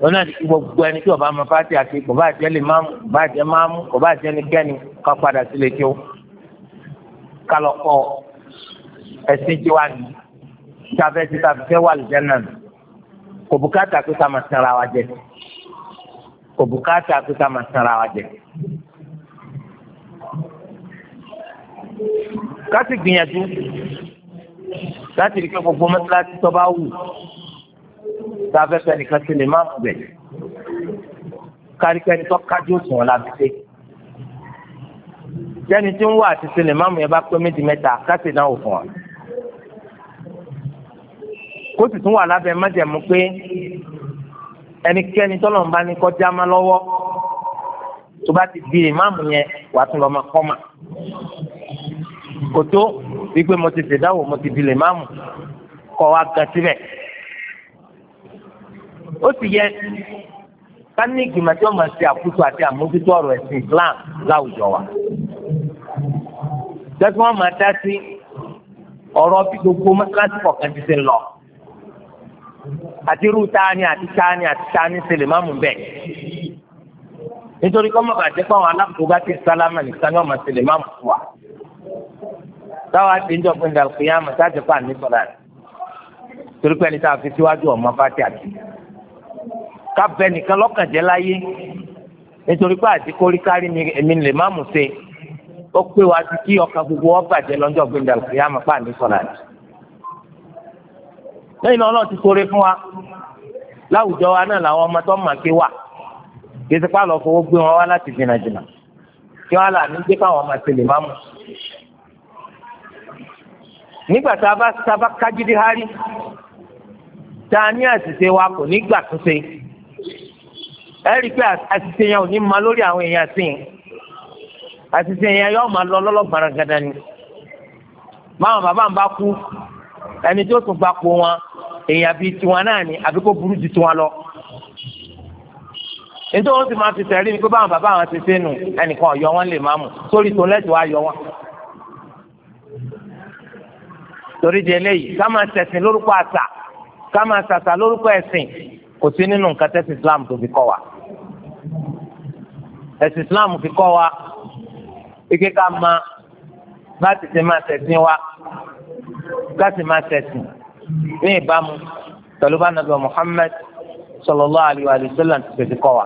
Speaker 1: òun náà ní gbogbo ẹni tí ó bá mọ fatia kí kò bá jẹ́ lè máàmù kò bá jẹ́ máàmù kò bá jẹ́ nìkẹ́ni ká padà sílé kí ó kálọ̀ kọ́ ẹ̀sìn tí wàá ní tí a fẹ́ ti ta fẹ́ wà lùjẹ́ náà kò bùkátà pé ká máa tẹ̀ra wa jẹ sí kò bùkátà pé ká máa sanra wa jẹ. ká sì gbìyànjú láti rí i pé gbogbo mọ́tíláṣí tó bá wù tá a fẹ́ fẹ́ nìkan ti lè má mú bẹ̀. kárí kẹ́ni tó kájú òṣùwọ̀n la fi ṣe jẹ́ni tí ń wà àti sinimá máàmù yẹn bá pé méjì mẹ́ta káṣí náà ò fún ọ. kó sì tún wà lábẹ́ májẹ̀mú pé ẹnikẹ́ni tọ́lọ̀ ń bá ní kọjá má lọ́wọ́ tó bá ti di ìmáàmù yẹn wàá tún lọ máa kọ́ mà kò tó wípé mo ti ṣèdáwò mo ti di lè máàmù kọ́ wa gan síbẹ̀ ó sì yẹ ká ní ìgbìmọ̀ máa ṣe àkóso àti àmójútó ọ̀rọ̀ ẹ̀sìn Islam láwùjọ wa jẹ́ kí wọ́n máa dá sí ọ̀rọ̀ bí gbogbo mọ́tíláṣí kọ̀ọ̀kan ti ṣe lọ àti irú tani àti tani àti tani ṣẹlẹ̀ má mú bẹ́ẹ̀ nítorí kọ́mọ̀ bàjẹ́ pé àwọn alákòóbá ti sálámà nìkan ní ọmọ ṣẹlẹ̀ má mú fún wa táwa ti ń jọ pé ndàlùkù yá màtá ti pa ní sọ̀rọ̀ rẹ̀ torí pé ẹni tá a fi síwájú ọmọ bá àti ká nìkan lọ́kàn jẹ́ láyé nítorí pé àti kórí kárí mi èmi lè má mú ṣe ó pé wa ti kí ọkàn gbogbo ọ bàjẹ́ lọ́jọ́ gbé ndàlùkù yá màtá ní sọ̀rọ̀ rẹ̀ lẹ́yìn náà Ọlọ́run ti kórè fún wa láwùjọ wa náà làwọn ọmọ tó mà ké wà kí ẹsẹ̀ pààlọ́ fowó gbé wọn wá láti jìnnà jìnnà kí wọ́n là ní gbé káwọn ọmọ tẹlẹ̀ máa mú. nígbà tá a bá tá a bá kájídé hárí tá a ní àṣìṣe wa kò ní gbà tó ṣe ẹ rí i pé àṣìṣe yẹn ò ní ma lórí àwọn èèyàn sí i àṣìṣe yẹn yóò máa lọ lọ́lọ́gbàrà gàdá ni báwọn bàbá ń bá kú ẹni tó tún gbapò wọn èèyàn bíi tiwọn náà ni àbí kó burú ju tiwọn lọ. nítorí wọ́n sì máa fi sẹ̀rí ni pé báwọn bàbá àwọn ti ṣe nù ẹnìkan ọ̀yọ́ wọn lè máa mú sórí tó lẹ́tọ̀ọ́ ayọ̀ wọn. torí di eléyìí ká máa ṣẹ̀sìn lórúkọ àṣà ká máa ṣàṣà lórúkọ ẹ̀sìn kò sí nínú nǹkan tẹ́sí Islam tó fi kọ́ wa. ẹ̀sìn Islam fi kọ́ wa ike ká máa bá ti ṣe máa ṣẹ̀sìn wa ká sì máa ṣẹ̀sìn. ní ìbámu pẹ̀lú bá nàbẹ̀ Muhammad sallallahu alaihi wa sallam ti tètè kọ́ wa.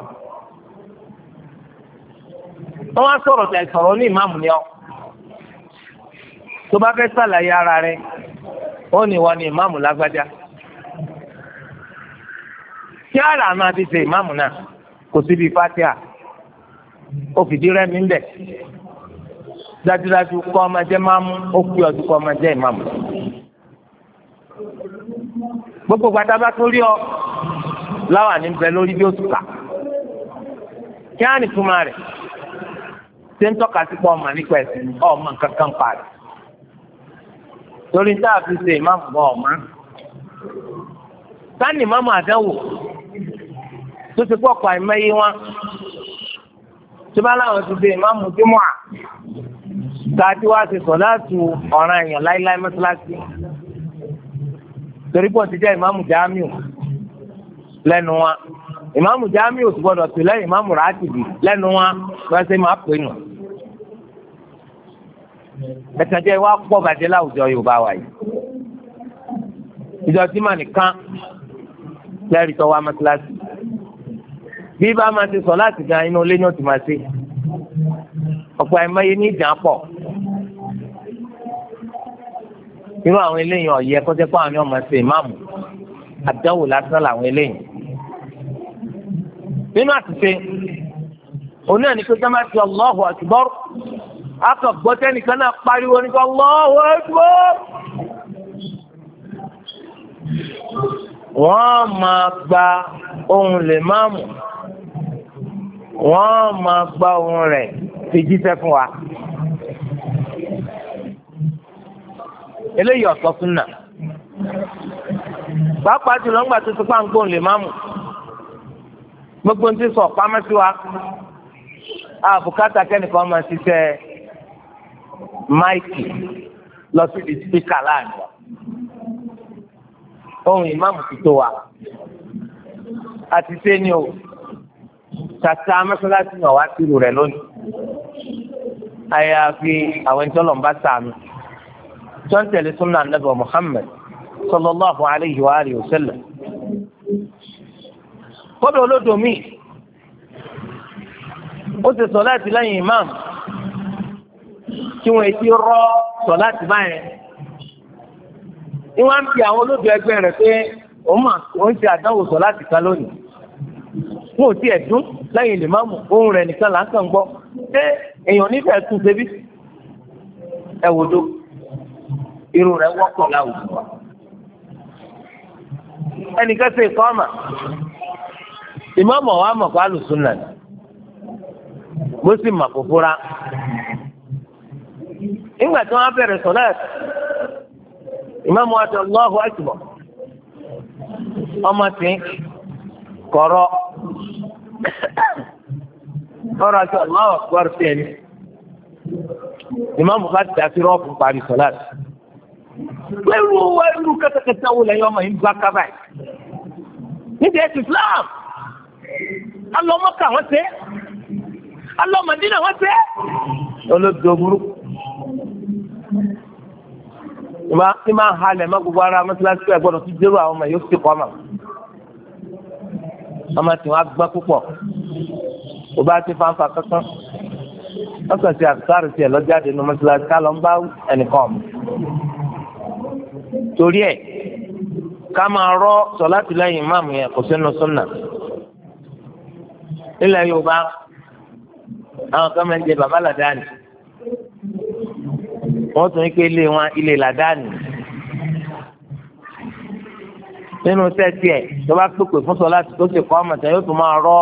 Speaker 1: wọ́n wá sọ̀rọ̀ tẹ̀ ní ìmáàmù ni ọ́ tó bá fẹ́ sàlàyé ara ó ní wọn ìmáàmù gbogbo gbàtà bá tún rí ọ láwà ní bẹ lórí bí òṣùkà kí á ní túmọ̀ rẹ̀ ṣé ń tọ́ka sí pọ̀ ọmọ nípa ẹ̀sìn ọmọ nǹkan kan pa rẹ̀ torí tá a fi ṣe ìmáàmù bọ̀ ọ̀mọ́ sani ìmáàmù àdánwò tó ti pọ̀ pa ìmọ̀ye wọn tó bá láwọn ti ṣe ìmáàmù jùmọ̀ à tá a ti wá ṣe sọ̀ láti ọ̀ràn èèyàn láéláé mọ́ṣáláṣí torí pọ̀ ti jẹ́ ìmáàmù jámíù lẹ́nu wa ìmáàmù jámíù sì gbọ́dọ̀ tó lẹ́yìn ìmáàmù ràátìbì lẹ́nu wa wọ́n ṣe máa pè nù. ẹ̀tàjẹ́ wa pọ̀ bàjẹ́ láwùjọ Yorùbá wa yìí ìjọ tí màá nìkan lẹ́rìí tọ́ wa mọ́tíláṣí bí bá máa ti sọ láti gan inú ilé ni ó máa ṣe ọ̀pọ̀ àìmọye ní ìjà pọ̀ irú àwọn eléyìí ọ̀yẹ́ kó jẹ́ pé àwọn ọmọ ṣe ìmáàmù àdánwò lásán làwọn eléyìí. nínú àtúnṣe òun náà ní pé sọ́mà ti Allahu Akbar akọ̀ gbọ́tẹ́ nìkan náà pariwo nípa Allahu Akbar. wọ́n máa gba ohun lè máàmù wọ́n máa gba ohun rẹ̀ fi jíṣẹ́ fún wa. eléyìí ọ̀sọ́ súnà pàápàá jùlọ ńgbà tó ti pa nǹkan lè má mú gbogbo ti sọ pamọ́ sí wa àbùkátà kẹ́nìkan máa ṣiṣẹ́ máìkì lọ sí di spíkà láàrin wa ohun ìmáàmù ti tó wa àti sẹ́ni o tàtà mọ́sálásí náà wá sírù rẹ̀ lónìí àyàfi àwọn ìjọlọ́mbà sàmì tó ń tẹ̀lé súnà nàbẹ̀ Muhammad sallallahu alayhi wa alihi wa sallam. kódà olódò mi ó ti sọ láti lẹ́yìn imam tí wọ́n ti rọ́ sọ láti báyẹn. ìwọ́n ń bi àwọn olódò ẹgbẹ́ rẹ̀ pé òun ti àdánwò sọ láti kan lónìí wọn ò tí lẹ́yìn lè ohun rẹ̀ nìkan là ń kàn gbọ́ ṣé èèyàn nífẹ̀ẹ́ tún ṣe bí ẹ wò irú láwùjọ ẹnìkan ṣe kọ́ ọ̀mà ìmọ̀ọ́mọ̀ wa mọ̀ kó alùsùn mo sì nígbà tí wọ́n bẹ̀rẹ̀ sọ̀rọ̀ ìmọ̀ọ́mọ̀ wa ti ọmọ tí kọ̀rọ̀ àti ẹni ìmọ̀ọ́mọ̀ ti dá sí parí sọ̀rọ̀ pẹ̀lú owó ẹrú kẹtẹkẹtẹ wo lẹ́yìn ọmọ yìí bá kábà yìí níbi ẹ̀sìn Islam alọ́mọ́kà wọ́n ṣe alọ́mọdínà wọ́n ṣe olóògbé burú ní máa ń halẹ̀ má gbogbo ara mọ́tíláṣí pé ẹgbọ́dọ̀ tún dérò àwọn ọmọ yóò fi kọ́ ọmọ ọmọ tí wọ́n á gbọ́ púpọ̀ kò bá ti fanfa kankan wọ́n kàn sí àtúntà rẹ̀ tiẹ̀ lọ́jáde ní mọ́tíláṣí ká lọ́n bá ẹnìkan ọ̀mọ́ torí ẹ̀ ká máa rọ́ sọ̀láàtì lẹ́yìn ìmáàmù yẹn kò sínú súnà nílẹ̀ yorùbá àwọn kan máa ń jẹ bàbá làdáni wọ́n tún ké ilé wọn ilé làdáni nínú sẹ́ẹ̀tì ẹ̀ tó bá pèpè fún sọ̀láàtì tó sì kọ́ ọmọọ̀tàn yóò tún máa rọ́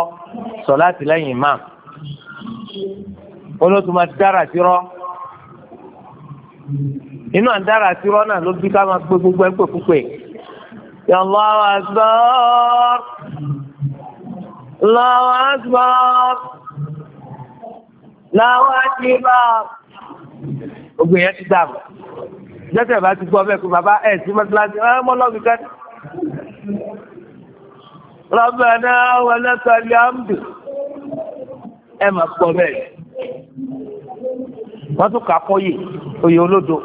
Speaker 1: sọ̀láàtì lẹ́yìn ìmáàmù ó ló tún máa dára sí rọ́ inú àǹdára àti rọ́nà ló bí ká máa gbé gbogbo ẹgbẹ́ púpẹ̀. Allahu Akbar Allahu Akbar Allahu Akbar ogun yẹn ti dàbọ̀ jẹ́sẹ̀ bá ti gbọ́ bẹ́ẹ̀ kó bàbá ẹ̀ sí mọ́tíláṣí ẹ̀ mọ́ lọ́ọ̀bì kan. Rabbana wa lakal hamdu ẹ̀ máa gbọ́ bẹ́ẹ̀ wọ́n tún kà á kọ́ yìí oyè olódo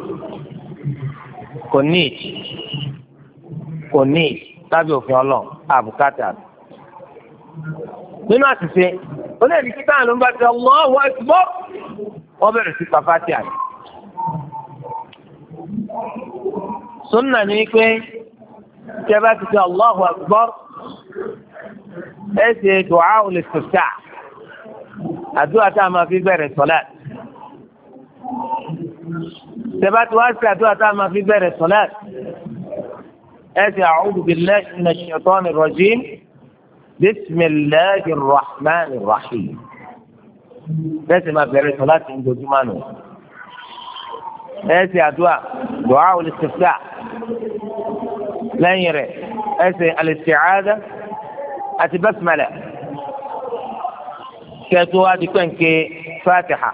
Speaker 1: kò ní ìdí kò ní ìdí lábẹ́ òfin ọlọ́run àbùkátà nínú àṣìṣe olóòdì kíkà ló ń bá ti ọmọ ọwọ́ ìtúbọ̀ wọ́n bẹ̀rẹ̀ sí pàfàtì àná. sunna ni pé tí a bá ti ṣe Allahu Akbar ẹ ṣe dùá olè sọ̀tà àdúrà tá a máa fi bẹ̀rẹ̀ sọ̀lá. tẹ́bátí wá sí àdúrà tá a máa fi bẹ̀rẹ̀ sọ́láàtì ẹ ti a'udhu billahi minash shaitani rrajim bismillahir rahmanir rahim bẹ́ẹ̀ sì máa bẹ̀rẹ̀ sọ́láàtì ń dojúmọ́ nù ẹ ti àdúrà du'a al-istiftah lẹ́yìn rẹ̀ ẹ ti al-isti'adha àti basmala kẹ́ẹ̀tọ́ adìpẹ́ǹkẹ́ fatiha.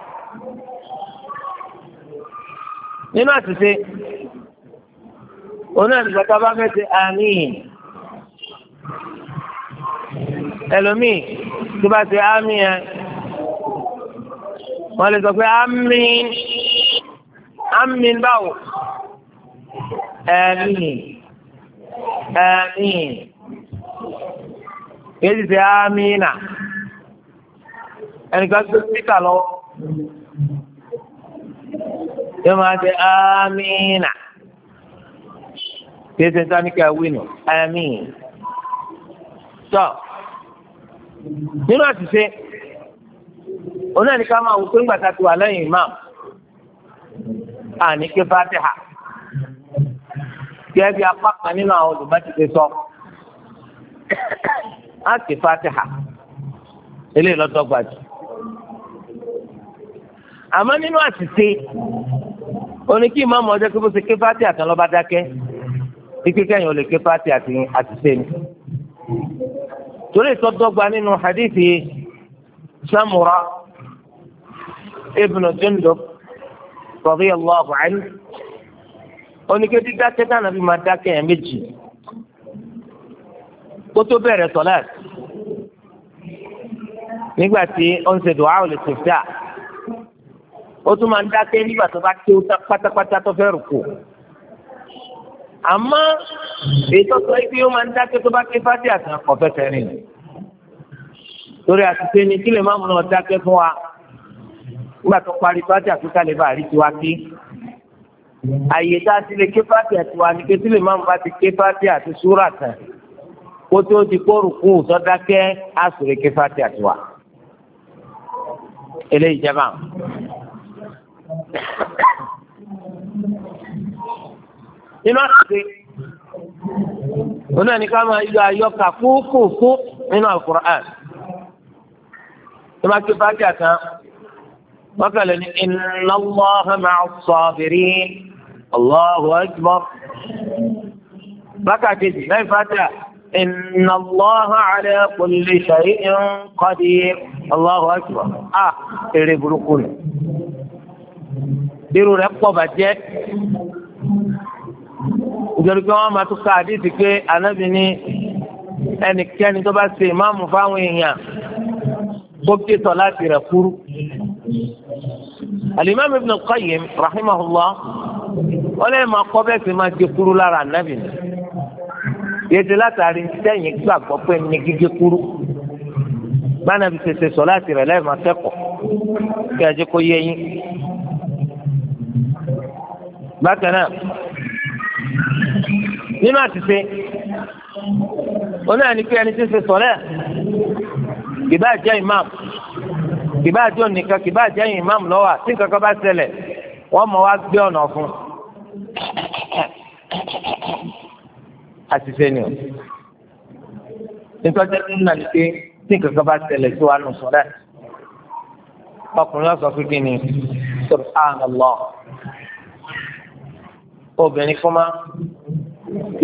Speaker 1: nínú àṣìṣe òun náà nígbà tá a bá fẹ́ ṣe àmín ẹlòmíì tó bá ṣe àmín yẹn wọ́n lè sọ pé àmín àmín báwo àmín àmín kì í ṣe àmín náà ẹnìkan tó ti tà lọ́wọ́ yóò máa ṣe amínà kí ẹsẹ̀ sani ká wí nù amín tọ́ nínú àṣìṣe òun náà ní ká máa wò pé ńgbà tá a imam àní ké fatiha gẹ́gẹ́ bí apá kan nínú àwọn olùbátìṣe sọ á ké fatiha eléyìí lọ́dọ́gba jù àmọ́ nínú àṣìṣe òní kí ìmáàmù ọjọ́ kí bó ṣe ké fáti àtàn lọ́ba dákẹ́ ike kẹ́yìn ò lè ké fáti àti àtisẹ́ni. torí ìtọ́dọ́gba nínú hadithi samura ibn jundub radiyallahu anhu oníke dídákẹ́ dáná bí máa dákẹ́ ẹ̀ méjì kó tó bẹ̀rẹ̀ sọ̀láàtì nígbà tí ó ń ṣe dùhà ò lè ṣèṣà ó tún máa ń dákẹ́ nígbà tó bá ké ó tá pátápátá tó fẹ́ rùkù àmọ́ ètò sọ pé ó máa ń dákẹ́ tó bá ké fásitì àti ọ̀fẹ́fẹ́ rìn torí àtúnṣe ni kí lè má mú náà dákẹ́ fún wa nígbà tó parí fásitì àtúnṣe lè bá àríṣi wa kí àyè tá a ti lè ké fásitì àti wa ni pé tí lè má mú bá ti ké fásitì àti súrà tán kó tó di kórùkù sọdákẹ́ àsùrè ké fásitì àti wa eléyìí jẹ́ báwọn inú àtúnṣe òun náà ní ká máa yọ àyọkà kúkúkú nínú alukur'an tó bá ké báàgì àtàn wákàlẹ̀ ní innallaha ma'as sabirin allahu akbar bákàtí lẹ́yìn fàtà innallaha ala kulli shay'in qadir allahu akbar a èrè burúkú ni irú rẹ̀ pọ̀ bàjẹ́ nítorí pé wọ́n máa tún ka àdìsí pé anábì ní ẹnikẹ́ni tó bá ṣe ìmáàmù fáwọn èèyàn gbókè tọ̀ láti rẹ̀ kúrú. alimam ibn qayyim rahimahullah wọ́n lè máa kọ́ bẹ́ẹ̀ sì máa gé kúrú lára anábì ní. yéte látàrí sẹ́yìn gbàgbọ́ pé ní gígé kúrú gbanabi tètè sọ láti rẹ̀ lẹ́ẹ̀ máa kẹ́kọ̀ọ́ kí ajé kó yé yín bákan náà nínú àtìsí onáà ní pé ẹni tí ń ṣe sọ̀rẹ́ kìbá jẹ́ imam kìbá jẹ́ ònìkan kìbá jẹ́ imam lọ́wọ́ tí nǹkan kan bá ṣẹlẹ̀ wọ́n mọ̀ wá gbé ọ̀nà fún àtìsí ni o nítorí nínú àná ni pé tí nǹkan kan bá ṣẹlẹ̀ tí wàá nù sọ̀rẹ́ ọkùnrin ọ̀sán fún kí ni subhanallah obìnrin fún ma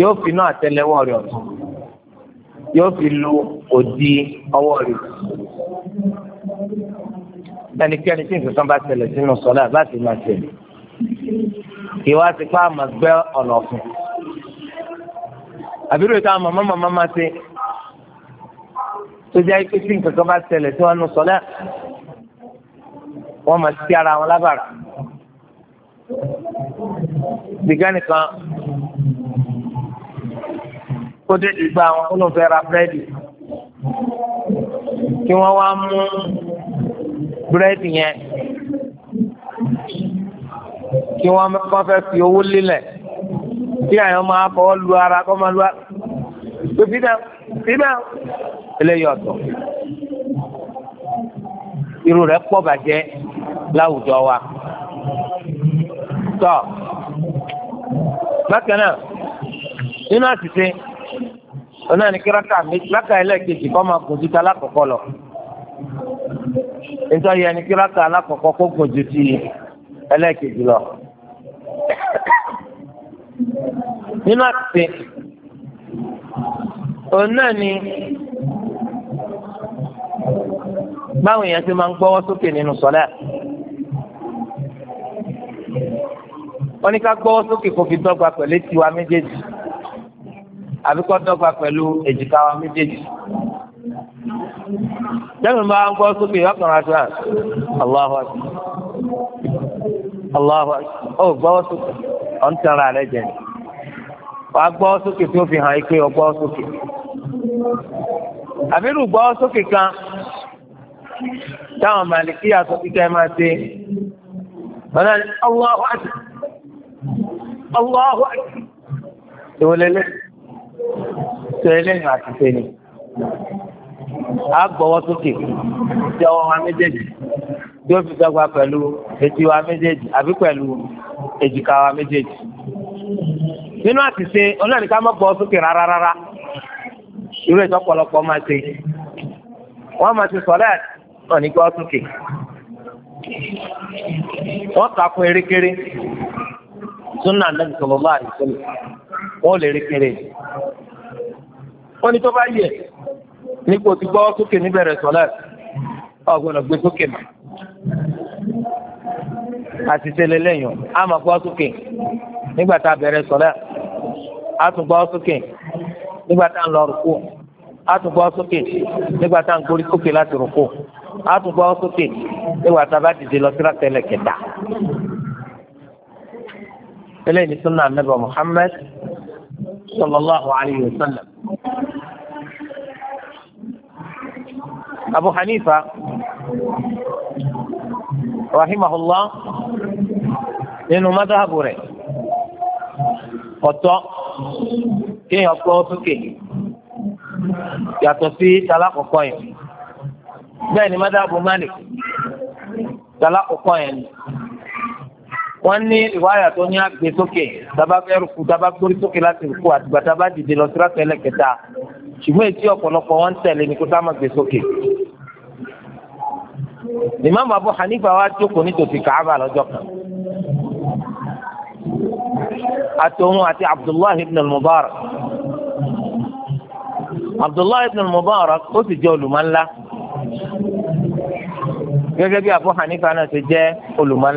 Speaker 1: yóò fi náà àtẹ́lẹwọ́ rẹ̀ ọ̀tún yóò fi lu òdi ọwọ́ rẹ̀ ẹnikẹ́ni tí nǹkan bá ṣẹlẹ̀ sínú sọ́lá láti máa ṣẹlẹ̀ ìwà ti pa àmà gbẹ́ ọ̀nà ọ̀fun àbúrò ìta àmà mọ́mọ́ mọ́mọ́ ṣe tó jẹ́ pé tí nǹkan bá ṣẹlẹ̀ sí wọn nù sọ́lá wọ́n máa ṣí ara wọn lábàrá bìkẹ́ nìkan kó dé ìgbà àwọn olùfẹ́ ra búrẹ́dì kí wọ́n wá mú búrẹ́dì yẹn kí wọ́n kọ́ fẹ́ fi owó lélẹ̀ kí àyàn máa fọwọ́ lu ara kọ́ máa lu ara pé fi náà fi náà eléyìí ọ̀tọ̀ irú rẹ̀ pọ̀ bàjẹ́ láwùjọ wa tọ́ bákan náà nínú àtìsí ọ̀nà ní kíráka kíráka ẹlẹ́ẹ̀kejì kọ́ máa gùn ju ti alákọ̀ọ́kọ́ lọ nítorí ẹni kíráka alákọ̀ọ́kọ́ kó gùn ju ti ẹlẹ́ẹ̀kejì lọ. nínú àtìsí ọ̀nà ní báwọn èèyàn ti máa ń gbọ́wọ́ sókè nínú sọ́lá. wọ́n ní ká gbọ́wọ́ sókè kó fi dọ́gba pẹ̀lú tiwa méjèèjì àbí kó dọ́gba pẹ̀lú èjìká wa méjèèjì. Jẹ́mi máa ń gbọ́ sókè ọkàn àti Allahu akbar. Allahu akbar. Ó gbọ́wọ́ sókè. Ọ̀ rẹ̀ Wàá sókè tí ó fi hàn ọ sókè. Àbírù gbọ́wọ́ sókè kan táwọn màlìkíyà sọ kíkẹ́ máa ṣe. Bọ́lá ni Allahu akbar. Èwo lélẹ̀? Sọ eléyìn àti sẹ́ni. A gbọ́wọ́ sókè tí tí ó fi pẹ̀lú àbí pẹ̀lú Nínú àtìsé, ká má sókè rárá rárá. Irú ètò máa ṣe. Wọ́n máa ti sọ̀rọ̀ ẹ̀ ní gbọ́ sókè. súnà nàbì sallallahu alaihi wasallam wọn ò lè rí ni tó bá yẹ nígbà tí gbọ́ sókè níbẹ̀rẹ̀ sọ̀lá ọ̀gbọ́dọ̀ gbé sókè àti a máa gbọ́ sókè nígbà tá a bẹ̀rẹ̀ sọ̀lá a tún gbọ́ sókè nígbà tá a lọ rúkú a tún gbọ́ sókè nígbà tá a ń gorí sókè láti rúkú a tún nígbà tá a bá dìde lọ sí kẹta. بليل سنة النبي محمد صلى الله عليه وسلم أبو حنيفة رحمه الله انه مذهب ذهب إليه قطع كي يقوى سكي يتصي تلاق قوين بين ما ذهب مالك تلاقو قوين wọ́n ní ìwáyà tó ní àgbè sókè tábà fẹ́ rúkú tábà gbórí sókè láti rúkú àtìgbà tábà dìde lọ síra tẹ́lẹ̀ kẹta ṣùgbọ́n ètí ọ̀pọ̀lọpọ̀ wọn tẹ̀lé ní kó tá má gbé sókè. ìmáàmù Abu Hanifa wa jókòó nítòsí Káàbà lọ́jọ́ kan. àtòun àti Abdullahi ibn al-Mubarak Abdullahi ibn al-Mubarak ó sì jẹ́ olùmọ̀ ńlá gẹ́gẹ́ bí Abu Hanifa náà ṣe jẹ́ olùmọ̀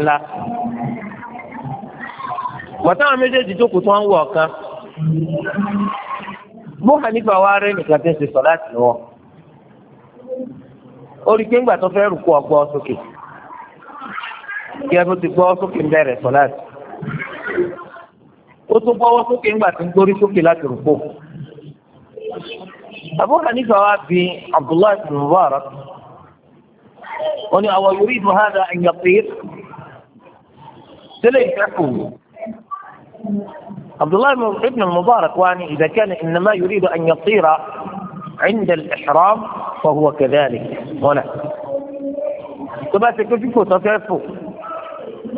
Speaker 1: bọ̀táwọn méjèèjì jókòó tí wọ́n ń wọ̀ ọ̀kan bó hanifa wa rẹ nìkan tẹ́ ṣe sọ láti wọ́n ó rí i pé ńgbà tó fẹ́ rùkú ọgbọ́ sókè kí ẹ tó ti gbọ́ sókè ń bẹ̀rẹ̀ sọ láti ó tún gbọ́wọ́ sókè ńgbà tó ń gbórí sókè láti rùkú abu hanifa wa bi abdullahi bin mubarak ó ní àwọn yorùbá hada ẹ̀yàn pé sílẹ̀ ìfẹ́ kò عبد الله بن المبارك واني إذا كان إنما يريد أن يطير عند الإحرام فهو كذلك هنا تبا سكتكو تفيفو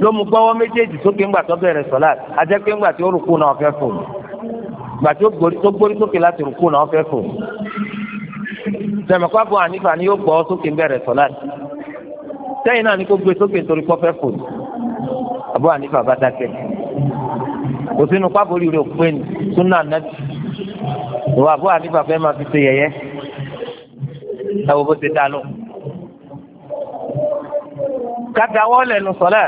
Speaker 1: ló mú gbọ́wọ́ méjèèjì sókè ńgbà tó bẹ̀rẹ̀ sọ̀lá ajẹ́ pé ńgbà tí ó rùkú náà fẹ́ fò gbà tí ó gbórí sókè láti rùkú náà fẹ́ fò tẹ̀mẹ̀kọ́ àbọ̀ ànífà ni yóò gbọ́ sókè ńbẹ̀rẹ̀ sọ̀lá sẹ́yìn náà ni kó gbé sókè torí kọ́ fẹ́ fò àbọ̀ ànífà bá dákẹ́ kò sínú pápórí rẹ̀ òpin súnà nàbì ìwà àbúrò àdìbà fẹ́ máa fi ṣe yẹ̀yẹ́ ẹ̀wọ̀ bó ṣe dá lọ. kàtà wọ́n lẹ́nu sọ̀lá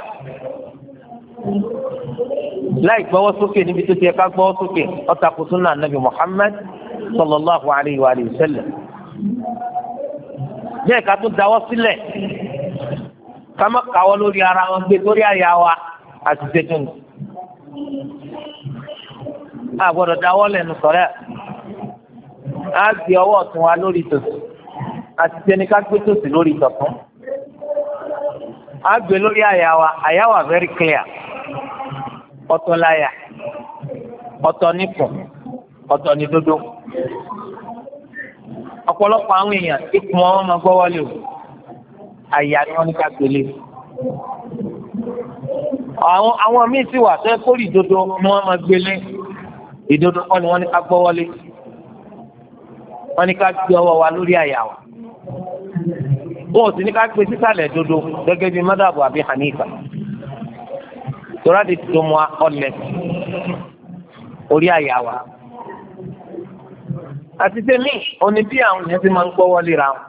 Speaker 1: láì gbọ́wọ́ sókè níbi tó ti ẹ̀ka gbọ́wọ́ sókè ọ̀tàkùn súnà nàbì Muhammad sallallahu alayhi wa sallam bẹ́ẹ̀ ká tún dáwọ́ sílẹ̀ ká má káwọ́ lórí ara wọn gbé torí àyà wa àti tẹ́tùnú a gbọ́dọ̀ dáwọ́ lẹ́nu sọ̀rẹ́ a gbé ọwọ́ ọ̀tún wa lórí tòsí àti tẹni ká gbé tòsí lórí tọ̀tún a gbé lórí àyà wa àyà wa very clear ọ̀tọ̀ láyà ọ̀tọ̀ níkùn ọ̀tọ̀ ní dódó ọ̀pọ̀lọpọ̀ àwọn èèyàn ikùn wọn máa gbọ́ wọlé o àyà ni wọ́n ní ká gbélé àwọn míì sì wà tó ẹ kórìí dódó ni wọ́n máa gbélé ìdodo kọ́ ni wọ́n ní ká gbọ́ wọlé wọ́n ní ká gbé ọwọ́ wa lórí àyà wa wọn ò sì ní ká gbé sísàlẹ̀ dodo gẹ́gẹ́ bíi mọ́dàbọ̀ àbí hanifa tòrádìí tó mu ọlẹ̀ orí àyà wa àti tèmi òní bí àwọn èèyàn ti máa ń gbọ́ wọlé ra wọn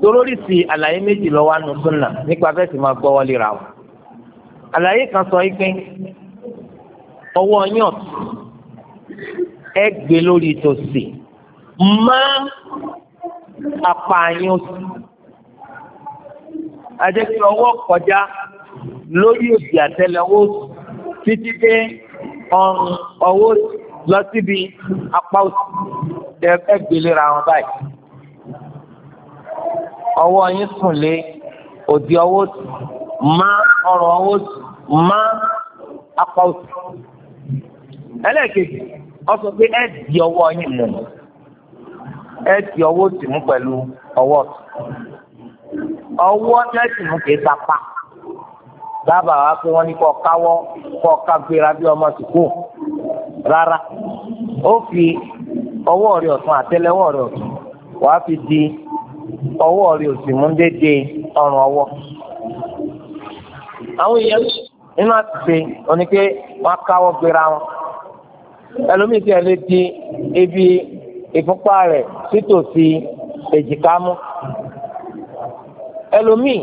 Speaker 1: torórí sí àlàyé méjì lọ́wọ́ àánú súnà nípa bẹ́ẹ̀ sì máa gbọ́ wọlé ra wọn àlàyé kan sọ yìí pé ọwọ́ yín ọ̀tún ẹ gbé lórí tòsì má apààyàn òsì àjẹsí ọwọ́ kọjá lórí òsì àtẹlẹwọ́ títí dé ọrùn ọwọ́ lọ síbi apá òsì ẹ gbé lera wọn báyìí ọwọ́ yín sùn lé òdì ọwọ́ má ọrùn ọwọ́ má apá òsì. ẹlẹ́ẹ̀kejì ó pé ẹ di ọwọ́ yín mú ẹ di ọwọ́ tì mú pẹ̀lú ọwọ́ ọwọ́ tẹ́sì mú kì í sapá dábàá wá pé wọ́n ní kọ́ káwọ́ kọ́ kágbéra bí ọmọ sùkú rárá ó fi ọwọ́ ọ̀tún ọ̀tún wàá fi di ẹlòmíì tí a lè di ibi ìfúnpá rẹ̀ sítòsí èjìká mú ẹlòmíì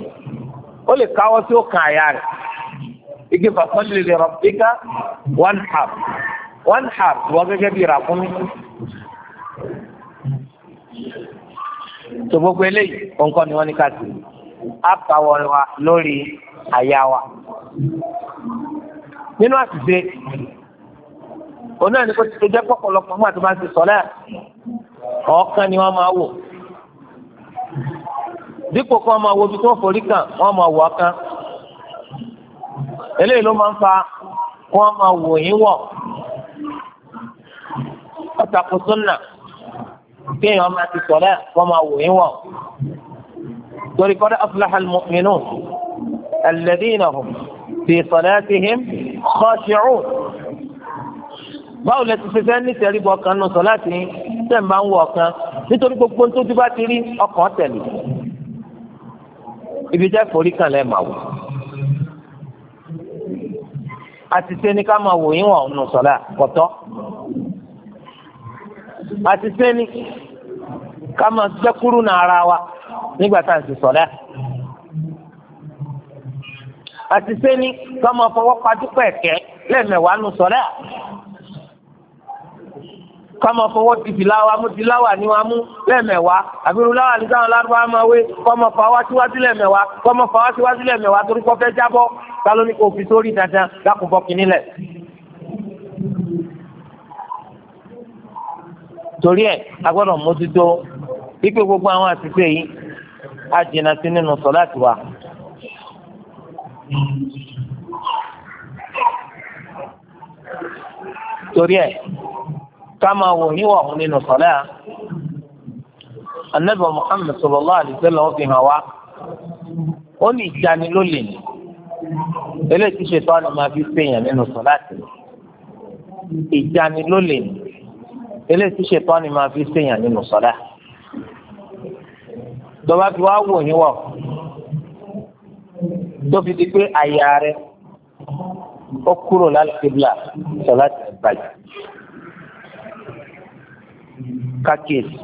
Speaker 1: ó lè káwọ́ sí òkàn àyà rẹ̀ igi fasalli li rabbika wanhar wanhar wọ́n gẹ́gẹ́ bí ràkúnmí. tó gbogbo eléyìí nǹkan ni wọ́n ní ká sí á pawọ́ wa lórí àyà wa nínú àṣìṣe òun náà ni kó ti tó jẹ́ pọ̀pọ̀lọpọ̀ nígbà tó bá ti sọ̀lá ọ̀ọ́kán ni wọ́n máa wò dípò kí wọ́n máa wo ibi tó forí kàn wọ́n máa wò ọ̀ọ́kán eléyìí ló máa ń fa kí wọ́n máa wò yín wọ̀ ọ̀tàkùn súnà kéèyàn máa ti sọ̀lá wọ́n máa wò yín wọ̀ torí qad aflaha al-mu'minun alladhina hum fi salatihim khashi'un. báwo lẹ ti ṣe fẹ́ nítorí bọ ọkàn nù sọ láti tẹ̀ ń bá ń wọ ọkàn nítorí gbogbo nítorí bá ti rí ọkàn tẹ̀lé ibi jẹ́ forí kan lẹ́ẹ̀ máa wò àti sẹ́ni ká máa wò yín wọ̀n nù sọ̀lá kọ̀tọ́ àti sẹ́ni ká máa jẹ́ kúrú náà ara wa nígbà tá à ń ti sọ̀lá àti sẹ́ni ká máa fọwọ́ pa dúpẹ́ kẹ́ lẹ́ẹ̀mẹ̀wàá nù sọ̀lá. kọ́mọ fọwọ́ ti fi láwa mú ti láwa ní wa mú lẹ́ẹ̀mẹ̀wá àbírú láwa ní sáwọn lárúbá máa wé kọ́mọ fọwọ́ síwájú lẹ́ẹ̀mẹ̀wá kọ́mọ fọwọ́ síwájú lẹ́ẹ̀mẹ̀wá torí kọ́ fẹ́ jábọ́ sálọ ní kò fi sórí dandan dákùnbọ̀ kìíní lẹ̀. torí ẹ a gbọ́dọ̀ mójútó wípé gbogbo àwọn àṣìṣe yìí á jìnnà sí nínú sọ̀láàtì wa. torí ẹ كما وهو من صلاة النبي محمد صلى الله عليه وسلم في هواء oni ìdánilólè ni eléyìí tí ṣètò àná máa fi fèèyàn nínú sọláàtì ìdánilólè ni eléyìí tí ṣètò àná máa fi fèèyàn nínú sọlá dọba fi wá wò yín wọ tó fi di pé àyà rẹ ó kúrò lálẹ́ kébìlà sọláàtì bàjẹ́ kákìsì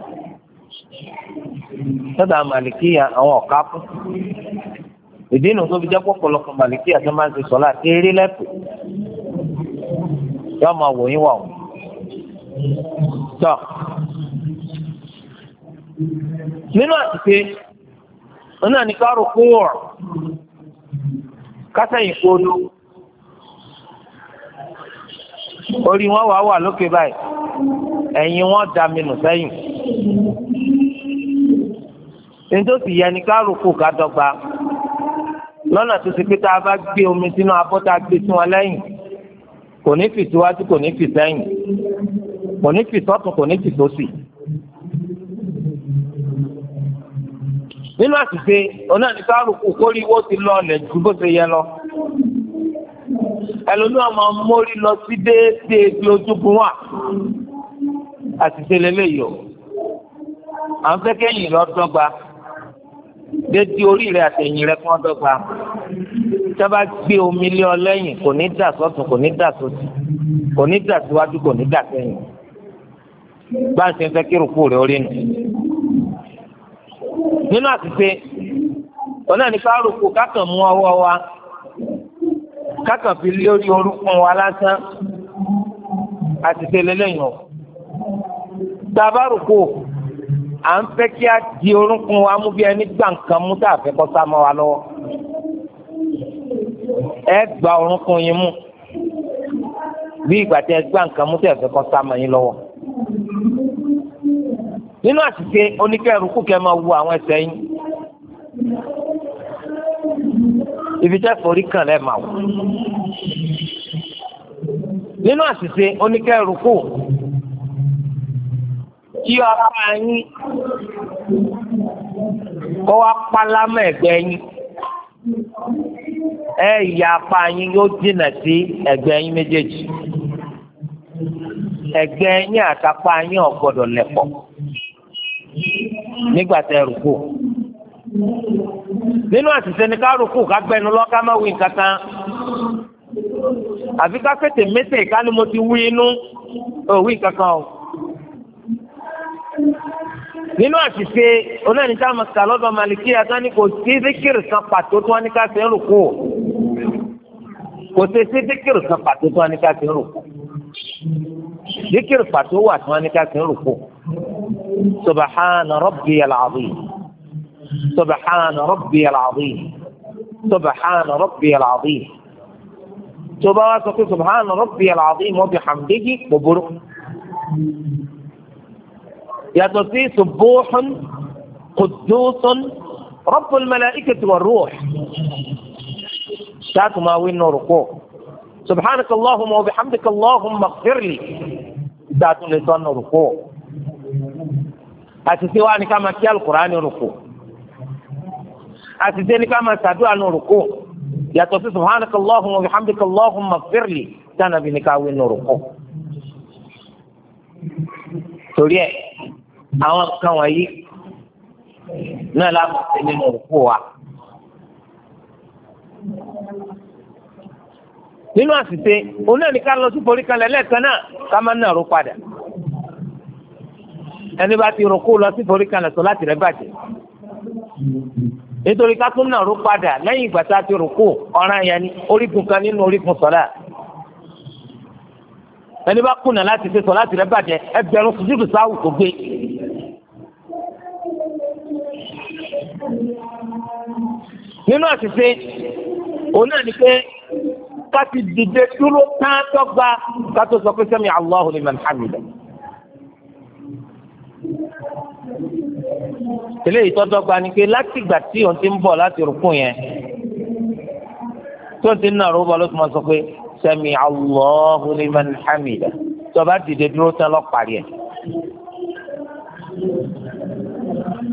Speaker 1: sọ́dọ̀ àwọn màlìkíyà àwọn ọ̀ká fún ìdí inú tó fi jẹ́ pọ̀pọ̀lọpọ̀ màlìkíyà tó máa ń ṣe sọ́lá tí eré lẹ́pẹ́ yóò máa wò yín wà wọ́n. tọ́ nínú àtìpé wọn náà ní ká rò kásẹ̀yìn kó lò orí wọn wà wà lókè báyìí ẹ̀yin wọ́n da mi nù sẹ́yìn nítòsí yẹn ni ká rúkú ká dọ́gba lọ́nà tó ti pé tá a bá gbé omi sínú abọ́ tá a gbé sí wọn lẹ́yìn kò ní fi síwájú kò ní fi sẹ́yìn kò ní fi sọ́tún kò ní fi sósì. nínú àṣìṣe onáà ní kárùkù kórìíwó ti lọ ọ̀nà ju bó ṣe yẹ lọ. ẹlòmíràn máa ń mórí lọ sí déédéé bí ojúgun wà àṣìṣe lélẹ́yìí o à ń fẹ́ kẹ́yìn lọ dọ́gba dédé orí rẹ àtẹ̀yìn rẹ kọ́ dọ́gba tí a bá gbé omi lé ọ lẹ́yìn kò ní dà sọ́tún kò ní dà sósì kò ní dà síwájú kò ní dà sẹ́yìn bá ń ṣe ń fẹ́ kí rúkú rẹ orí nù nínú àṣìṣe ọ̀nà ní ká kákan mú ọwọ́ wa kákan fi lé orúkún wa lásán àṣìṣe lélẹ́yìn o tàbá rúkú à ń fẹ́ kí a di orúnkún wa mú bí ẹni gbà nǹkan mú tá a fẹ́ kọ́ sá mọ́ wa lọ́wọ́ ẹ gba orúnkún yín mú bí ìgbà tí ẹ gbà nǹkan mú tá a fẹ́ kọ́ sá mọ́ yín lọ́wọ́ nínú àṣìṣe oníkẹ́rùkù kẹ́ máa wu àwọn ẹsẹ̀ yín ibi tẹ́ forí kan lẹ́ máa wù nínú àṣìṣe oníkẹ́rùkù sí apá yín kó wá pálámọ̀ ẹ̀gbẹ́ yín ẹ ìyá apá yín yóò dínà sí ẹ̀gbẹ́ yín méjèèjì ẹ̀gbẹ́ yín àtàpá yín ò gbọ́dọ̀ lẹ̀pọ̀ nígbà tẹ́ rúkú nínú àṣìṣe ni ká rúkú ká gbẹnu lọ ká má wí nǹkan kan àfi ká pété mété ká ni mo ti wí inú òwí nǹkan kan o nínú àṣìṣe onáni tá a máa kà lọ́dọ̀ màlìkí àtàní kò sí síkìrì kan pàtó tó wọn ní ká fi ń rùkú o kò sí síkìrì kan pàtó tó wọn ní ká fi ń rùkú síkìrì pàtó wà tó wọn ní ká fi ń rùkú subahana rabbi al subahana rabbi al subahana rabbi al tó bá wá sọ pé subahana rabbi al-azim wa bihamdihi gbogbo. يا فيه سبوح قدوس رب الملائكة والروح شاك ما وين سبحانك اللهم وبحمدك اللهم اغفر لي ذات نسان ركوع أتسي واني كما كي القرآن ركوع أتسي واني كما سادو عن ركوع يا توفي سبحانك اللهم وبحمدك اللهم اغفر لي كان بنكاوين ركوع سوريه àwọn nǹkan wọ̀nyí náà lábùsẹ̀ nínú òkú wa. nínú àṣìṣe òun náà ní ká lọ sí forí kalẹ̀ lẹ́ẹ̀kan náà ká má náà ró padà ẹni bá ti rúkú lọ sí forí kalẹ̀ sọ láti rẹ̀ bàjẹ́ nítorí ká tún náà ró padà lẹ́yìn ìgbà tá a ti rúkú ọ̀ràn yẹn ni orígun kan nínú orígun sọ̀lá ẹni bá kùnà láti ṣe sọ láti rẹ bàjẹ́ ẹgbẹ̀rún sùjúdù sáwù kò gbé. nínú àṣìṣe òun náà ni pé ká ti dìde dúró tán dọ́gba ká tó sọ pé sami Allahu liman hamida. eléyìí tó dọ́gba ni pé láti ìgbà tí òun ti ń bọ̀ láti rúkún yẹn tó ń ti ń nà rúbọ ló ti mọ sọ pé sami allahu liman hamida tọba dìde dúró tán lọ parí ẹ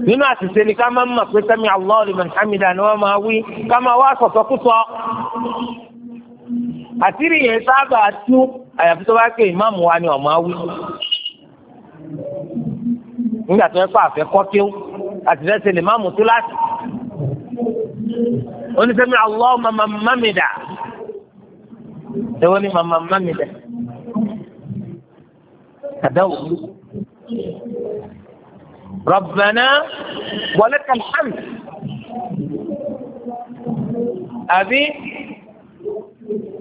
Speaker 1: nínú àṣìṣe ni ká máa ń mọ̀ pé sami allahu liman hamida ni wọ́n máa wí ká máa wá sọ̀tọ̀kùsọ àtìrí yẹn sábà tú àyàfi tó bá ké ìmáàmù wa ni ọ̀ma wí nígbà tó yẹ kó àfẹ kọ́kíw àtìlẹ́sẹ̀ lè máàmù tú láti oníṣẹ́mi allahu mamamida. دولي ما ما مني ده ربنا ولك الحمد أبي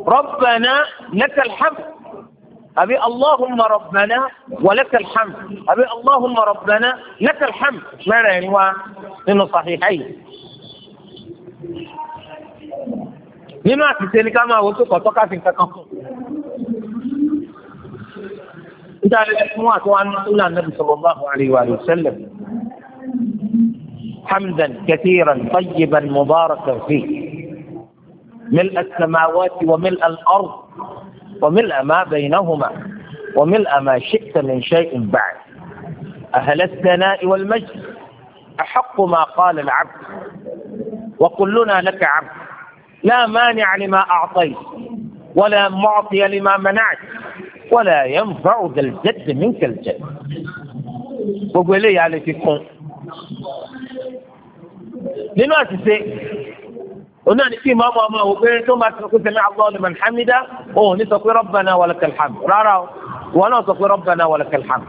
Speaker 1: ربنا لك الحمد أبي اللهم ربنا ولك الحمد أبي اللهم ربنا لك الحمد ما رأيه إنه صحيحين nínú àtìsẹ́ ni ká máa wo tó kọ̀tọ́ káfí kankan fún níta lè fún àtọwà ní súnà nàbì sallallahu alaihi wa sallam hamdan kathiran tayyiban mubarakan fi ملء السماوات وملء الأرض وملء ما بينهما وملء ما شئت من شيء بعد أهل الثناء والمجد أحق ما قال العبد وكلنا لك عبد لا مانع لما أعطيت ولا معطي لما منعت ولا ينفع ذا الجد منك الجد وقول لي على تكون لنو أتسي قلنا نسي ما ما ما وقلت ما تقول سمع نعم الله لمن حمده أوه نتقي ربنا ولك الحمد را را وانا تقول ربنا ولك الحمد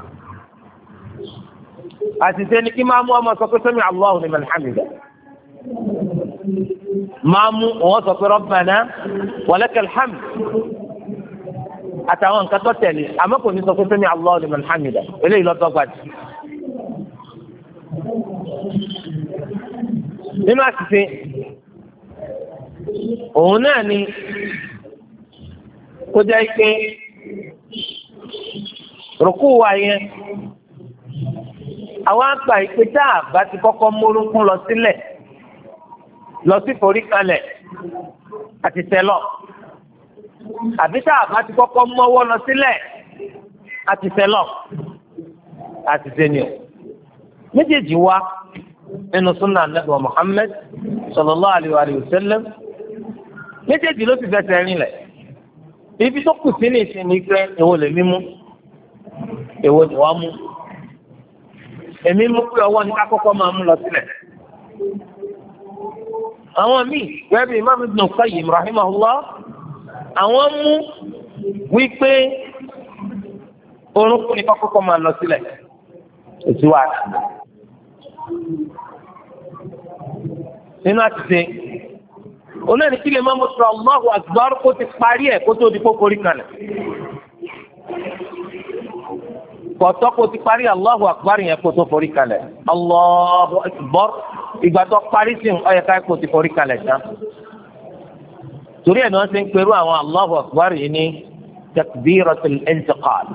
Speaker 1: أتسي نكي ما ما ما سمع الله لمن حمده máàmù òun sọ pé rabbana walakal hamd àtàwọn nǹkan tó tẹ̀lé àmọ́ kò ní sọ pé sami Allahu liman hamida eléyìí lọ́dọ́ gbàdì. nínú àṣìṣe òun náà ni kó jẹ́ pé rúkú wa yẹn àwọn àgbà ìpè tá a bá ti kọ́kọ́ múrúkú lọ sílẹ̀. Si lọ sí foríkalẹ̀ àti sẹ́lọ̀ àbí tá a bá ti kọ́kọ́ mọ́wọ́ lọ sílẹ̀ àti sẹ́lọ̀ àti sẹ́ni o méjèèjì wa nínú súnà ànábì wa Muhammad sallallahu alayhi wa sallam méjèèjì ló ti fẹsẹ̀ rinlẹ̀ ibi tó kù sí ní ìsinmi pé èwo lè mí mú èwo ni wàá mú èmi mú pé ọwọ́ ní ká kọ́kọ́ máa mú lọ sílẹ̀ àwọn míì gẹ́gẹ́ bí Imam Ibn Qayyim rahimahullah àwọn mú wípé orúnkún ni kọ́kọ́kọ́ máa lọ sílẹ̀ èsì wà á nínú àtìsẹ́ olóòní kí lè máa mú sọ Allahu Akbar kó ti parí ẹ̀ kó tó di kókórí kalẹ̀ kọ̀tọ́ kó ti parí Allahu Akbar yẹn kó tó forí kalẹ̀ Allahu Akbar ìgbà tó parí sí ọyẹ ká ipò ti forí kalẹ̀ tán torí ẹ̀ ni wọ́n ti ń perú àwọn Allahu Akbar yìí ní takbiratul intiqal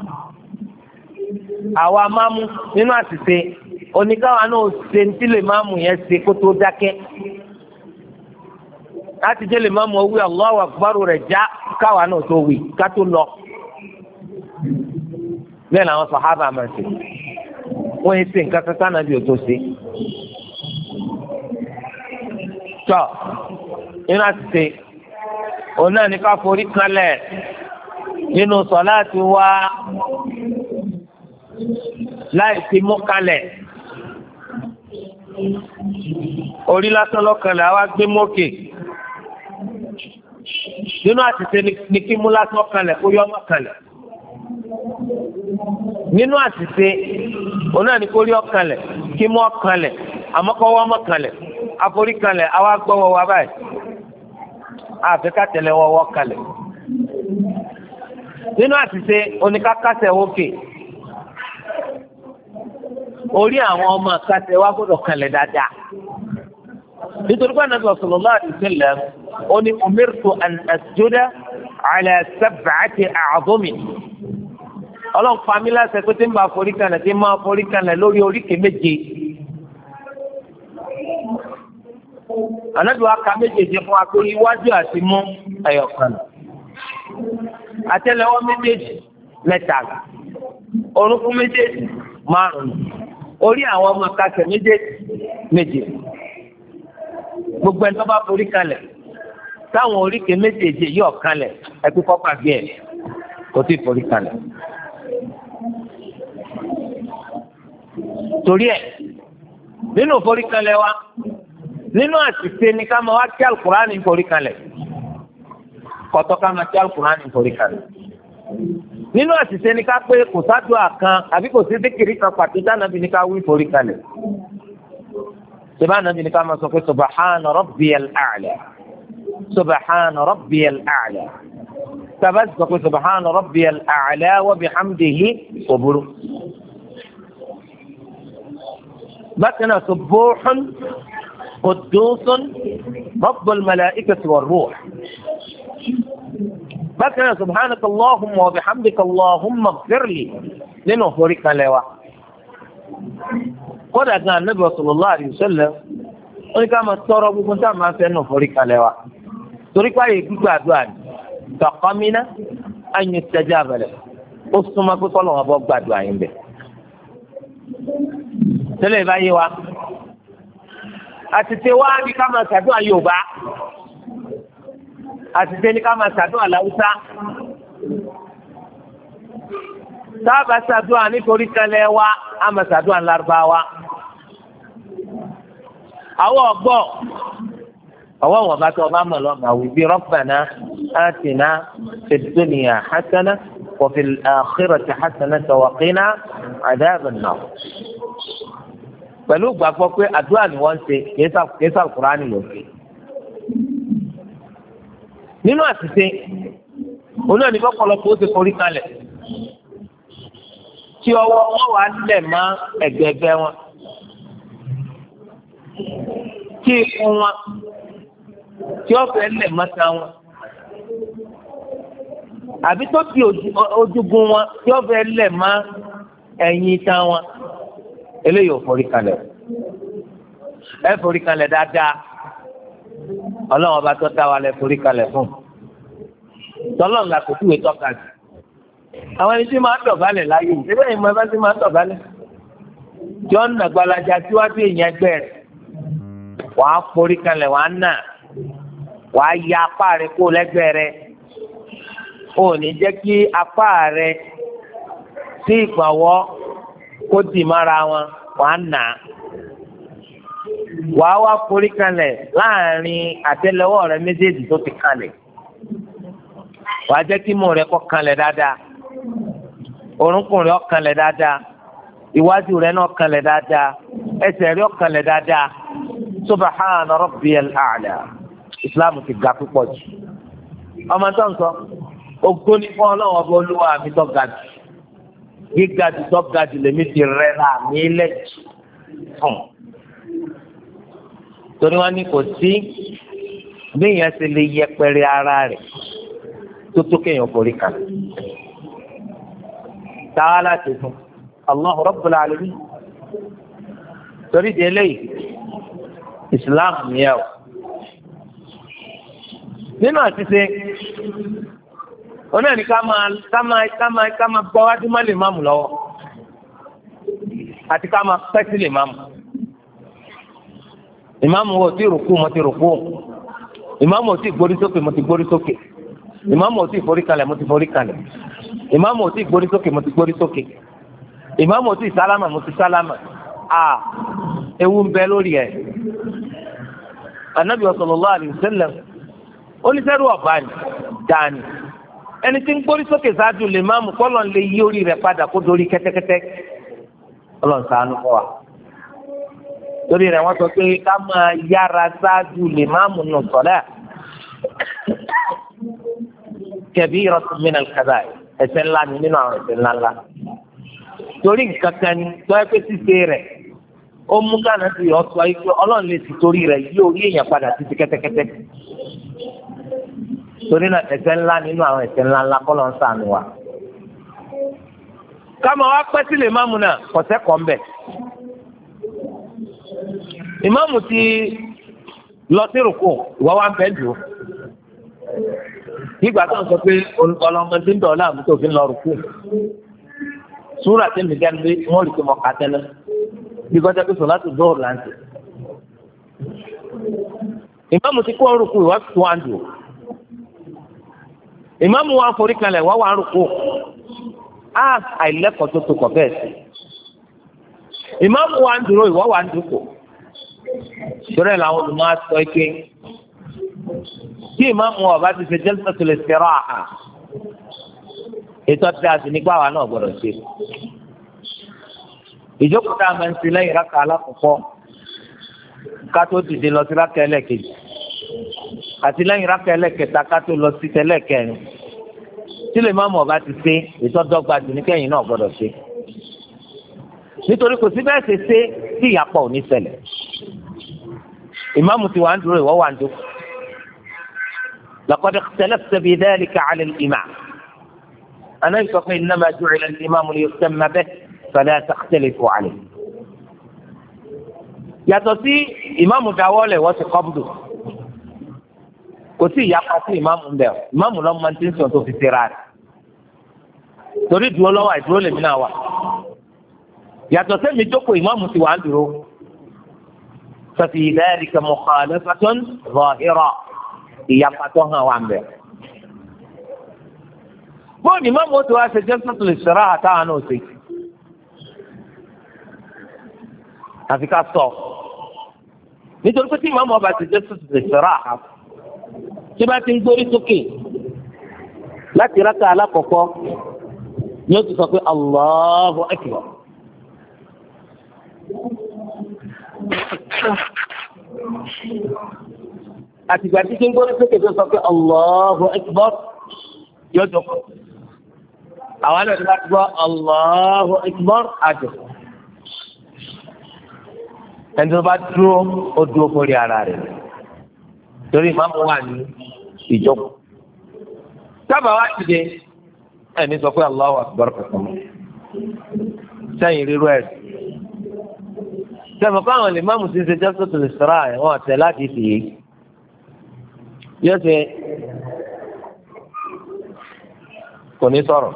Speaker 1: àwa máàmù nínú àṣìṣe oníkáwa náà ṣe ní tílé máàmù yẹn ṣe kó tó dákẹ́ láti jẹ́ lè máàmù ó wí Allahu Akbar rẹ̀ já káwa náà tó wí ká tó lọ bẹ́ẹ̀ làwọn sàhábà máa ṣe wọ́n yẹn ṣe nǹkan kankan náà bí o tó ṣe tọ́ nínú àtìsè òun náà ní ká forí kalẹ̀ nínú sọ̀láàtì wa láì fi mú kalẹ̀ orí lásán lọ́kànlẹ̀ àwa gbé mókè nínú àtìsè ní kí mú lásán kalẹ̀ kó yọ ọmọ nínú àtìsè òun náà ní kó rí ọkànlẹ̀ kí mú ọkànlẹ̀ àmọ́kọ́wọ́ ọmọ kalẹ̀ àforíkanlẹ̀ àwa gbọ́wọ́ wa báyìí àfi ká tẹ̀lé wọ́wọ́ kalẹ̀ nínú àṣìṣe oníkákásẹ̀ òkè orí àwọn ọmọ àkásẹ̀ wa gbọ́dọ̀ kalẹ̀ dáadáa nítorí pé Ànábì sallallahu alaihi wasallam ó ní umirtu an asjuda ala sab'ati a'dhumi ọlọ́run pa mí láṣẹ pé tí ń bá forí tí ń máa forí lórí oríkèé méje ànábì wa ka méjèèjì fún wa pé iwájú àti mú ẹyọkan àtẹ́lẹwọ́ méjèèjì mẹ́ta orúnkún méjèèjì márùn orí àwọn ọmọ kásẹ̀ méjèèjì méje gbogbo ẹni tó bá forí kalẹ̀ táwọn oríkèé méjèèjì yóò kalẹ̀ ẹbí kọ́pà bí ẹ̀ kò tí ì forí kalẹ̀. torí ẹ nínú forí kalẹ̀ wa nínú àṣìṣe ni ká máa wá kí alukurani forí kalẹ̀ kọ̀tọ́ ká máa kí alukurani forí kalẹ̀ nínú àṣìṣe ni ká pé kò sádùá kan àbí kò sí díkìrì kan pàtó dánábì ni ká wí forí kalẹ̀ sèbáà nàbì ni ká máa sọ pé subahana rabbiyal a'la subahana rabbiyal a'la tàbá sọ pé subahana rabbiyal a'la wa bihamdihi òbúrú. bákan náà subuhun. قدوس رب الملائكة والروح بكنا سبحانك اللهم وبحمدك اللهم اغفر لي nínú òfòrí kan lẹ́wà kódà gan anabi sallallahu alaihi wasallam ó ní ká máa tọrọ gbogbo tá a máa fẹ́ nínú òfòrí kan lẹ́wà torí pààyè gbígbà àdúrà ni tọkànmínà an yustajaba lahu ó súnmọ́ pé kọlọ wọn bọ gbàdúrà yín bẹ tẹ́lẹ̀ báyé wa àtìtẹ́ wá ní ká máa ṣàdúrà Yorùbá àtìtẹ́ ní ká máa ṣàdúrà láwùsá sábà ṣàdúrà nítorí tẹ́lẹ̀ wa á máa ṣàdúrà lárúbáwá àwọn ọgbọ àwọn àwọn bá tó ọba mọ lọmọ àwọn ibi rabbana atina fid hasana wa fil hasana wa qina adhaban pẹ̀lú ìgbàgbọ́ pé àdúrà ni wọ́n ń ṣe kìí sàkúránì ló ṣe. nínú àṣìṣe oní ọ̀nì kọ́kọ́lọ́pọ̀ ó ti forí kalẹ̀ tí ọwọ́ wọn wà lẹ̀ mọ́ ẹ̀gbẹ̀gbẹ̀ wọn tí ikùn wọn tí ọ̀fẹ́ lẹ̀ mọ́ ta wọn àbí tó ti ojúgun wọn tí ọ̀fẹ́ lẹ̀ mọ́ ẹ̀yìn ta wọn eléyìí ò forí kalẹ̀ ẹ forí kalẹ̀ dáadáa ọlọ́run ọba tó dá wa lẹ forí kalẹ̀ fún tọ́lọ́run la kò túwèé tọ́ka sí àwọn ẹni tí máa ń dọ̀bálẹ̀ láyé yìí ṣébẹ́ ìmọ̀ ẹbá tí máa ń dọ̀bálẹ̀ john nàgbàlajà síwájú èèyàn ẹgbẹ́ rẹ̀ wàá forí kalẹ̀ wàá nà wàá ya apá rẹ̀ kó lẹ́gbẹ̀ẹ́ rẹ̀ ò ní jẹ́ kí apá rẹ̀ sí ìgbàwọ́ kó dì mára wọn wàá nà á wá forí kalẹ̀ láàrin àtẹ́lẹwọ́ rẹ méjèèjì tó ti kalẹ̀ wàá jẹ́ kí mò rẹ kọ́ kalẹ̀ dáadáa orúnkún rẹ ọkànlẹ̀ dáadáa iwájú rẹ náà kànlẹ̀ dáadáa ẹsẹ̀ rẹ dáadáa subahana islam ti ga púpọ̀ jù ọmọ tó ń sọ ní fún ọlọ́wọ́ bó lúwa ga gíga ti tọ́ ga jù lèmi ti rẹ̀ ra mi lẹ́jì fún un. torí wọn ní kò sí béèyàn ti lè yẹpẹrẹ ara rẹ̀ tó tó kéèyàn forí kan. táwa láti fún Allahu Rabbul Alamin torí di eléyìí Islam yẹ o nínú àti ṣe òun náà ni ká máa ká máa ká máa ká máa gbọ́ wájú má lè máàmù lọ́wọ́ àti ká máa pẹ́ sí lè máàmù ìmáàmù wo ti rùkú mo ti rùkú ìmáàmù ò tí gbórí sókè mo ti gbórí sókè ìmáàmù ò tí forí kalẹ̀ mo ti forí kalẹ̀ ìmáàmù ò tí gbórí sókè mo ti gbórí sókè ìmáàmù ò tí sálámà mo ti sálámà a ewu ń bẹ lórí ẹ anabi sallallahu alaihi wasallam oníṣẹ́rú ọ̀bá ni dáa ẹni tí ń gbórí sókè ṣáájú lè máa mú kọ́lọ̀ lè yí orí rẹ̀ padà kó dorí kẹ́tẹ́kẹ́tẹ́ ọlọ́run ṣàánú fún wa. torí rẹ̀ wọ́n sọ pé ká máa yára ṣáájú lè máa mú nù sọ́lá kẹ̀bí ìrọ̀sùn mi náà kàdá ẹ̀ṣẹ̀ ńlá ni nínú àwọn ẹ̀ṣẹ̀ ńlá ńlá. torí nǹkan kan ni tó ẹ ṣíṣe rẹ̀ ó mú gánà sí ọ̀ṣọ́ ikú ọlọ́run lè ti torí rẹ̀ yí orí èèyàn padà títí kẹ́tẹ́kẹ́tẹ́ torí náà ẹ̀ṣẹ̀ ńlá nínú àwọn ẹ̀ṣẹ̀ ńlá ńlá kọ́ ló ń sànù wa. káma wá pẹ́ sílẹ̀ ìmáàmù náà kọ̀sẹ́ kọ́ ń bẹ̀. ìmáàmù ti lọ sí rúkú ìwọ́ wa ń bẹ́ẹ̀ dùn. nígbà tó ń sọ pé ọlọ́mọdé ń dọ̀ ọ́lá àmútó fi lọ rúkú. súrà tí mi gẹ́nu bí wọ́n rí i pé mo kà á tẹ́lẹ̀ bí gọ́jà pé sọ̀lá tó dọ́ọ̀lù láǹtì. ìmáàmù ti kó rúkú ìwọ́ ìmáàmù wa forí kalẹ̀ wá wà á rúkú á àìlẹ́kọ̀ọ́ tó tó kọ̀ bẹ́ẹ̀ sí ìmáàmù wa ń dúró ìwọ́ wa ń dúkò sọ́rẹ́ làwọn olùmọ̀ sọ ike tí ìmáàmù wa bá ti ṣe jalsatul istiraha ètò àti àti nígbà wa náà gbọdọ̀ ṣe ìjókòó tá a máa ń ṣe lẹ́yìn rákà alákọ̀ọ́kọ́ ká tó dìde lọ sí rákà ẹlẹ́kejì àti lẹ́yìn rákà ẹlẹ́kẹta ká tó lọ sí tẹ́lẹ̀kẹrin tí lè má mọ̀ bá ti ṣe ìtọ́dọ́gba dùnúkẹ́yìn náà gbọ́dọ̀ ṣe nítorí kò sí bẹ́ẹ̀ ṣe ṣe tí ìyàpọ̀ ò ní ṣẹlẹ̀ ìmáàmù ti wà ń dúró ìwọ́ wà ń dúró laqad ikhtalafta fi dhalika 'ala al-imam anáyì sọ pé innama ju'ila al-imam liyutamma bihi fala takhtalifu 'alayhi yàtọ̀ sí ìmáàmù dáwọ́lẹ̀ wọ́n ti kọ́ bùdù kò sí ìyapa sí ìmáàmù ń bẹ̀ ọ́ ìmáàmù lọ́mọ ti ń sọ tó fi ṣera rẹ̀ torí dúró lọ́wọ́ àìdúró lèmi náà wà yàtọ̀ sẹ́mi jókòó ìmáàmù ti wà á dúró fẹ́fì dhalika mukhalafatun zahira ìyapa tó hàn wà ń bẹ̀. bóòdì ìmáàmù ó ti wá ṣe jalsatul istiraha àtàwọn náà ṣe àfi ká sọ nítorí pé tí ìmáàmù ọba ṣe jalsatul istiraha àtàwọn tí bá ti ń gbórí sókè láti rákà alákọ̀ọ́kọ́ ni ó ti sọ pé Allahu Akbar. àtìgbà tí ti ń gbórí sókè tó sọ pé Allahu Akbar yóò jókòó. àwọn àlọ́ ìdílé gbọ́ Allahu Akbar àjò. ẹni tó bá dúró ó dúró fórí ara rẹ̀ torí ìmáàmù wà ní ìjọba sábà wá ti dé ẹni sọ pé Allahu Akbar kankan sẹ́yìn rírú ẹ̀ sẹ́mi fún àwọn ìmáàmù tí ń ṣe jásọ́tò lè sọ́ra ẹ̀ wọ́n àtẹ láti fi yé yóò ṣe kò ní sọ̀rọ̀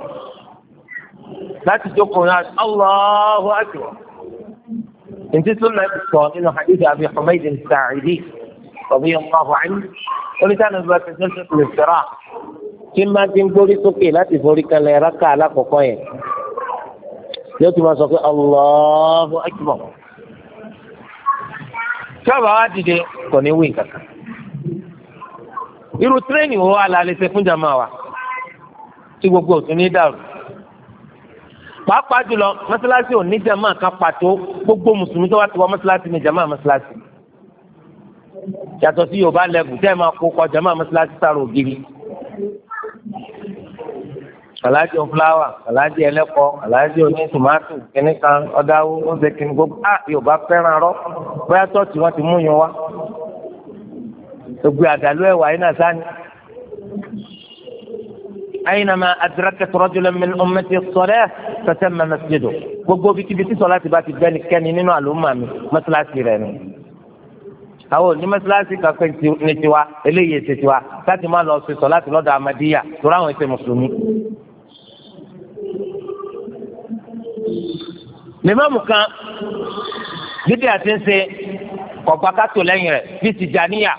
Speaker 1: láti jókòó náà Allahu Akbar ntí súnmọ́ ẹ̀ sọ nínú hadith Abi Humayd as-Sa'idi. رضي الله عنه ولسان الباب تسلسل الاستراحة كما تنبوري سكي لا تفوري كان لا يركع على قوقين يوتي ما سكي الله أكبر sábà wá dìde kò ní wí kankan irú tírénì wo wà lálẹ́ ṣe fún jama wa tí gbogbo òtún ní dàrú pàápàá jùlọ mọ́sálásí ò ní jama kan pàtó gbogbo mùsùlùmí tó wá ti wọ mọ́sálásí ní jama mọ́sálásí yàtọ̀ sí yorùbá lẹ́bù tẹ́ ẹ máa kó kọjá máa mọ́sálásí sára ògiri aláàjì fúláwà aláàjì ẹlẹ́kọ aláàjì onítòmátò kìnnìkan ọ̀dáwó oúnjẹ kìnnì gbogbo á ah, yorùbá fẹ́ràn rọ bóyá tọ́ọ̀tì wọn ti mú yín wá gbogbo àdàlú ẹ̀wà yín náà sáni. أينما أدركت رجلا من أمتي الصلاة فتم مسجده gbogbo bíi kíbi tí sọlá ti bá ti bẹ́ẹ̀ ni kẹ́ni nínú àlùmọ́ mi mọ́sálásí rẹ̀ ni àwọn òní mẹsàlásì kankan ní tiwa eléyìí ètè tiwa láti má lọ sí sọ láti lọ́dọ̀ amadíyà tó ráwọn ètè mùsùlùmí. lèmọ́mù kan dídí àti ń ṣe kọ̀gbá kátó lẹ́yìn rẹ̀ bíi tìjàníyà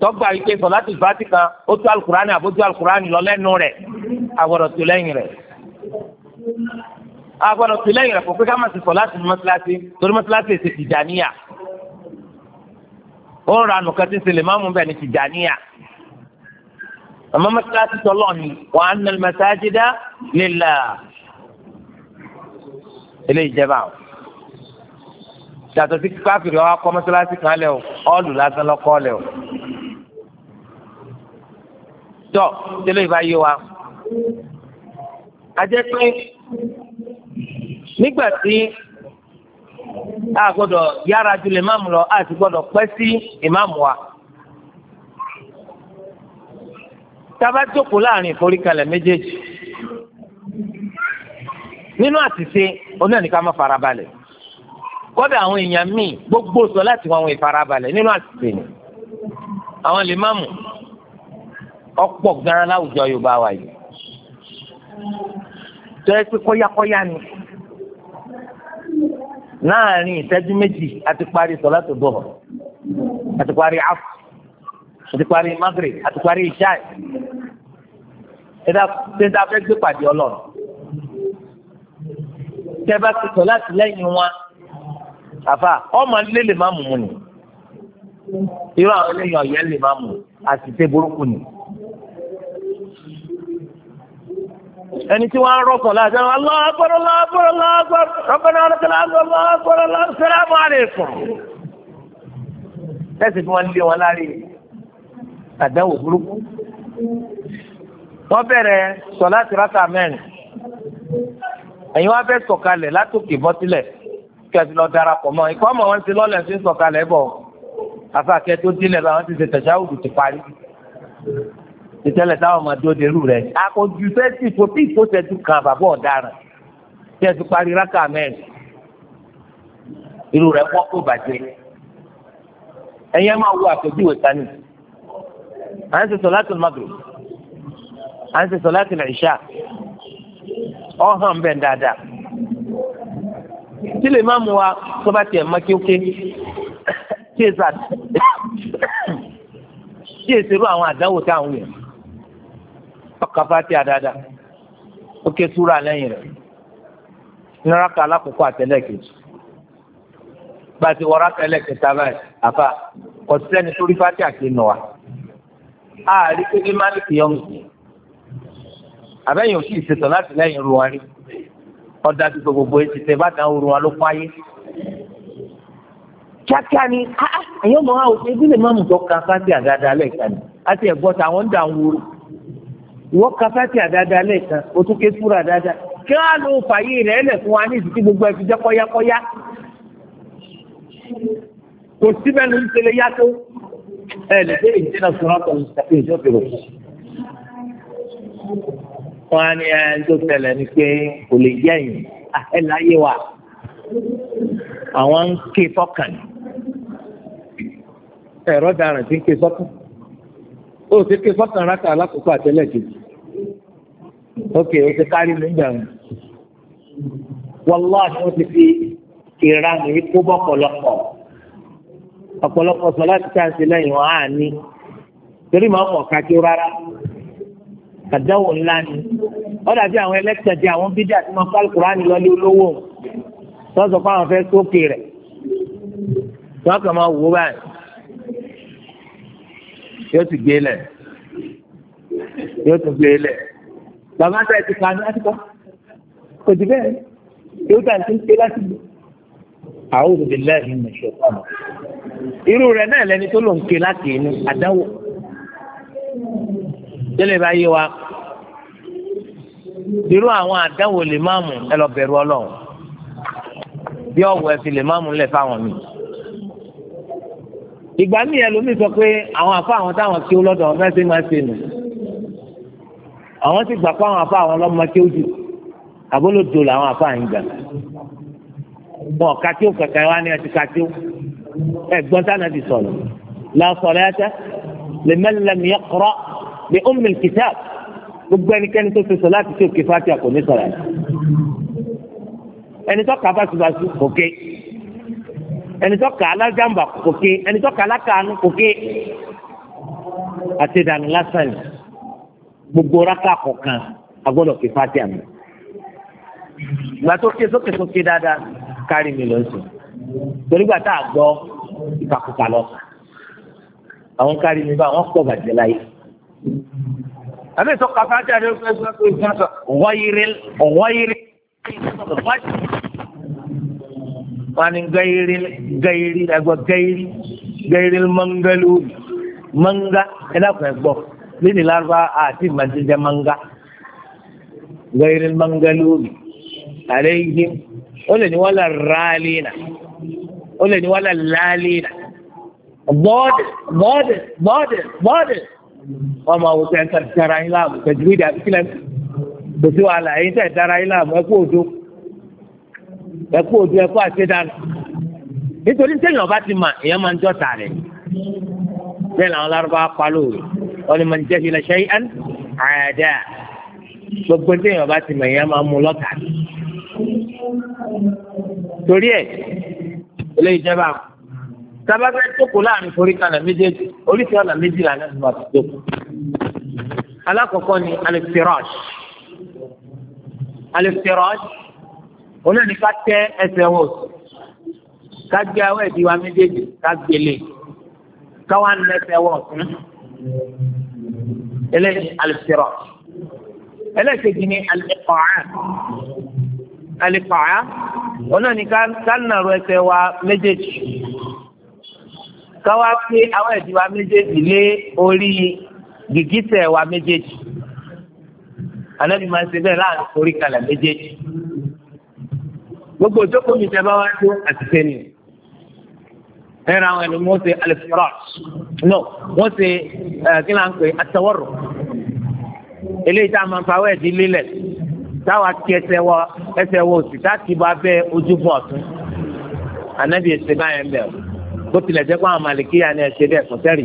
Speaker 1: tọ́gbà ike sọ̀láti fàtí kan ó tú alukurani àbójú alukurani lọ lẹ́nu rẹ̀ agbọ́dọ̀ tó lẹ́yìn rẹ̀ agbọ́dọ̀ tó lẹ́yìn rẹ̀ kò pé ká má ti sọ̀láti mọ́tíláṣí torí mọ́tíláṣí èsì tìjàníyà ó ń ra nùkan tí ń ṣẹlẹ̀ máàmù bẹ́ẹ̀ ni Tìjàníyà àmọ́ mọ́sálásí tọ́lọ́ ni wa anna al-masajida lillah eléyìí jẹba o yàtọ̀ sí káfíìrì ọ̀ akọ́ mọ́sálásí kan lẹ̀ ọ́ọ̀lù lásán lọ́kọ́ lẹ̀ tọ́ tẹ́lẹ̀ ìbá yé wa a jẹ́ pé nígbà tí a gbọ́dọ̀ yára ju lè máàmù lọ a ti gbọ́dọ̀ pẹ́ sí ìmáàmù wa. tába jókòó láàrin ìforíkalẹ̀ méjèèjì nínú àtìsé onáà ní ká má farabalẹ̀ kọ́dà àwọn èèyàn míì gbogbo sọ láti wọn àwọn ìfarabalẹ̀ nínú àtìsé ni àwọn lè máàmù ọ̀pọ̀ gan-an láwùjọ Yorùbá wa yìí tọ́ ẹ pé kọ́yákọ́yá ni láàrin ìṣẹ́jú méjì àti parí sọ̀látù duhur àti parí af, àti parí magre àti parí ìṣáì ẹ̀dá ṣẹ́ńtà fẹ́ gbé pàdé ọlọ́run tẹ́ bá ti sọ̀látù lẹ́yìn wọn àfa ọmọ lé lè má mú mu ni irú àwọn eléyìí ọ̀yẹ́ lè má àti tẹ́ burúkú ni. ẹni tí wọ́n rọ́kàn láti ẹni Allahu Akbar Allahu Akbar Allahu Akbar Rabbana lakal hamdu Allahu Akbar Assalamu alaikum. tẹ́sí tí wọ́n lé wọn lárí àdáwò burúkú. wọ́n bẹ̀rẹ̀ sọ láti rákà mẹ́rin ẹ̀yin wá fẹ́ sọ̀kalẹ̀ látòkè bọ́sílẹ̀ kí ẹ ti lọ darapọ̀ mọ́ ikọ́ ọmọ wọn ti lọ́lẹ̀ sí sọ̀kalẹ̀ bọ̀ àfàkẹ́ tó dílẹ̀ làwọn ti ṣe tẹ̀síáwùdù ti parí tẹ́lẹ̀ táwọn máa dúró derú rẹ̀ àkójú sẹ́sì tó bí ìkóṣẹ́jú kan bàbá ọ̀daràn tí ẹ ti parí rákà mẹ́rin irú rẹ̀ wọ́n kó bàjẹ́ ẹ̀yẹ́ máa wo àpèjúwe sani à ń ṣe solatul maghrib à ń ṣe solatul isha ọ̀hán bẹ́ẹ̀ dáadáa tí lè má mu wa tó bá tiẹ̀ má kíókè tí èsì àti tí èsì rú àwọn àdánwò táwọn yẹn ọkà fatia dáadáa ó ké súra lẹ́yìn rẹ̀ níraka alákòókò àtẹlẹ́kejì bá a ti wọra tẹlẹ́kẹta báyìí àfa kọ̀sẹ́ni torí fatia kì í nù wa àárí pé bí málìkì yọ̀ ń sìn àbẹ́yìn òsì ìṣètò láti lẹ́yìn ru wọn rí ọ̀dà tó gbogbo èsì tẹ bá dáhùn ru wọn ló fáyé. kíákíá ni ah, ah, ẹ̀yọ́ mọ́ àwọn òṣèlú lè má mú tó kan fásitì àdáadáa lẹ́ẹ̀kan ni àti ẹ̀gbọ́ta àwọn ń dà ń wúru ìwọ kafati àdáadáa lẹ́ẹ̀kan o tún ké súra dáadáa kí wọn á lo fàyè rẹ̀ ẹlẹ fún wa ní ìsìnkú gbogbo ẹfi jẹ kọyakọya kò síbẹ̀ ló ń tẹ̀lé yàtọ̀ ẹ lè dé ìdí náà sọ̀rọ̀ àtọ̀ ìsàkè ìjọ bèrè fún wọn á ní ẹ ń tó tẹ̀lé ni pé kò lè yẹ ẹ̀yìn ah, ẹ láyé wa àwọn ń ké fọkàn ẹ̀rọ daràn ti ń ké fọkàn ó ti ké fọ́kàn rákà alákòókò àtẹ́lẹ̀ kejì ok ó ti kárí mi gbà wọn wàláhì ó ti fi ìranù yìí kó bọ́ ọ̀pọ̀lọpọ̀ ọ̀pọ̀lọpọ̀ sọ láti ká ṣe lẹ́yìn wọn á ní torí màá mọ̀ ká kí rárá àdáwò ńlá ni ó dàbí àwọn ẹlẹ́tẹ̀dẹ̀ àwọn bídíà tí wọ́n kálukú rání lọ́lé olówó tó sọ fẹ́ sókè rẹ̀ tó máa wò báyìí yóò ti gbé lẹ̀ yóò tún gbé lẹ̀ bàbá sẹ ti kàánú àtìkọ kò jù bẹ́ẹ̀ yóò tà sí pé láti gbé àwọn òbí lẹ́yìn ní ìṣẹ̀kọ́ ọ̀nà irú rẹ̀ náà lẹni tó ló ń ké láti inú àdáwò délé bá yé wa irú àwọn àdáwò lè máàmù ẹ lọ bẹ̀rù ọlọ́run bí ọ̀wọ́ ẹ fi lè máàmù lẹ̀ fáwọn míì ìgbà míì ẹlòmíì sọ pé àwọn àfa àwọn táwọn kí ó lọ́dọ̀ ọ̀fẹ́ sí máa ṣe nù àwọn sì gbà pé àwọn àfa àwọn lọ́mọ kí ó jù àbólódò làwọn àfa yìí gbà wọn ọ̀ka tí ó kẹ̀kẹ́ wá ní ẹtì ká tí ó ẹ̀gbọ́n táwọn ti sọ̀rọ̀ la salata liman lam yaqra bi ummil kitab gbogbo ẹnikẹ́ni tó ti láti tí òkè fati àkọ́ní sọ̀rọ̀ ẹni tó kà bá ti òkè ẹni tó kà á lájàmbá kò ké ẹni tó kà á lákàánú kò ké àti ìdànù lásán ni gbogbo rákà kọ̀ọ̀kan agbọ́dọ̀ kí fati àmì gbà tó ké sókè sókè dáadáa kárí mi ló ń sùn torí tá a gbọ́ ìkàkùkà lọ àwọn kárí mi bá wọn pọ̀ bàjẹ́ láyé àbí ìsọkà fati àdéhùn fún ẹgbẹ́ tó sọ ọ̀wọ́ yìí rí ọ̀wọ́ yìí rí ọ̀wọ́ yìí rí wọn ni gayiri gayiri ẹgbọ gayiri gayiri mangalu manga ẹdá kan ẹgbọ lẹni larubá àti màdìjẹ manga gayiri mangalu àlẹyìí ó ni wala wọn lè rálí nà ó lè ní wọn lè lálí nà bọ́ọ̀dì bọ́ọ̀dì bọ́ọ̀dì bọ́ọ̀dì wọn máa wò sẹ́ńtà dára yín láàmú tẹ̀jú ìdí àbíkílẹ̀ kò sí ẹ̀kú òdu ẹ̀kú àṣedànù nítorí sẹ́yìn ọba ti mà èèyàn máa ń jọ́ta rẹ̀ bẹ́ẹ̀ làwọn lárúbáwá pa lóore wọ́n ní man jahila shay'an àyàdá gbogbo sẹ́yìn ọba ti mà èèyàn máa mú lọ́tà torí ẹ̀ ilé ìjọba sábàbẹ́ jókòó láàrin forí kanà méjèèjì oríṣi ọ̀nà méjì lànà ìgbà tó jókòó alákọ̀ọ́kọ́ ni alifirash alifirash olóòní ká tẹ ẹsẹ̀ wọ̀ ká gbé awọ ẹ̀dí wa méjèèjì ká gbélé káwa ń lẹ́sẹ̀ wọ̀ fún eléyìí alìsirọ̀ ẹlẹ́sẹ̀jì ni alìkọ̀ọ́á alìkọ̀ọ́á olóòní ká nàró ẹsẹ̀ wa méjèèjì káwa pé awọ ẹ̀dí wa méjèèjì lé orí gìgísẹ̀ wa méjèèjì anábì máa ń ṣe bẹ́ẹ̀ láàrin orí kalẹ̀ méjèèjì gbogbo ìjókòó mi tẹ́ bá wá tó àtìsẹ́ ni ẹ̀rọ àwọn ẹni wọ́n ṣe alifirat no wọ́n ṣe kí ló ń pè atawọ́rọ̀ eléyìí tá a máa ń fawọ́ ẹ̀dín lílẹ̀ táwa ti ẹsẹ̀ wọ ẹsẹ̀ wọ òsì táàkì bá bẹ ojúbọ ọ̀tún ànábì ẹsẹ̀ báyẹn bẹ̀ bó tilẹ̀ jẹ́ kó àwọn màlìkíyà ni ẹsẹ̀ bẹ́ẹ̀ fún sẹ́rì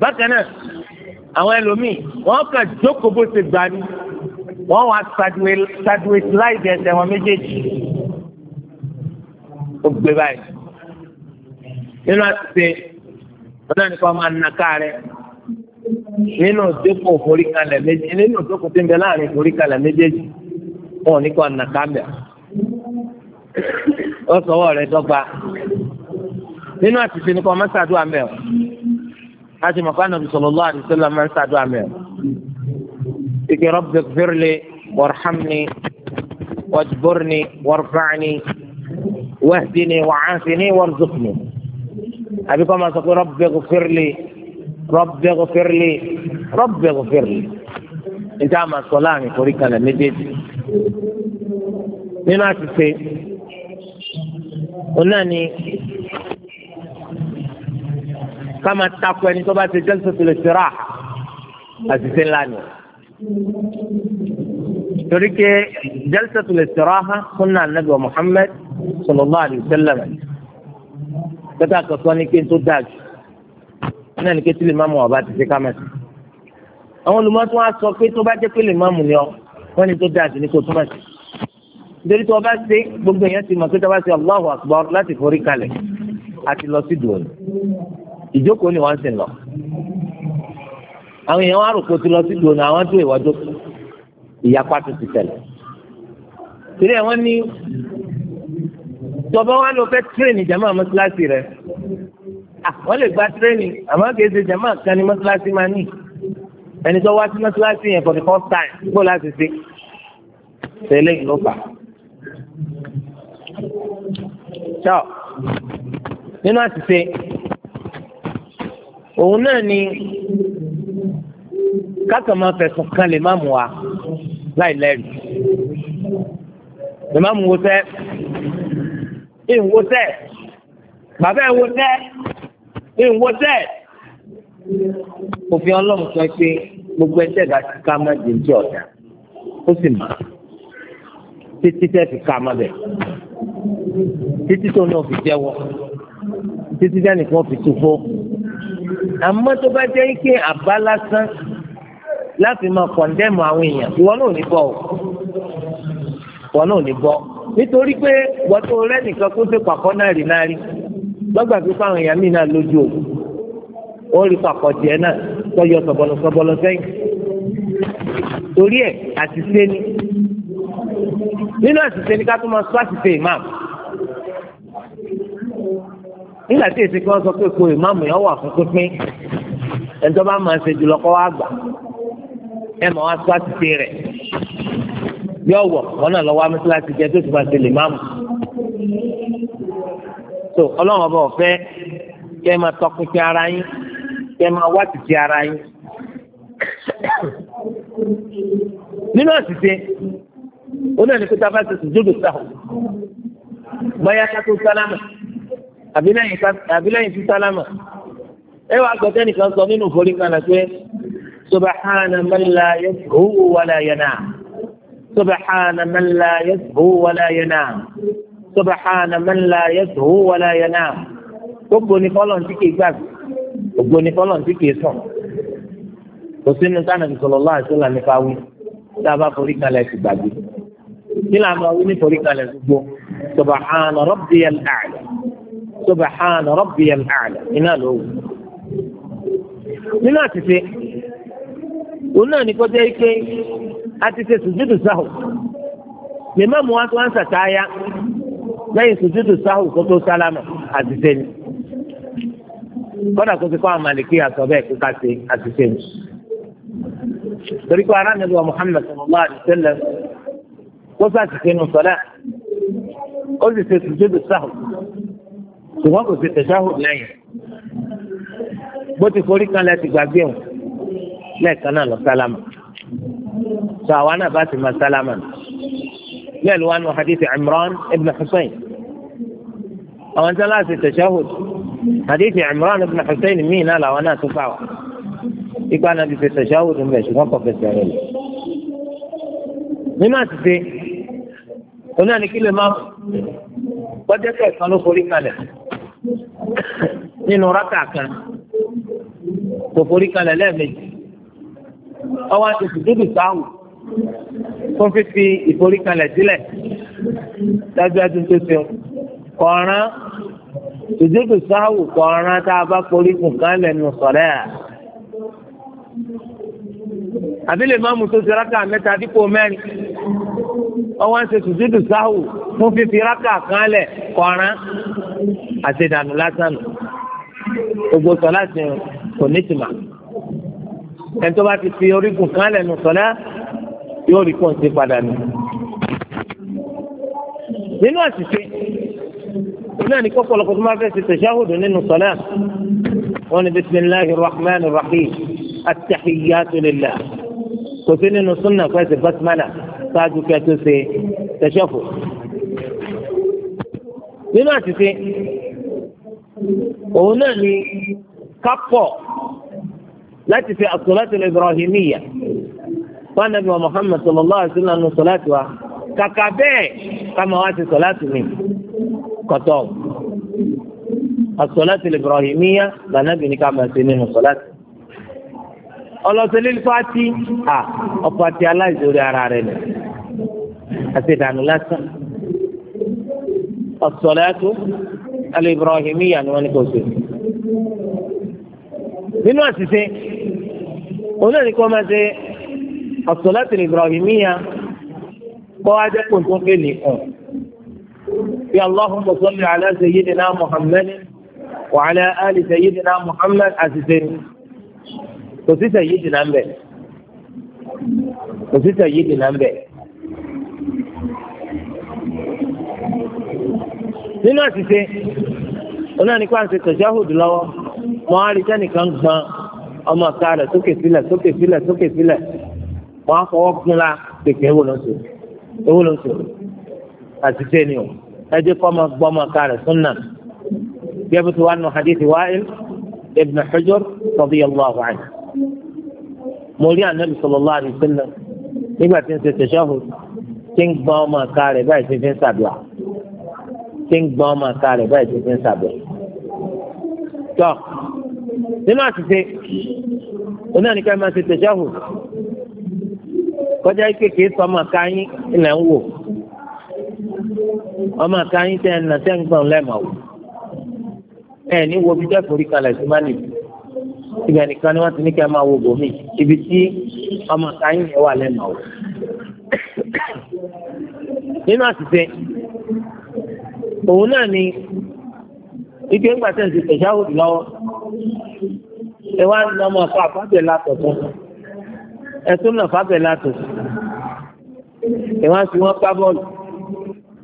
Speaker 1: bákan náà àwọn ẹlòmíì wọ́n kàn jókòó bó ṣe gbani wọ́n wá sideways láìdí ẹsẹ̀ wọn méjèèjì ó gbé báyìí nínú àtúnṣe nìkan máa ń nínú foríkalẹ̀ méjèèjì nínú ń bẹ láàrin foríkalẹ̀ méjèèjì wọn ò ní mẹ́ ó sọwọ́ dọ́gba nínú àtúnṣe nìkan máa ń mẹ́ láti mọ̀ fún ànàbì máa ń mẹ́ يا رب اغفر لي وارحمني واجبرني وارفعني واهدني وعافني وارزقني أبي كما تقول رب اغفر لي رب اغفر لي رب اغفر لي انت عم صلاني نقولك أنا نجد
Speaker 2: من أسسي
Speaker 1: وناني كما تقول أنت بس جلسة الاستراحة أسسي لاني torí pé jalsatul istiraha sunna anabi wa muhammed sallallahu alayhi wa sallam kẹta kọsọ ni kí n tó dáa jù ní ẹni kẹtí lè má mu ọba ti fi ká mẹsì àwọn olùmọ̀tò wa sọ pé tó bá jẹ́ pé lè má mu ni ọ wọ́n ní tó dáa jù ní túmọ̀ sí nítorí tó o bá gbogbo èèyàn ti mọ̀ pé tó bá ṣe Allahu akbar láti forí kalẹ̀ àti lọ sí dùn ìjókòó ni wọ́n ń lọ àwọn èèyàn wá rò pé o ti lọ sí ìdùnnú àwọn tó ìwọ́jọ́ ìyapa tó ti tẹ̀lé torí ẹ̀ wọ́n ní tọ́bọ́ wá lọ fẹ́ tírèènì jàmá mọ́sálásí rẹ̀ wọ́n lè gba tírèènì àmọ́ kìí ṣe jàmá kan ní mọ́sálásí máa ní ẹni tó wá sí mọ́sálásí yẹn for the first time gbọ́ láti ṣe tẹ̀lé ìlú fà. tọ́ nínú àṣìṣe òun náà ni kákan máa fẹ̀sùn kan lè má mú wa láì lẹ́rìí lè má mú wo sẹ́ ìwò sẹ́ bàbá ẹ̀ wo sẹ́ ìwò sẹ́ òfin ọlọ́run sọ pé gbogbo ẹsẹ̀ bá ti ká má di ní ọ̀dà ó sì mà títí tẹ́ fi ká má bẹ̀ títí tó náà fi jẹ́wọ́ títí tẹ́ nìkan fi tu fó àmọ́ tó bá jẹ́ ike àbá lásán láti máa kọ̀ndẹ́mù àwọn èèyàn ìwọ náà ò ní bọ́ ìwọ náà ò ní bọ́ nítorí pé wọ́n tó rẹ́ nìkan kó sí pàkọ́ náà rí náà rí lọ́gbà tó fáwọn èèyàn míì náà lójú o ó rí pàkọ́ tiẹ̀ náà tọ́yọ sọ̀bọ̀lọ̀sọ̀bọ̀lọ̀ sẹ́yìn torí ẹ̀ àṣìṣe ni nínú àṣìṣe ni ká máa sọ àṣìṣe imam nígbà tí èsì kan sọ pé kò imam yẹn wà fún pínpín ẹ̀ńtọ́ bá máa ṣe jùlọ kọ́ wá gbà ẹ mọ̀ wá sọ́ọ́ ti rẹ̀ yọ wọ̀ wọn náà lọ́wọ́ amúsíláṣí jẹ́ tó ti máa ṣe lè má mú. tó ọlọ́run ọba ọ̀fẹ́ kẹ́ ẹ máa tọpinpin ara yín kẹ́ ẹ máa wá títí ara yín. nínú àṣìṣe ó náà ní kó tábà ti sùjúdù sáà báyà ká tó sálámà àbí lẹ́yìn tó sálámà ẹ wàá gbọ́dọ̀ nìkan sọ nínú ìforí kan náà pé. سبحان من لا يسهو ولا ينام سبحان من لا يسهو ولا ينام سبحان من لا يسهو ولا ينام gbogbo ni fọlọ́n tí kìí gbàgbé gbogbo ni fọlọ́n tí kìí sùn kò sínú sànàbì sallallahu alaihi wasallam nípa wí tá a bá forí kalẹ̀ sí gbàgbé kí là máa wí ní forí kalẹ̀ gbogbo subahana rabbiyal a'la subahana rabbiyal a'la iná ló wù. nínú àtìsí òun náà ní kọjá yìí pé a ti ṣe sùjúdù sáhù lè má wá ń sàtáyà lẹ́yìn sùjúdù sáhù kó tó sálámà àtìṣe ni kọ́dà kó ti kọ́ àwọn kó ká ṣe àtìṣe ni. torí pé kó sàtìṣe nù lẹ́ẹ̀kan náà lọ sálámà sọ àwa náà bá ti máa sálámà bẹ́ẹ̀ ló wá nu hadithi Imran ibn Hussein àwọn tí wọ́n láti tashahhud hadithi Imran ibn Hussein míì náà làwọn náà tó fà wá ipa náà ti fi tashahhud ń bẹ̀ ṣùgbọ́n kọ̀ fẹsẹ̀ rẹ̀ lọ. nínú àtìsí oní àníkílẹ̀ máa kọjá kẹ̀kan ló forí kalẹ̀ nínú rákà kan kò forí kalẹ̀ lẹ́ẹ̀mejì ọwọ́ àti sùdúdù sáwọn fún fífi ìforíkalẹ̀ sílẹ̀ dájúdájú tó ṣe kọ̀ọ̀rán sùdúdù sáwọn kọ̀ọ̀rán tá a bá forí kùn kan lẹ́nu sọ̀rẹ́ à. àbílẹ̀ máàmù tó ṣe rákà mẹ́ta dípò mẹ́rin ọwọ́ àti sùdúdù sáwọn fún fífi rákà kan lẹ̀ kọ̀ọ̀rán àti ìdànù lásán gbogbo sọ láti kò ní tìmọ̀ ẹni tó bá ti fi orígun kan lẹ́nu sọ̀lá yóò rí pọ̀ sí padà nù. nínú àṣìṣe náà ní kọ́pọ̀lọpọ̀ tó máa fẹ́ ṣe tẹ̀síáhùdù nínú sọ̀lá wọn ni bisimilahi rahman rahim atahiyatu lillah kò sí nínú súnà pẹ́ basmala ṣáájú kí a tó ṣe tẹ̀síáhù. nínú àṣìṣe òun náà ni kápọ̀ láti fi àsọ̀láṣẹ̀ Ibrahimiyya wọn nàbí wa Muhammad sallallahu alaihi wasallam nù sọ̀láṣẹ̀ wa kàkà bẹ́ẹ̀ kàmá wa ti sọ̀láṣẹ̀ mi kọ̀tọ̀ àsọ̀láṣẹ̀ Ibrahimiyya lànàbí ni kàmá ṣe nínú sọ̀láṣẹ̀ ọlọ́sẹ̀lẹ̀ fati à ọ̀pọ̀ àti aláìsórí ara rẹ̀ nì àti ìdànù lásán as-salatu ni wọ́n ní kò sí. nínú àṣìṣe òun náà ní kí wọ́n máa ṣe as-salatu al-ibrahimiyya kọ́ ajẹ́ kò tó fẹ́ lè hàn. bí allahumma salli ala sayyidina muhammad wa ala ali sayyidina muhammad àti sẹ́yìn kò sí sayyidina ń bẹ̀ kò sí sayyidina ń bẹ̀. nínú àṣìṣe òun náà ní kí wọ́n ṣe tàṣàhùd lọ́wọ́ mọ́ àrísẹ́ nìkan gbọ́n ọmọ ọ̀ka rẹ̀ sókè sílẹ̀ sókè sílẹ̀ sókè sílẹ̀ wọ́n á fọwọ́ kún la pèpè ewu ló ń sè ewu ló ń sè àti sẹ́ni o ẹ jẹ́ kọ́ ọmọ gbọ́ ọmọ ọ̀ka rẹ̀ súnà bí ẹbí tí wàá nù hadithi Wa'il ibn Hujr radiyallahu anhu mo rí ànábì sallallahu alaihi wasallam nígbà tí ń ṣe tẹ̀síọ́hù tí ń gbọ́n ọmọ ọ̀ka rẹ̀ báyìí fi fi ń sàdùà nínú àṣìṣe oní àníkà máa ṣe tẹ̀síàhù kọjá kékeré sọ ọmọ àkáyín ilẹ̀ ń wò ọmọ àkáyín tẹ̀ ẹ̀nà tẹ̀ ń gbọ̀n lẹ́mọ̀ wò ẹ̀ ní wo bí jẹ́ forí kalẹ̀ sí má nìyí ibẹ̀ nìkan ni wọ́n ti ní kí ẹ máa wo bòmí ibi tí ọmọ àkáyín yẹn wà lẹ́mọ̀ wò nínú àṣìṣe òun náà ni ike ń gbàtẹ́ ti tẹ̀síáwò lọ́wọ́ ẹ wá ní ọmọ ọ̀fọ́ àfábẹ̀ látọ̀ fún ẹ tún náà fábẹ̀ látọ̀ ẹ wá sí wọn pa bọ́ọ̀lù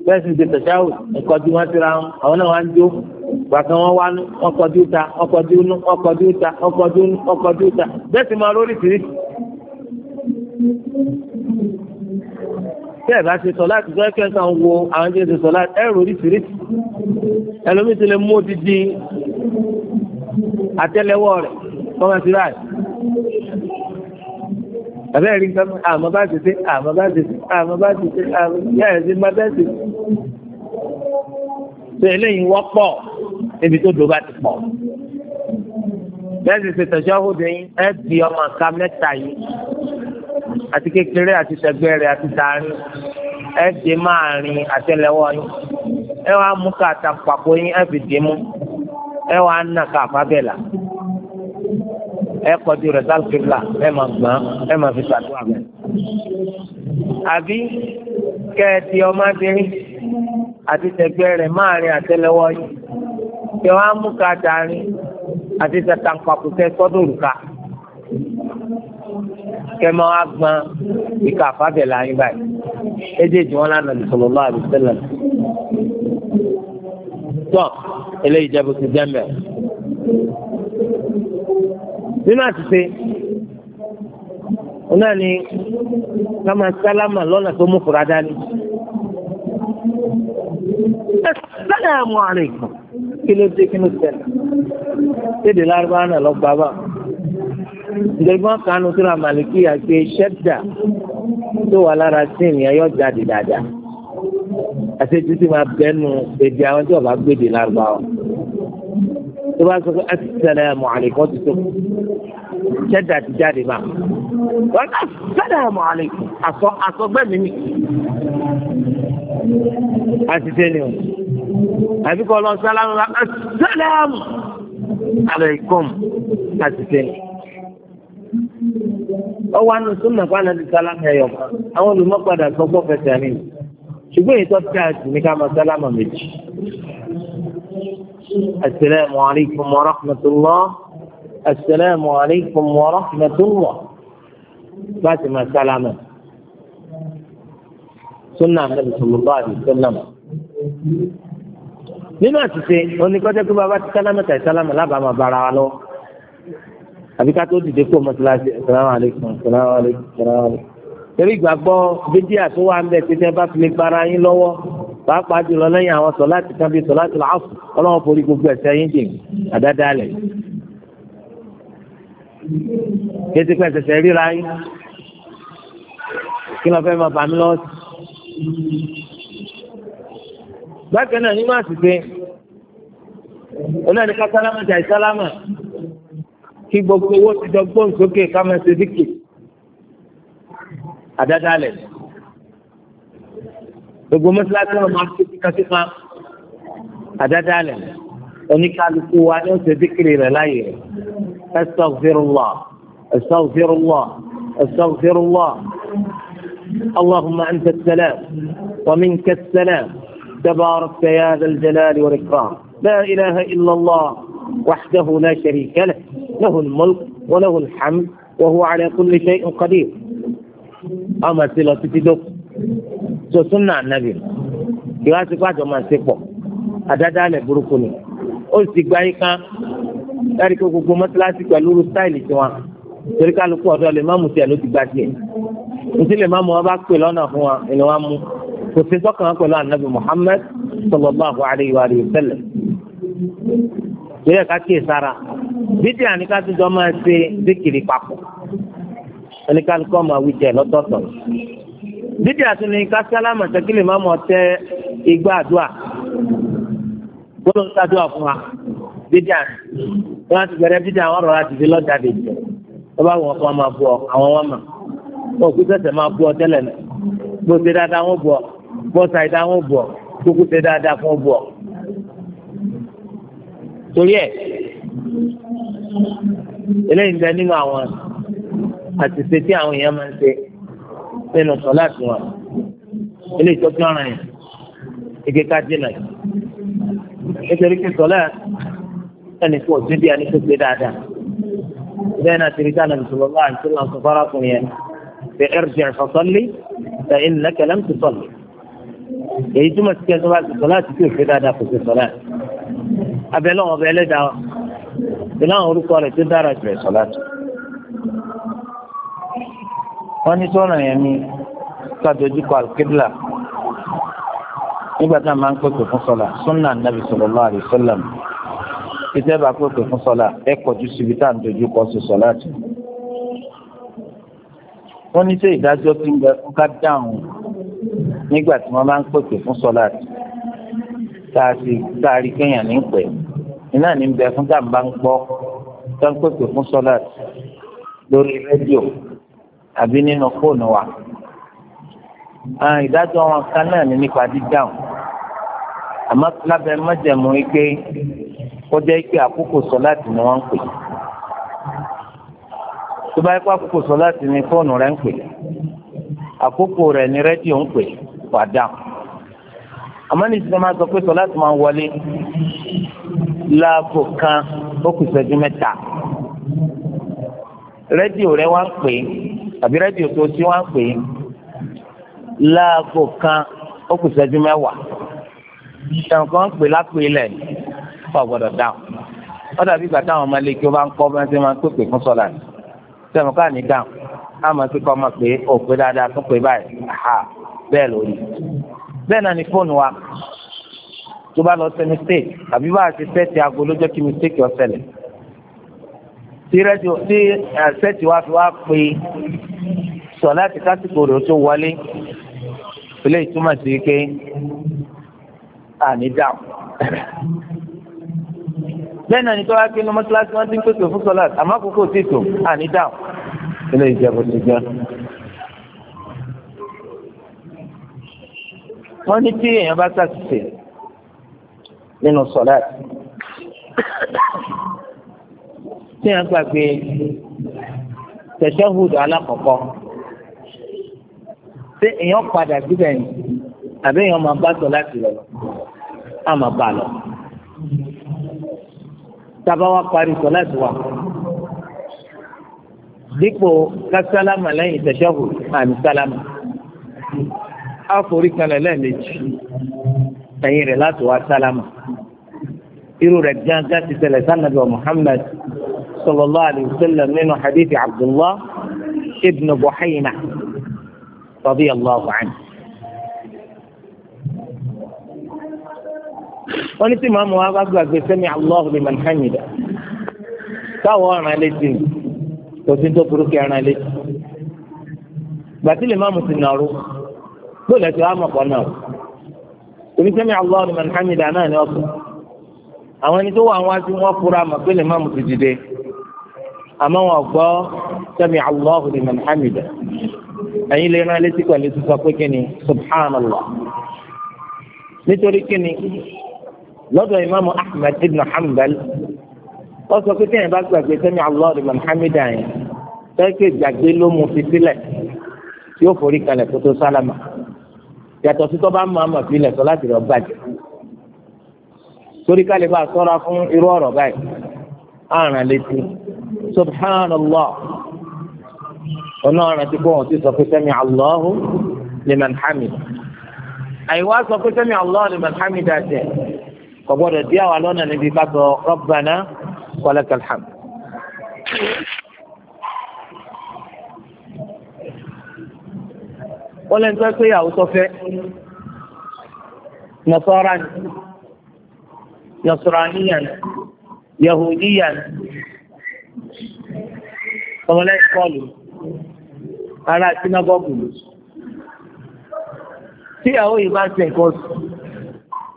Speaker 1: bẹ́ẹ̀ sì ti tẹ̀síáwò ẹ̀kọ́ ju wọn síra wọn àwọn náà wá ń jó gbàtàn wọn wá nú ọkọ̀jú ta ọkọ̀jú nú ọkọ̀jú ta ọkọ̀jú nú ọkọ̀jú ta bẹ́ẹ̀ sì máa lórí tìrì tẹ́ ẹ̀ bá ṣe sọ láti sọ ẹ̀kẹ́ kan wo àwọn tí ń ṣe sọ láti ẹ̀rù oríṣiríṣi ẹlòmíì ti lè mú odidi àtẹ́lẹwọ́ rẹ̀ kọ́mọ sí báyìí. Àbẹ́ rí nǹkan àmọ́ bá ti ṣe àmọ́ bá ti ṣe àmọ́ bá ti ṣe àmọ́ yá ẹ̀ sí máa bẹ́ẹ̀ sí. Ṣé eléyìí wọ́pọ̀ níbi tó dò bá ti pọ̀? Bẹ́ẹ̀ sì ṣètò ṣọ́hùn dín ẹ́ di ọmọ ká mẹ́ta yìí àti kékeré àti sẹgbẹ́ rẹ̀ àti tààrin ẹ dè máa rin àtẹ́lẹwọ́ yín ẹ wàá mú ká àtàpàpọ̀ yín ẹ fi dè mú ẹ wàá nà ká àfábẹ́là ẹ kọjú rẹ̀ sálùkìlà ẹ máa gbọ́n ẹ máa fi ṣàdúrà rẹ̀. àbí kẹ́ẹ̀tì ọmọdéyìn àti sẹgbẹ́ rẹ̀ máa rin àtẹ́lẹwọ́ yín kẹ́ wàá mú ká tààrin àti tàtàǹpàpọ̀ kẹ́ sọ́dọ̀ òrùka kẹmọ agbọn ìka àfàbẹ̀lẹ̀ ayé báyìí ẹjẹ̀jì wọn lánàá ní sallallahu alaihi wasallam. tọ́ eléyìí jẹ́ bó ti jẹ́ mẹ́. nínú àtúnṣe wọn náà ní káma sálámà lọ́nà tó mú fura dání. assalamu alaikum kí ló dé kí ló ṣẹlẹ̀. kéde lárúbáwá náà lọ gbà báà ìjọba kanu tó ra màlìkì àti ṣẹ́dà tó wà lára sin yẹn yọ jáde dáadáa àṣejù tí máa bẹnu èdè àwọn tí wọn bá gbèdè lárúbáwá tó bá sọ pé assalamu alaikum ti tó ṣẹ́dà ti jáde bá wọn assalamu alaikum àsọ àsọgbẹ́mí ni àṣìṣe ni o àbíkọ́ lọ sálámù alaikum àṣìṣe ni ọwọ́ àánú súnmọ̀ fún àná ti sálámà ẹ̀yọ̀ àwọn olùmọ̀padà gbọ́gbọ́ fẹsẹ̀ rìn ṣùgbọ́n èyí tó ti àjù ní ká máa sálámà méjì. asalaamu alaykum wa rahmatulah asalaamu alaykum wa rahmatulah bá ti máa sálámà súnà nàbì sọlọ́bà àbí sọlọ́mà. nínú àtúnṣe oníkọ́jọ́ pé bàbá ti sálámà tàì sálámà lábàá máa bára wa lọ́wọ́ àbí ká tó dìde kó mọ́tíláṣí ṣàlámù alaykum ṣàlámù alaykum ṣàlámù alaykum. torí ìgbàgbọ́ bídí àti wà ń bẹ̀ títí ẹ bá fi lè para yín lọ́wọ́ pàápàá jùlọ lẹ́yìn àwọn sọ láti kan bíi sọ láti làásù ọlọ́wọ́n forí gbogbo ẹ̀ṣẹ̀ yín jìn àdádálẹ̀. kété pẹ́ ṣẹ̀ṣẹ̀ ríra yín kí ló fẹ́ máa bà mí lọ́wọ́ sí. bákan náà nínú àṣìṣe olóòdì ká sálámà jà ìsálámà kí gbogbo owó ti dọgbọ́n sókè kámẹ́ máa ṣe díkì àdádálẹ̀ gbogbo mọ́sálásí wọn máa ṣe kíkásíká àdádálẹ̀ oníkálukú wa ni ó ṣe díkìrì rẹ̀ láyè rẹ̀ astaghfirullah astaghfirullah astaghfirullah اللهم أنت السلام ومنك السلام تبارك يا ذا الجلال والإكرام لا إله إلا الله وحده لا شريك له له الملك وله الحمد وهو على كل شيء قدير أما سلة تدق سنة النبي ìwádìí pàtó máa ṣe pọ̀ àdáda alẹ̀ burúkú ni ó sì gba yín kan láti kó gbogbo mọ́tíláṣí pẹ̀lú irú stáìlì tiwọn torí kálukú ọ̀dọ́ lè má mú tiẹ̀ ló ti gba tiẹ̀ ntí lè má mú wọn bá pè lọ́nà fún wa ni wọ́n á mú kò sí sọ́kàn wọn pẹ̀lú anabi Muhammad sallallahu alayhi wa sallam lórí ẹ̀ka kí ìsara bídí àníká tó jọ máa ṣe zikiri papọ̀ oníkálukú ọmọ àwùjẹ lọ́tọ̀ọ̀tọ̀ bídí àtúnni kásálámà sẹ́kìlì máa mọ̀ tẹ igbá àdúrà gbọ́dọ̀ sádùá fún wa bídí àná wọ́n ti bẹ̀rẹ̀ bídí àwọn ọ̀rọ̀ láti fi lọ́jà lè jẹ wọ́n bá wọ̀ fún ọmọ àbú ọ àwọn wọn mà wọn kú sẹ̀sẹ̀ máa bú ọ tẹ́lẹ̀ náà bó torí ẹ̀ eléyìí ń bẹ nínú àwọn àtìsẹ tí àwọn èèyàn máa ń ṣe nínú sọlá tí wọn eléyìí tó fi ọ̀ràn yẹn ike ká dínà yìí nítorí pé sọlá ẹnì kò sí bí ẹni tó ṣe dáadáa bẹ́ẹ̀ náà ti rí dáná bisimilá bá àti náà sọfárá fún yẹn fẹ ẹrjẹ fasalli fẹ innaka lam tusalli èyí túmọ̀ sí kẹ́ńtọ́ bá ti sọlá ti tó ṣe dáadáa kò sí sọlá abẹ́lẹ́ wọn ọbẹ̀ ẹlẹ́dàá wa pẹ̀lú àwọn orúkọ rẹ̀ tó dára jù ẹ̀sọ́ láti. wọ́n ní sọ́nà yẹn ní kájọjúkọ alkebla nígbà tá a máa ń pèpè fún sọlá sunna nabi sallallahu alaihi wasallam títẹ́ bá pèpè fún sọlá ẹ kọjú síbi tá à ń dojú kọ sí sọlá tì. wọ́n ní sẹ́ ìdájọ́ tí ń bẹ fún ká dáhùn nígbà tí wọ́n máa ń pèpè fún sọlá sáàsì sáàrí kéèyàn ní pẹ̀ iná ní bẹ fún gàmbá ń gbọ́ tó ń pèpè fún sọ́lát lórí rédíò àbí nínú fóònù wa. ìdájọ́ wọn kan náà ní nípa dídáhùn àmọ́ lábẹ́ mọ́jẹ̀mú ike ó jẹ́ ike àkókò sọ́lát ni wọ́n ń pè. tó bá yẹ kó àkókò sọ́lát ni fóònù rẹ̀ ń pè àkókò rẹ̀ ni rédíò ń pè wàdáhùn àmọ́ ní ìsinmi máa sọ pé sọ láti máa wọlé láàbò kan ó kù ìṣẹ́jú mẹ́ta rédíò rẹ wá ń pè é àbí rédíò tó sí wá ń pè é láàbò kan ó kù ìṣẹ́jú mẹ́wàá ìṣẹ̀wọ̀n kan ń pè lápè lẹ̀ fún ọ̀gbọ́dọ̀ dáhùn wọ́n dàbí ìgbà táwọn ọmọ ilé kí wọ́n bá ń kọ́ bí wọ́n ti máa ń pèpè fún sọ́là sẹ́wọ̀n ká ní dáhùn á máa ti kọ́ ọmọ pé òpè dáadáa tó pè báyìí bẹ́ẹ̀ lórí bẹ́ẹ̀ náà ni fóònù wa tó bá lọ ṣe mistake àbí bá a ti sẹ́ẹ̀tì aago ló jẹ́ kí mistake ó ṣẹlẹ̀ tí rẹ́díò tí sẹ́ẹ̀tì wa fi wá pé sọ láti kásìkò rẹ̀ tó wọlé ilé ìtumọ̀ sí pé àní dáhùn bẹ́ẹ̀ náà ni tó wá pé ní mọ́tíláṣí wọ́n ti ń pèsè fún sọ́lá àmọ́ àkókò tí tò àní dáhùn ilé ìjẹ́bù ti jẹ́. wọ́n ní tí èèyàn bá ṣàṣìṣe nínú sọ̀lá tí èèyàn gbàgbé tẹ̀síọ́hùdù alákọ̀ọ́kọ́ tí èèyàn padà síbẹ̀ yìí àbí èèyàn máa bá sọ̀lá sí lọ á máa bá a lọ. tábà wá parí sọ̀lá sí wa dípò kásálámà lẹ́yìn tẹ̀síọ́hùdù àmì sálámà. á forí kanlẹ̀ lẹ́ẹ̀mejì ẹ̀yìn rẹ̀ láti wá sálámà irú rẹ̀ gángan ti ṣẹlẹ̀ sanabi wa muhammad sallallahu alayhi wa nínú hadith abdullah ibn buhayna radiyallahu anhu. wọ́n ní tí màmú wa bá gbàgbé sẹ́mi allah liman hamida táwọn ọ̀ràn létí kò sí tó burúkú ẹ̀ràn létí gbàtí lè má mú sí nàró. bóòlù ẹ̀sìn wa mọ̀kọ́ náà oníṣẹ́mi Allahu liman hamida náà ni ọ̀sán àwọn ẹni tó wà wá sí wọn fura mọ̀ pé lè má mùtí dìde àmọ́ wọn gbọ́ sami Allahu liman hamida ẹ̀yin lè rán létí pẹ̀lú sísọ pé kí ni subhanallah nítorí kí ni lọ́dọ̀ ìmáàmù Ahmad ibn Hanbal ó sọ pé kéèyàn bá gbàgbé sami Allahu liman hamida yẹn sẹ́kẹ̀ gbàgbé ló mu fi sílẹ̀ yóò forí kalẹ̀ kó tó sálámà yàtọ̀ sí tọ́ba máa mọ̀ fi lẹ̀ sọ láti rẹ̀ bàjẹ́ torí ká lè bá a sọ́ra fún irú ọ̀rọ̀ báyìí àràn létí subhanallah ọ̀nà ọ̀ràn tí kò wọ́n ti sọ pé sẹ́mi allahu liman hamid àyíwá sọ pé sẹ́mi allahu liman hamid àtẹ kò gbọ́dọ̀ díẹ̀ wà lọ́nà níbi ká sọ rabbana wa lakal hamd. wọ́n lẹ́nu tó pé ìyàwó tó fẹ́ nasara ni nasaraniya ni yahudiya ni ọmọlẹ́yìn kọlù ara sinagogu ni tí ìyàwó yìí bá ṣe nǹkan oṣù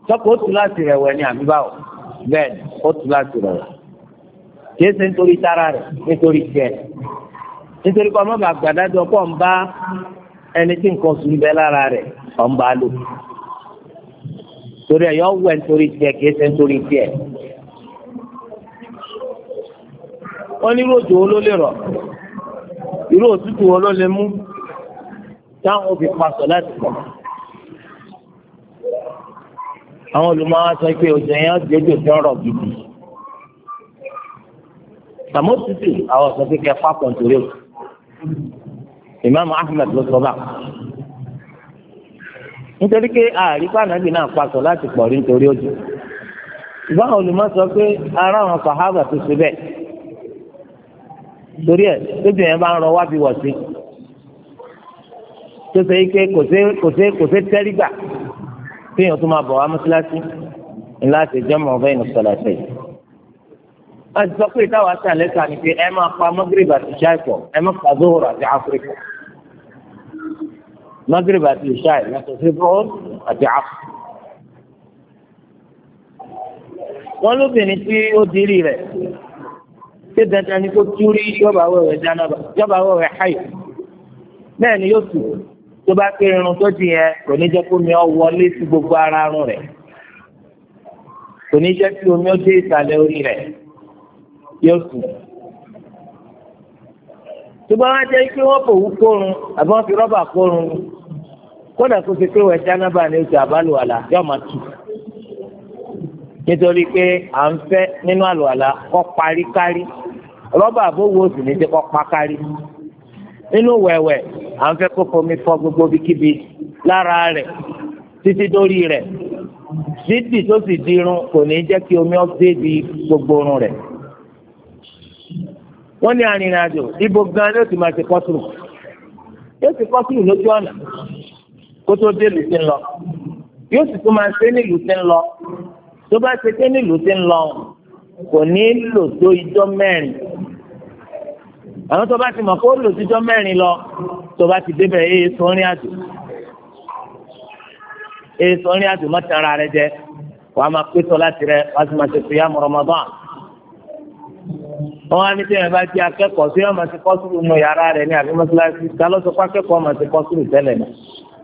Speaker 1: sọ́kò ó tù láti rẹ̀wẹ̀ ni àbí bẹ́ẹ̀ ó tù láti rẹ̀wẹ̀ kìí ṣe nítorí tara rẹ̀ nítorí tiẹ̀ nítorí kọ́ ọmọ bàgbàdájọ pọ̀ ń bá ẹni tí nǹkan oṣù ń bẹ lára rẹ̀ ọ̀ ń bá lò torí ẹ̀ yọ wẹ̀ nítorí tiẹ̀ kìí ṣe nítorí tiẹ̀ wọ́n ní irú òjò wo ló lè rọ̀ irú òtútù wo ló lè mú táwọn òbí paṣọ láti kọ̀ àwọn olùmọ̀ọ́ sọ pé òjò yẹn jẹ́jọ́ tó ń rọ̀ gidi àmọ́ òtútù àwọn sọ pé kẹ́ fapọ̀ nítorí òtútù imam ahmed ló sọ báà nítorí pé àríkà nàbì náà pasọ̀ láti pọ̀ rí nítorí òjò ìgbà olùmọ̀ sọ pé ara àwọn sàhábà tó ṣe bẹ́ẹ̀ torí ẹ̀ tóbi yẹn bá ń rọ wá bí wọ̀ sí tó ṣe yí pé kò ṣe kò ṣe kò ṣe tẹ́rígbà téèyàn tó máa bọ̀ wá mọ́sálásí ńlá ṣe jẹ́mọ̀ ọ̀fẹ́ ìnù yìí wọ́n ti sọ pé táwa sàlẹ̀ sàn pé ẹ máa pa mọ́gírìbà àti ṣáìpọ̀ ẹ máa pa zóhùrù àti áfíríkà magrib àti ìṣá ìyàtọ̀ sí bọ́ọ̀lù àti àpò. wọ́n lóbìnrin tí ó dirí rẹ̀ ṣé dandan ni kó túrí yọba wẹ̀wẹ̀ jánaba yọba wẹ̀wẹ̀ háyò bẹ́ẹ̀ ni yóò tù tó bá pé irun tó ti yẹn kò ní jẹ́ kó mi ọ wọlé sí gbogbo ara irun rẹ̀ kò ní jẹ́ kí omi ó dé ìsàlẹ̀ orí rẹ̀ yóò tù ṣùgbọ́n wọ́n jẹ́ pé wọ́n fòwú kórun àbí wọ́n fi rọ́bà kórun kódà kó fi pé wọ́n ẹja náà bá ní oṣù àbálùwàlà yóò máa tù nítorí pé à ń fẹ́ nínú àlùwàlà kọ́ parí kárí rọ́bà àbówó oṣù ní ti kọ́ pa kárí nínú wẹ̀wẹ̀ à ń fẹ́ kó fomi fọ gbogbo bíkíbi lára rẹ̀ títí dórí rẹ̀ títí tó sì dirun kò ní jẹ́ kí omi ọ́ débi gbogbo orun rẹ̀ wọ́n ní arìnrìnàjò ibo gan ni ó ti máa ṣe kọ́sùrù yóò ti kọ́sùrù lójú ọ̀nà kó tó dé lùtí ń lọ yóò sì tún máa ṣe ní lùtí ń lọ tó bá ṣe pé ní lùtí ń lọ kò ní lò tó ijọ́ mẹ́rin àwọn tó bá ti mọ̀ kó lò tó ijọ́ mẹ́rin lọ tó bá ti débẹ̀ èyí sọ́rin àjò èyí sọ́rin àjò mọ́tara rẹ jẹ wàá máa pé sọ láti rẹ wàá sì máa ṣe fìyà Ramadan wọn á ní sẹ́yìn bá ti akẹ́kọ̀ọ́ sí ọmọ ti kọ́sùrù mọ yàrá rẹ̀ ní àbí mọ́sálásí ta ló ọmọ ti kọ́sùrù tẹ́lẹ̀ náà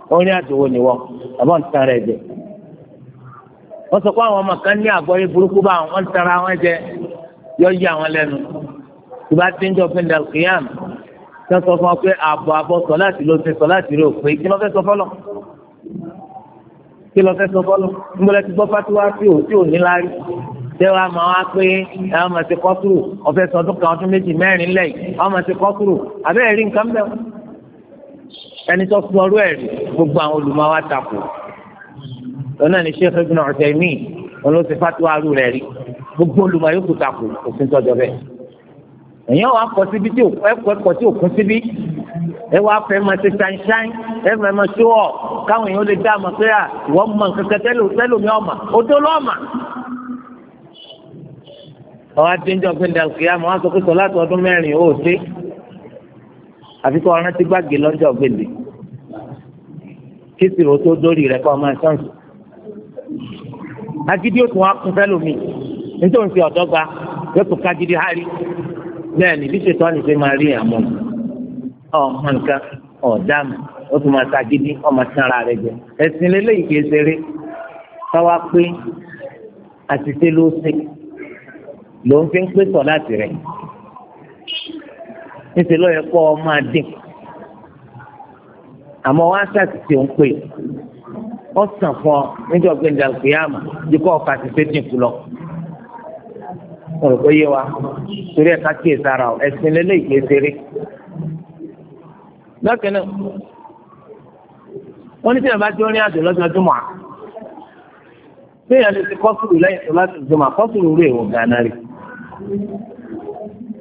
Speaker 1: wọn ní àdúgbò ni wọn àbọ̀ ń tan rẹ̀ jẹ. wọ́n sọ pé àwọn ọmọ kan ní àgbọ̀yé burúkú bá wọn tara wọn jẹ yọ yí àwọn lẹ́nu tó bá ti ń jọ fún dàlkìyàm tó sọ fún ọ pé àbọ̀ àbọ̀ sọ láti ló ti sọ láti rí òpin kí ló fẹ́ sọ fọ́lọ́ kí ló fẹ́ sọ fọ́lọ́ tẹ́wọ́ àmọ́ wa pé ẹ̀ ọmọ ti kọ́sùrù ọ̀fẹ́ sọdún kan ọdún méjì mẹ́rin lẹ̀ ọmọ ti kọ́sùrù àbẹ́rẹ́ rí nǹkan bẹ́ẹ̀ ẹni tó sọ ọrú ẹ̀ gbogbo àwọn olùmọ̀ wa takò lọ́nà ní Sheikh Ibn Uthaymeen wọn ló ti fatuwa arú rẹ̀ rí gbogbo olùmọ̀ yóò kú takò òfin tọ́jọ́ bẹ́ẹ̀ èyàn wà kọ síbi tí ẹkọ ẹkọ tí òkun síbi ẹ wà fẹ́ máa ṣe ṣáínṣáín ẹ fẹ́ máa ṣó ọ káwọn èèyàn lè dá àmọ́ pé à ìwọ mọ nǹkan kẹtẹ ọmọ odó lọ́ọ̀mà àwọn adéńjọ pé ndàkìyà mọ àwọn sọkòtò láti ọdún mẹ́rin ó dé àfi kọ ọ̀ràn ti gbàgbé lọ́jọ́ gbèlè kí sìrò tó dórí rẹ kọ máa sàn sùn agídí òtún wa kún fẹlómi nítorí ti ọdọgba yóò tún kagidi hárí bẹ́ẹ̀ ni bí ṣètò àníṣe máa rí àmọ ọmọ nǹkan ọdáàmù ó tún máa sagídí ọmọ sanra rẹ jẹ ẹsìn lélẹyìí kìí ṣeré káwá pé àtìṣe ló ṣe. ló ń fi ń pé sọ láti rẹ̀ níṣẹ́ ló yẹ kó máa dín àmọ́ wá sàtìtì ń pè ó sàn fún ọ níjọ́ gbẹ̀ndà kò yé wa ọ ṣeré. náà ní tí ó rí àjò à. ti kọ́ sùúrù lẹ́yìn tó láti jùmọ̀ à kọ́ sùúrù rè wò gánà rè.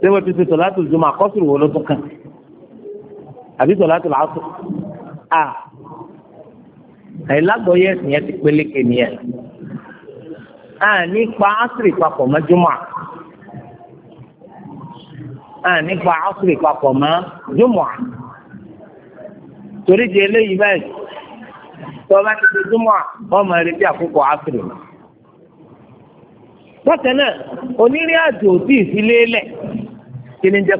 Speaker 1: ṣé wọ́n ti ṣe sọ̀látù jùmọ̀ àkọ́sùrù wo ló tún kàn àbí sọ̀látù làásù à àìlágbọ̀ọ́yé ẹ̀sìn yẹn ti peléke nìyẹn à nípa àṣírí papọ̀ mọ́ jùmọ̀ à nípa àṣírí papọ̀ mọ́ jùmọ̀ torí di eléyìí báyìí tọ́ba ti ṣe jùmọ̀ ọmọ rẹ̀ bí àkókò àṣírí mọ́. bákan náà onírìn àjò ò tí ì fi lélẹ̀ kí ni jẹ́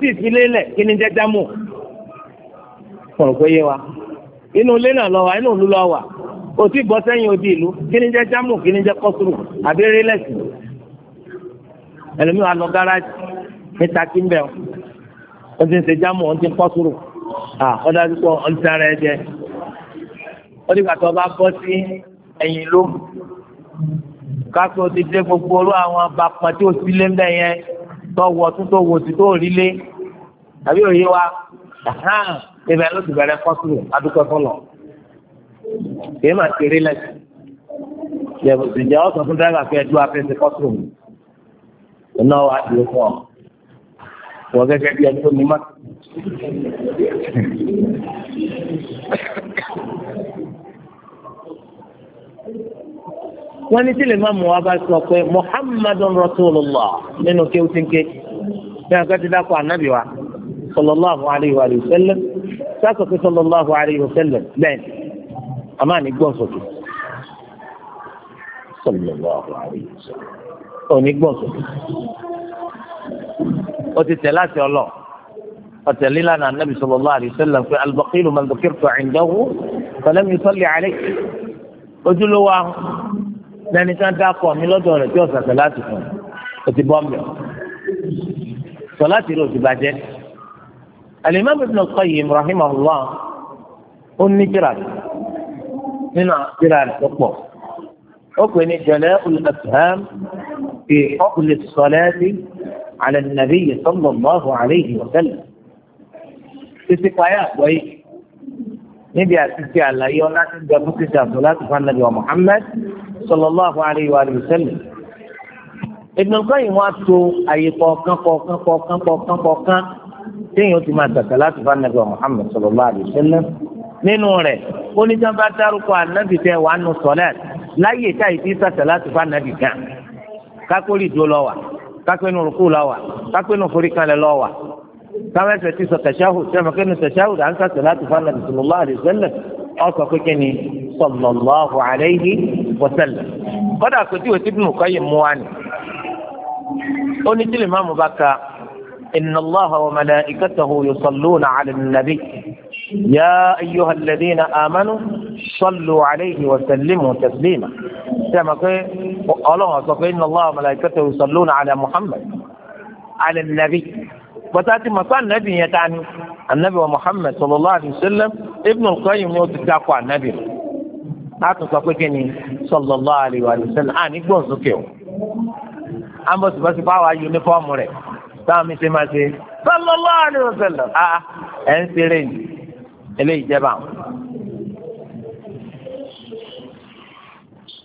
Speaker 1: tí ì fi lélẹ̀ kí ni jẹ́ jámù wa inú ilé náà lọ wa inú lọ o bọ́ sẹ́yìn odi ìlú kí ni jẹ́ jámù kí ni jẹ́ àbí ẹlòmíràn o ti ń ṣe jámù o ti ń à ó dìgbà bá bọ́ sí ẹ̀yìn lóhùn. kásò ti dé gbogbo orú àwọn bàpọ̀ tí ó sílé ń bẹ̀ yẹn tó wọ̀ tún tó wò sí tó rí lé tàbí òye wa ibẹ̀ ló ti bẹ̀rẹ̀ kọ́sùrù adúpẹ́ fọlọ̀ kìí máa kéré lẹ́sìn ìjẹ́ ọ̀sán fún dáìbà fẹ́ dúró afẹ́sẹ̀ kọ́sùrù iná wa ti ó fún ọ wọ́n gẹ́gẹ́ bí ẹni tó ní mọ́tò. wọ́n ní tí lè má mú wa bá sọ pé muhammadun rasulullah nínú kí o ti ń ké bí wọn kẹ́tí dákọ̀ ànábì wa sallallahu alayhi wa sallam sáàkó pé sallallahu alayhi wa sallam bẹ́ẹ̀ a máa ní gbọ́n sókè sallallahu alayhi wa sallam ò gbọ́n sókè o ti tẹ̀ láti ọlọ́ ọ̀tẹ̀lí lánàá ànábì sallallahu alayhi wa sallam pé albaqilu man dhukirtu indahu falam yusalli alayhi ojúlówó ahùn lẹ́ni tí wọ́n dákọ̀ mi lọ́dọ̀ rẹ̀ tí ọ̀sán sọ láti fún o ti bọ́ mi sọ láti rò ti bàjẹ́. Al-Imam Ibn Qayyim rahimahullah ó ní kíra nínú kíra rẹ̀ tó pọ̀ ó pè ní Jala'ul Afham fi Uql as-Salati 'ala an-Nabiy sallallahu alayhi wa sallam títí payá àgbọ̀yé níbi àtúnṣe àlàyé ọlá tí ń jẹ fún títí àtúnṣe láti fún anabi wa muhammed sallallahu alayhi wa sallam. Ibn Qayyim wá to àyè kọ̀ọ̀kan kọ̀ọ̀kan kọ̀ọ̀kan kọ̀ọ̀kan kọ̀ọ̀kan téèyàn ti máa tàkà láti fún anabi wa muhammed sallallahu alayhi wa sallam. nínú rẹ̀ ó ní sábà dárúkọ anabi tẹ wàá nù sọ̀lẹ̀ láyè táyì tí tàkà láti fún anabi kan kákórì dúró lọ wà kápẹ́nu rúkú lọ wà kápẹ́nu foríkalẹ̀ lọ wà كما يفعل تيسا تشاهد كما كان التشاهد عن فات الهاتف فانا بسم الله عليه وسلم أصف صلى الله عليه وسلم قد أكدي وتب مقيم مواني ونجل ما مبكى إن الله وملائكته يصلون على النبي يا أيها الذين آمنوا صلوا عليه وسلموا تسليما كما قال الله إن الله وملائكته يصلون على محمد على النبي bọ́tà ti mọ̀ pé ànábì yẹn ta ni ànábì wa Muhammad sallallahu alayhi wa sallam Ibn al-Qayyim ni ó ti dákọ ànábì rẹ̀ láti sọ pé kí ni sallallahu alayhi wa sallam àní gbọ̀n sókè o ambosibosi báwa yunifọ́ọ̀mù rẹ̀ táwọn mi ṣe máa ṣe sallallahu alayhi wa ẹ̀ ń ṣeré yìí eléyìí jẹ́ báwọn.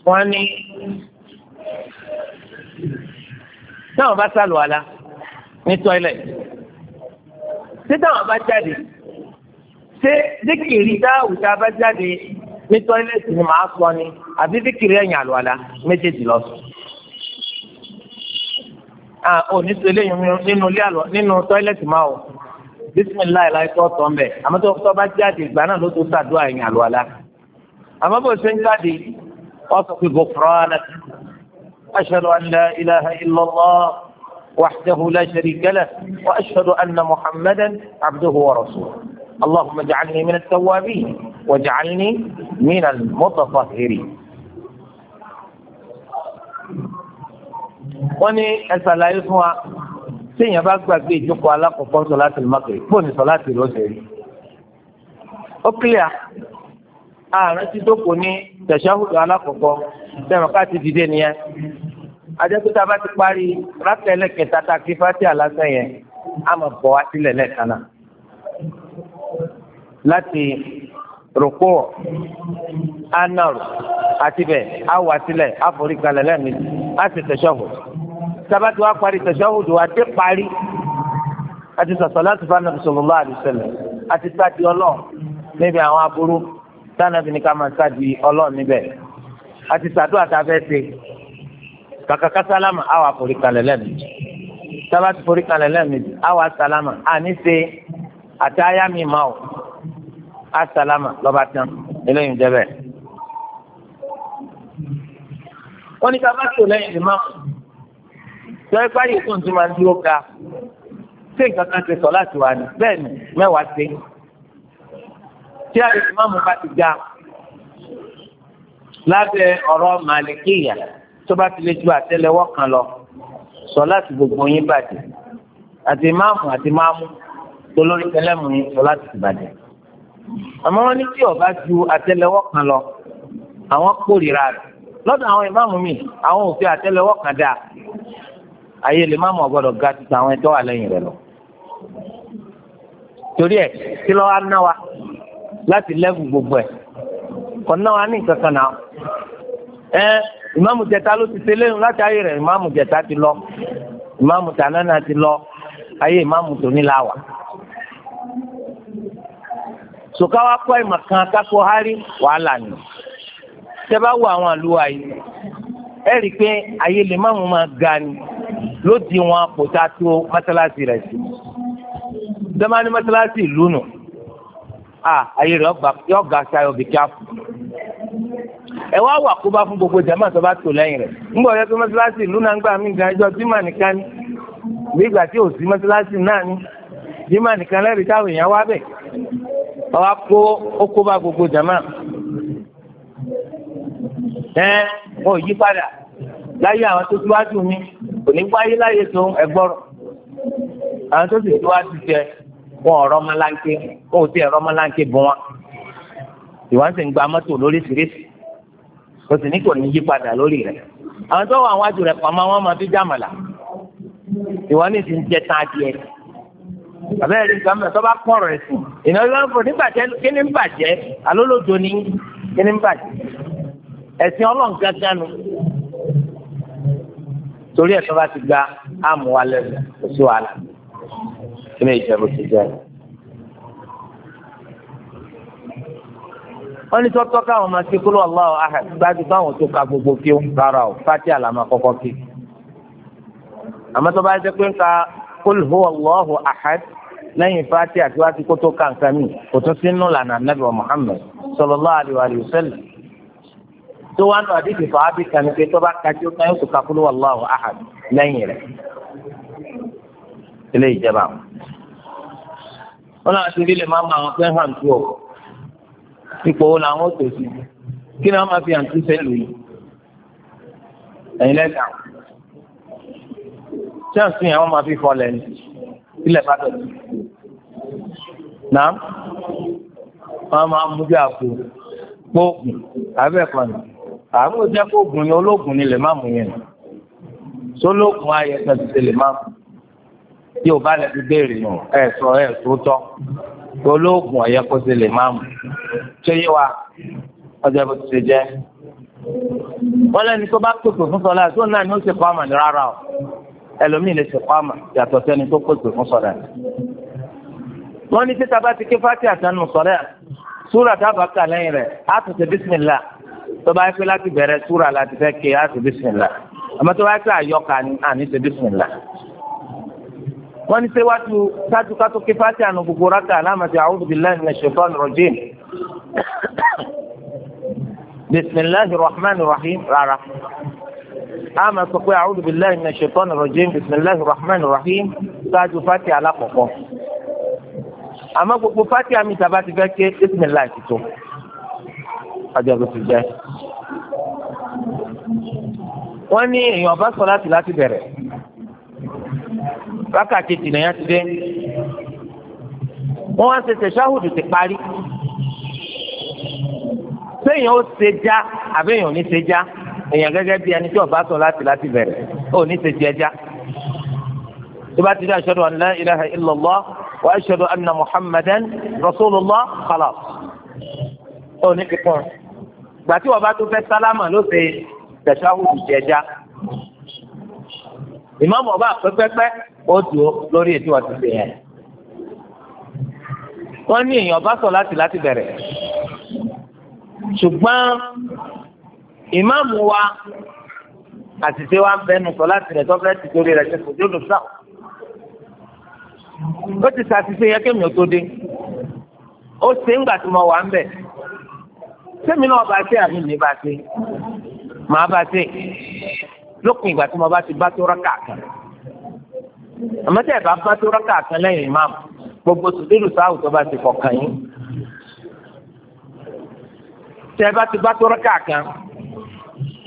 Speaker 1: wọ́n ní táwọn bá sálùwàlá ní tọ́ilẹ̀tì ṣé táwọn bá jáde ṣé díkìrì dáhùn tá a bá jáde ní tọ́ílẹ̀tì ni màá sọ ni àbí díkìrì ẹ̀yìn àlùwàlà méjèèjì lọ sùn. òní sọ eléyìí nínú ilé àlọ́ nínú tọ́ílẹ̀tì máa wọ̀ bisimilayi la ikọ tọ mbẹ amẹtọ tọba jáde ìgbà náà ló tó sàdúrà yẹn àlùwàlá àmọ́ bó ṣe ń jáde ọsọ pé gòkòrò ànà ashhadu an la ilaha وحده لا شريك له وأشهد أن محمدا عبده ورسوله اللهم اجعلني من التوابين واجعلني من المتطهرين wọ́n ní ẹsẹ̀ àlàyé fún wa téèyàn bá gbàgbé ìjókòó alákọ̀ọ́kọ́ sọ láti mọ́kèrè fóòn ní sọ láti lọ́sẹ̀ rí. ó kílíà ààrẹ ti dókòó ní tẹ̀síáhùdù alákọ̀ọ́kọ́ tẹ̀mọ̀ká ti dìde nìyẹn ajẹ́pẹ́tà bá ti parí rákẹ́lẹ̀ kẹta tá a kí fásitì alásán yẹn a máa bọ̀ wá sílẹ̀ lẹ́ẹ̀kan náà láti rògbò anọ̀rù àti bẹ́ẹ̀ á wá sílẹ̀ á forí kalẹ̀ lẹ́ẹ̀mí á sì tẹ̀sọ́hù sábàtì wá parí tẹ̀sọ́hù dùn àti parí àti sọ̀sọ̀ láti fa nàbì sallallahu alaihi wasallam àti sáàdì ọlọ́ọ̀ níbi àwọn aburú sáà nàbì ní ká máa sáàdì ọlọ́ọ̀ níbẹ̀ àti sàdúrà tá a fẹ́ ṣe kàkà ká sálámà á wà forí kalẹ̀ lẹ́ẹ̀mejì sábà ti forí kalẹ̀ lẹ́ẹ̀mejì á wà sálámà á ní ṣe àti àyà mi mà ó á sálámà lọ́ba tán eléyìí ń dẹ́bẹ̀. wọ́n ní ká bá tó lẹ́yìn lè sọ ipá yìí fún ti máa dúró ga ṣé nǹkan kan ti sọ láti wà ní bẹ́ẹ̀ ni mẹ́wàá ṣe tí àyè ìmáàmù bá ti ga lábẹ́ ọ̀rọ̀ màlìkíyà tó bá ti lè ju àtẹ́lẹwọ́ kan lọ sọ láti gbogbo yín bàjẹ́ àti máàmù àti máàmù tó lórí tẹlẹmù yín sọ láti ti bàjẹ́ àmọ́ wọ́n ní tí ó ju àtẹ́lẹwọ́ kan lọ àwọn kórìíra rẹ̀ lọ́dọ̀ àwọn ìmáàmù mi àwọn ò fi àtẹ́lẹwọ́ kan dáa ayé lè máàmù ọgbọ́dọ̀ ga ti tàwọn ẹ̀tọ́ wà lẹ́yìn rẹ̀ lọ torí ẹ̀ kí lọ wá ná wa láti lẹ́bù gbogbo ẹ̀ kò ná wa ní ìkankan náà ẹ ìmáàmù jẹta ló ti ṣe lẹ́nu láti ayé rẹ̀ ìmáàmù jẹta ti lọ ìmáàmù tànánà ti lọ ayé ìmáàmù tòní la wà. sòká wa kọ́ ìmọ̀ kan kákó hárí wàhálà ni tẹ́ bá wo àwọn àlùwà yìí ẹ rí i pé ayé lè máàmù máa ga ni ló wọn kò tá a tó mọ́sálásí rẹ̀ sí dẹ́mání mọ́sálásí ìlú nù ayé rẹ̀ yọ ga ṣayọ bìkẹ́ àpò ẹ wá wà kó bá fún gbogbo jama tó bá tò lẹ́yìn rẹ̀ ńgbọ́ yẹ kó mọ́sálásì ìlú náà ń gbà mí gan ẹjọ́ jimá nìkan ni bí ìgbà tí ò sí mọ́sálásì náà ni jimá nìkan lẹ́rìí táwọn èèyàn wá bẹ̀ ọ wá kó ó kó bá gbogbo jama ẹ ò yí padà láyé àwọn tó síwájú mi kò ní wáyé láyé tó ẹgbọ́rọ̀ àwọn tó sì síwájú jẹ wọn ọ̀rọ̀ ọmọláńké wọn ò tí ẹ̀rọ ọmọláńké bọ́ wọn ìwọ́n sì ń gba mọ́tò lóríṣiríṣi kò sì ní kò ní yí padà lórí rẹ̀ àwọn tó wà wájú rẹ̀ pàmò àwọn ọmọ bíi jàmàlà ìwọ ní ti ń jẹ tán adìẹ abẹ́rẹ́ rí nǹkan mẹ́ta tó bá pọ̀ rẹ̀ sí ìnáwó ìwọ́n fò nígbà tẹ́ kí ni ń bàjẹ́ alólòdò ni kí ni ń bàjẹ́ ẹ̀sìn ọlọ́run gángan nu torí ẹ̀ tó bá ti gba àmúwalẹ̀ òṣùwàlà kí ni ìjẹ́bù ti jẹ́ rẹ̀. wọ́n ní sọ́tọ́ káwọn máa ṣe kúrò Allahu ahad gbájú báwọn tó ka gbogbo kí ó ń rárá o fati àlàmà kọ́kọ́ kí. àmọ́ tó bá jẹ́ pé ń ka kul huwa Allahu ahad lẹ́yìn fati àti wáti kó tó ka nǹkan mi kò tún sínú lànà nabi wa Muhammad sallallahu alaihi wa sallam. tó wá nù àdìsí fàábì kan ní pé tó bá ka tí kan yóò ka kul huwa Allahu lẹ́yìn rẹ̀. ilé ìjẹba wọn ipò wo làwọn ò tòṣì kí ni wọ́n máa fi àǹtí sẹ́lù yìí ẹ̀yin lẹ́sà tí àǹtí yẹn wọ́n máa fi fọ́ lẹ́nu ilẹ̀ bá dọ̀tí nàá wọ́n máa mú bí àpò kóògùn abẹ́ẹ̀kọ́ ni àmú jẹ́ kóògùn ni olóògùn ni lè má mú yẹn sólóògùn ayẹyẹ tẹ̀síṣe lè má mú tí ò bá lẹ́bi béèrè nù ẹ̀ sọ ẹ̀ tó tọ́ olóògùn ọ̀yẹ́ kó ṣe lè máa mú tó yé wa ọjọ́ bó ti ṣe jẹ́ wọ́n lẹ́ni tó bá pèpè fún sọ́lá tó náà ni ó ṣe kọ́ àmà ní rárá o ẹlòmíì lè ṣe kọ́ àmà yàtọ̀ sẹ́ni tó pèpè fún sọ́lá wọ́n ní títa bá ti ké fati àtànù sọ́lá súrà tábà kà lẹ́yìn rẹ̀ á tún ṣe bísímìlá tó bá yẹ pé láti bẹ̀rẹ̀ súrà láti fẹ́ ké á ṣe bísímìlá àmọ́ tó bá yẹ pé àyọkà ni àní ṣe bísímìlá wọ́n ní sẹ́wájú ṣáájú kátó kí fati àná gbogbo rákà alámàtí a'udhu billahi minash shaitanir rajim bisimilahi rahman rahim rárá àmà sọ pé a'udhu billahi minash shaitanir rajim bisimilahi rahman rahim ṣáájú fati alákọ̀ọ́kọ́ àmọ́ gbogbo fati àmì ìtàbá ti fẹ́ ké bisimilahi ti tó ajọ́ bó ti jẹ́ wọ́n ní èèyàn bá sọ láti láti bẹ̀rẹ̀ wákàtí tìlẹ̀ yẹn ti dé wọ́n wá ṣe tẹ̀síáhùdù ti parí séèyàn ó ṣe já àbí èèyàn ò ní ṣe já èèyàn gẹ́gẹ́ bí ẹni tí ọba sọ láti láti bẹ̀rẹ̀ ó ní ṣe jẹ já tó bá ti dé ashhadu an la ilaha illallah wa ashhadu anna muhammadan rasulullah khalas ó ní kíkún gbàtí ọba tó fẹ́ sálámà ló ṣe tẹ̀síáhùdù jẹ já ìmáàmù ọba pẹ́pẹ́pẹ́ ó dúró lórí ètò ọtí ṣe yẹn. wọ́n ní èèyàn bá sọ láti láti bẹ̀rẹ̀ ṣùgbọ́n
Speaker 2: ìmáàmù wa
Speaker 1: àtìsé wa ń bẹnu sọ láti rẹ̀ tọ́fẹ́ ti torí rẹ̀ ṣe kò jódò sáà ó ti ṣàtìṣe yẹ kémi ò tó dé ó ṣe ń gbà tí mo wà ń bẹ̀ sẹ́mi náà bá ṣe àmì mi bá ṣe màá bá ṣe lópin ìgbà tí mo bá ti bá tó rákà kan àmọ́ tẹ́ ẹ̀ bá bá tó rákà kan lẹ́yìn imam gbogbo sùdúrù sáà tó bá ti kọ̀ọ̀kan yín tẹ́ ẹ bá ti bá tó rákà kan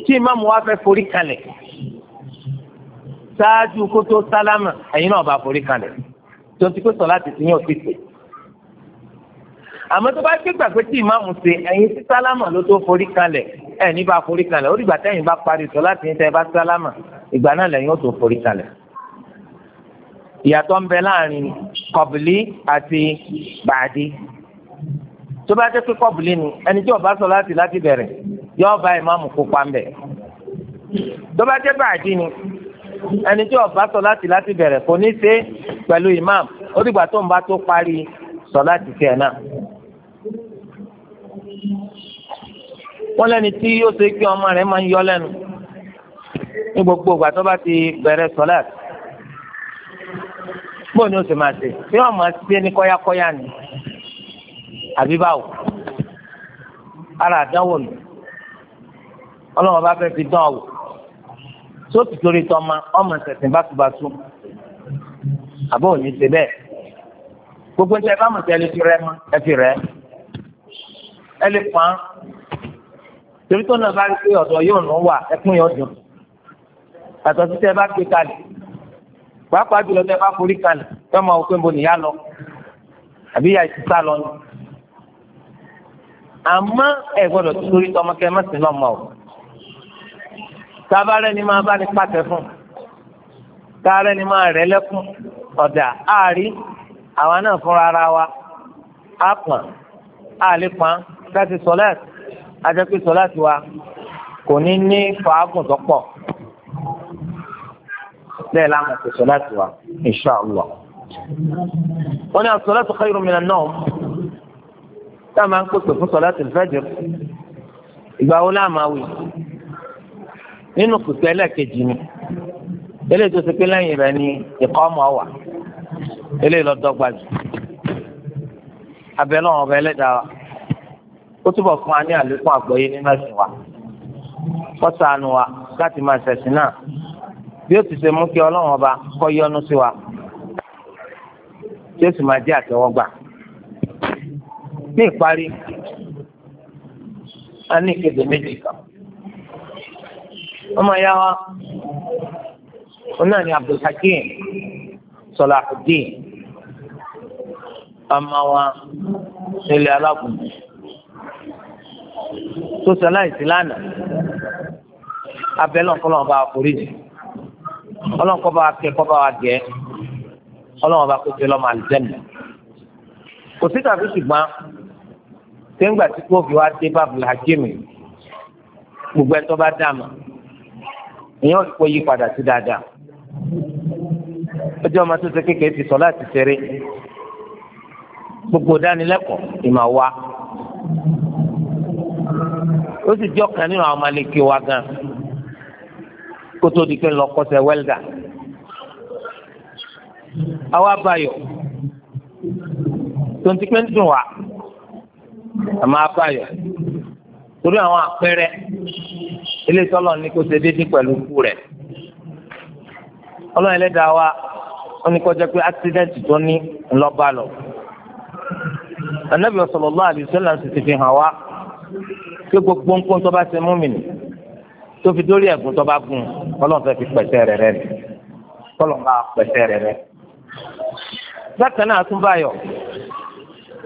Speaker 1: tí imam wa fẹ́ forí kalẹ̀ ṣáájú kótó sálámà ẹ̀yin náà bá forí kalẹ̀ tó ti pé sọ láti ti yín òtítì àmọ́ tó bá gbé gbàgbé tí ìmáàmù ṣe ẹ̀yin sí sálámà ló tó forí kalẹ̀ ẹ̀ ní bá forí kalẹ̀ ó dìgbà tẹ́yìn bá parí sọ láti ní tẹ́ bá sálámà ìgbà náà lẹ́yìn ó tó forí kalẹ̀. ìyàtọ̀ ń bẹ láàrin kọ̀bìlì àti bàdí tó bá jẹ́ pé kọ̀bìlì ni ẹni tí ó bá sọ láti láti bẹ̀rẹ̀ yóò bá ìmáàmù kópa ńbẹ̀ tó bá jẹ́ bàdí ni ẹni tí ó bá sọ láti láti bẹ̀rẹ̀ kò ní ṣe pẹ̀lú ìmáàmù ó dìgbà tó ń bá tó parí sọ láti tiẹ̀ náà. wọ́n lẹ́ni tí yóò ṣe pé ọmọ rẹ̀ máa ń yọ lẹ́nu ní gbogbo ìgbà tó bá ti bẹ̀rẹ̀ sọ́lát bó ni ó sì máa ṣe tí wọ́n máa ṣe ní kọ́yákọ́yá ni àbí báwo ara àdánwò ni ọlọ́wọ́n bá fẹ́ fi dán ọ̀wọ̀ tó torí tọ́ma ọmọ ìṣẹ̀sìn báṣubàṣu àbọ̀ òní ṣe bẹ́ẹ̀ gbogbo ń tẹ́ bá mọ̀ sí ẹ lè fi mọ́ ẹ fi rẹ́ ẹ lè pọ́n torí tó náà bá rí pé ọ̀dọ̀ yóò nù wà ẹkún yóò dùn àtọ̀ sí tẹ́ bá gbé kalẹ̀ pàápàá jùlọ tẹ́ bá forí kalẹ̀ tọ́ máa wọ pé mo nìyá lọ àbí ìyá ìsísá lọ ni àmọ́ ẹ gbọ́dọ̀ tó torí tọmọ kẹ má sí lọ́mọ o tábàárẹ̀ ni máa bá ní pàtẹ fún tábàárẹ̀ ni máa rẹ̀ lẹ́kún ọ̀dà àárí àwa náà fúnra ara wa á pọ̀n á lè ajẹ́pẹ́ sọ́láàtì wa kò ní ní fàágùn tó pọ̀ bẹ́ẹ̀ láwọn ti sọ́láàtì wa insha Allah. wọ́n ní as-salatu khayrun minan nawm táà máa ń pèsè fún sọ́láàtì al-fajr ìgbà wo láà máa wí nínú kùtù ẹlẹ́ẹ̀kejì ni eléyìí tó ti pé lẹ́yìn rẹ̀ ni ìkọ́mọ wà eléyìí lọ́dọ́gba jù abẹ́ náà ọba ẹlẹ́dàá wa ó túbọ̀ fún wa ní àlékún àgbọ́yé nínú ẹ̀sìn wa kọ́sàánù wa láti máa ṣẹ̀sìn náà bí ó ti ṣe mú kí ọlọ́run ọba kọ́ yọ́nú sí wa tí ó sì máa jẹ́ àtẹ́wọ́gbà ní ìparí a ní ìkéde méjì kan ọmọ ìyá wa òun náà ni abdulhakeem sọláhùdín ọmọ wa nílé alágùnbí tó sọláìsì lánàá abẹ́ lọ́nkọ́ lọ́wọ́ bá wa forí jì ọlọ́nkọ́ bá wa kẹ́ kọ́ bá wa gẹ́ ọlọ́wọ́ bá kó tẹ lọ́mọ àlùjẹ́nì kò sí tàbí ṣùgbọ́n sẹ́ńgbà tí kò fi wá dé bá Abdulhakeem gbogbo ẹ̀tọ́ bá dà mọ́ èèyàn kò yí padà sí dáadáa ọjọ́ ọmọ tó ṣe kékeré ti sọ láti ṣeré gbogbo dánilẹ́kọ̀ọ́ ìmọ̀ wa ó sì jẹ́ ọ̀kan nínú àwọn malèké wa gan kótó di pé ń lọ kọ́sẹ̀ wẹ́lgà àwa bayọ̀ tonti pé ń dùn wá àmọ́ abayọ̀ torí àwọn àpẹẹrẹ ilé tọ́lọ̀ ní kó ṣe déédéé pẹ̀lú ikú rẹ̀ ọlọ́run ẹlẹ́dàá wa ó ní kọjá pé accident tó ní ńlọ́ba lọ anabi sallallahu alaihi wasallam ti fi hàn wá pé gbogbo nǹkan tó bá ṣe mú mi nì tó fi dórí ẹ̀gún tó bá gùn ọlọ́run fẹ́ fi pẹ̀sẹ̀ rẹ̀ rẹ̀ ọlọ́run bá pẹ̀sẹ̀ rẹ̀ rẹ̀. bákan náà tún báyọ̀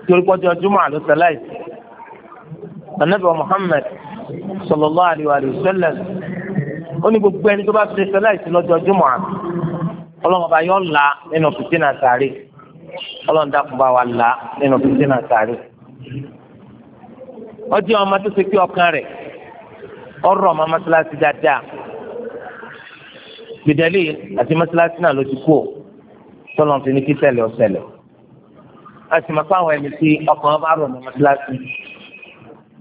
Speaker 1: torí pọ́jọ́ júmọ́ àlọ́ sẹ́láì anabi muhammed sallallahu alayhi wa sallam ó ní gbogbo ẹni tó bá fi sẹ́láì sí lọ́jọ́ júmọ́ ọlọ́run bá yọ̀ ọ́ la nínú fìtínà sáré ọlọ́run dákun bá wa la nínú fìtínà sáré ọjọ́ ọmọ tó ṣe pé ọkàn rẹ̀ ọrọ̀ ọmọ mọ́sálásí dáadáa gbèdéli àti mọ́sálásí náà ló ti kú ò tọ́lọ̀ fi ní kí tẹ̀lé ọ̀sẹ̀lẹ̀ a sì máa fáwọn ẹni tí ọkàn ọba rọ̀ ọmọ mọ́sálásí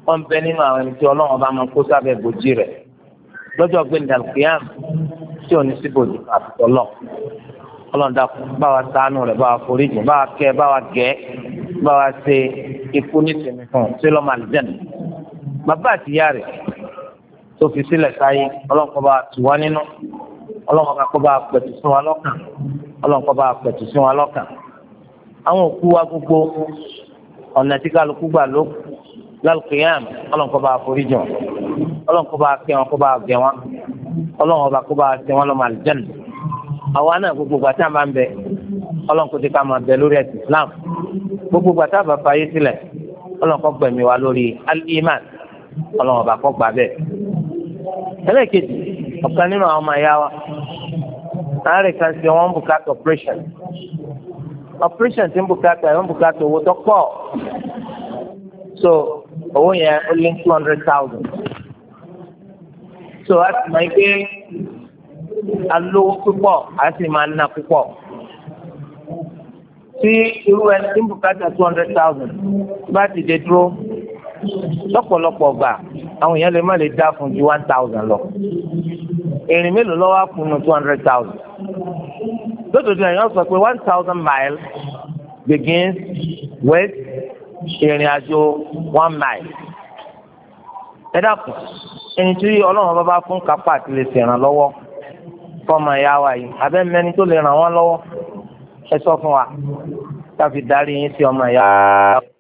Speaker 1: wọ́n bẹ nínú àwọn ẹni tí ọlọ́run ọba máa kó sábẹ́ bòjì rẹ̀ lọ́jọ́ gbẹ̀ndàlùkìyàm tí ò ní sí bòjì báwa ṣàánú rẹ̀ báwa foríjì báwa kẹ́ báwa gẹ́ báwa ṣe ikú nísìnyí fún un sí lọ́mọ àlùjẹ́nu bàbá àti ìyá rẹ̀ tó fi sílẹ̀ sáyé ọlọ́nkọ́ba tù wá nínú ọlọ́nkọ́ba pẹ̀tù sí wa lọ́kàn ọlọ́nkọ́ba pẹ̀tù sí wa lọ́kàn àwọn òkú wa gbogbo ọ̀nà tí kálukú gbà ló lálùkìyàm ọlọ́nkọ́ba àforíjọ ọlọ́nkọ́ba akẹ́ wọn kọ́ba àgẹ́ wọn ọlọ́nkọ́ba kọ́ba àti wọn lọ́mọ àlùjẹ́nu àwa náà gbogbo gbàtà máa ń bẹ ọlọ́run kò ti ká máa bẹ lórí ẹ̀sìn islam gbogbo gbàtà bàbá yé sílẹ̀ ọlọ́run kó gbẹ̀mí wa lórí al-iman ọlọ́run ọba kó gbà bẹ́ẹ̀. ẹlẹ́ẹ̀kejì ọ̀kan nínú àwọn ọmọ ẹ̀yà wa láàárín kan sí wọn bùkátà operation operation ti ń bùkátà ẹ̀ ń bùkátà owó tó pọ̀ so owó yẹn ó lé two hundred thousand so a sì máa ń gbé alówó púpọ̀ a sì máa ná púpọ̀. tí irú ẹni tí ń bùkátà two hundred thousand bá ti dé dúró lọ́pọ̀lọpọ̀ gbà àwọn èèyàn lè má lè dá fún ju one thousand lọ mélòó lọ́wọ́ two hundred thousand lódodo sọ pé one thousand miles begins with ìrìn àjò one mile ẹ dàpọ̀ ẹni tí ọlọ́run bá bá fún kápá àti lè ṣèrànlọ́wọ́ fọmọ ìyá wa yìí abẹ́ mẹ́ni tó lè ẹ sọ fún wa ká fi darí yín sí ọmọ ìyá.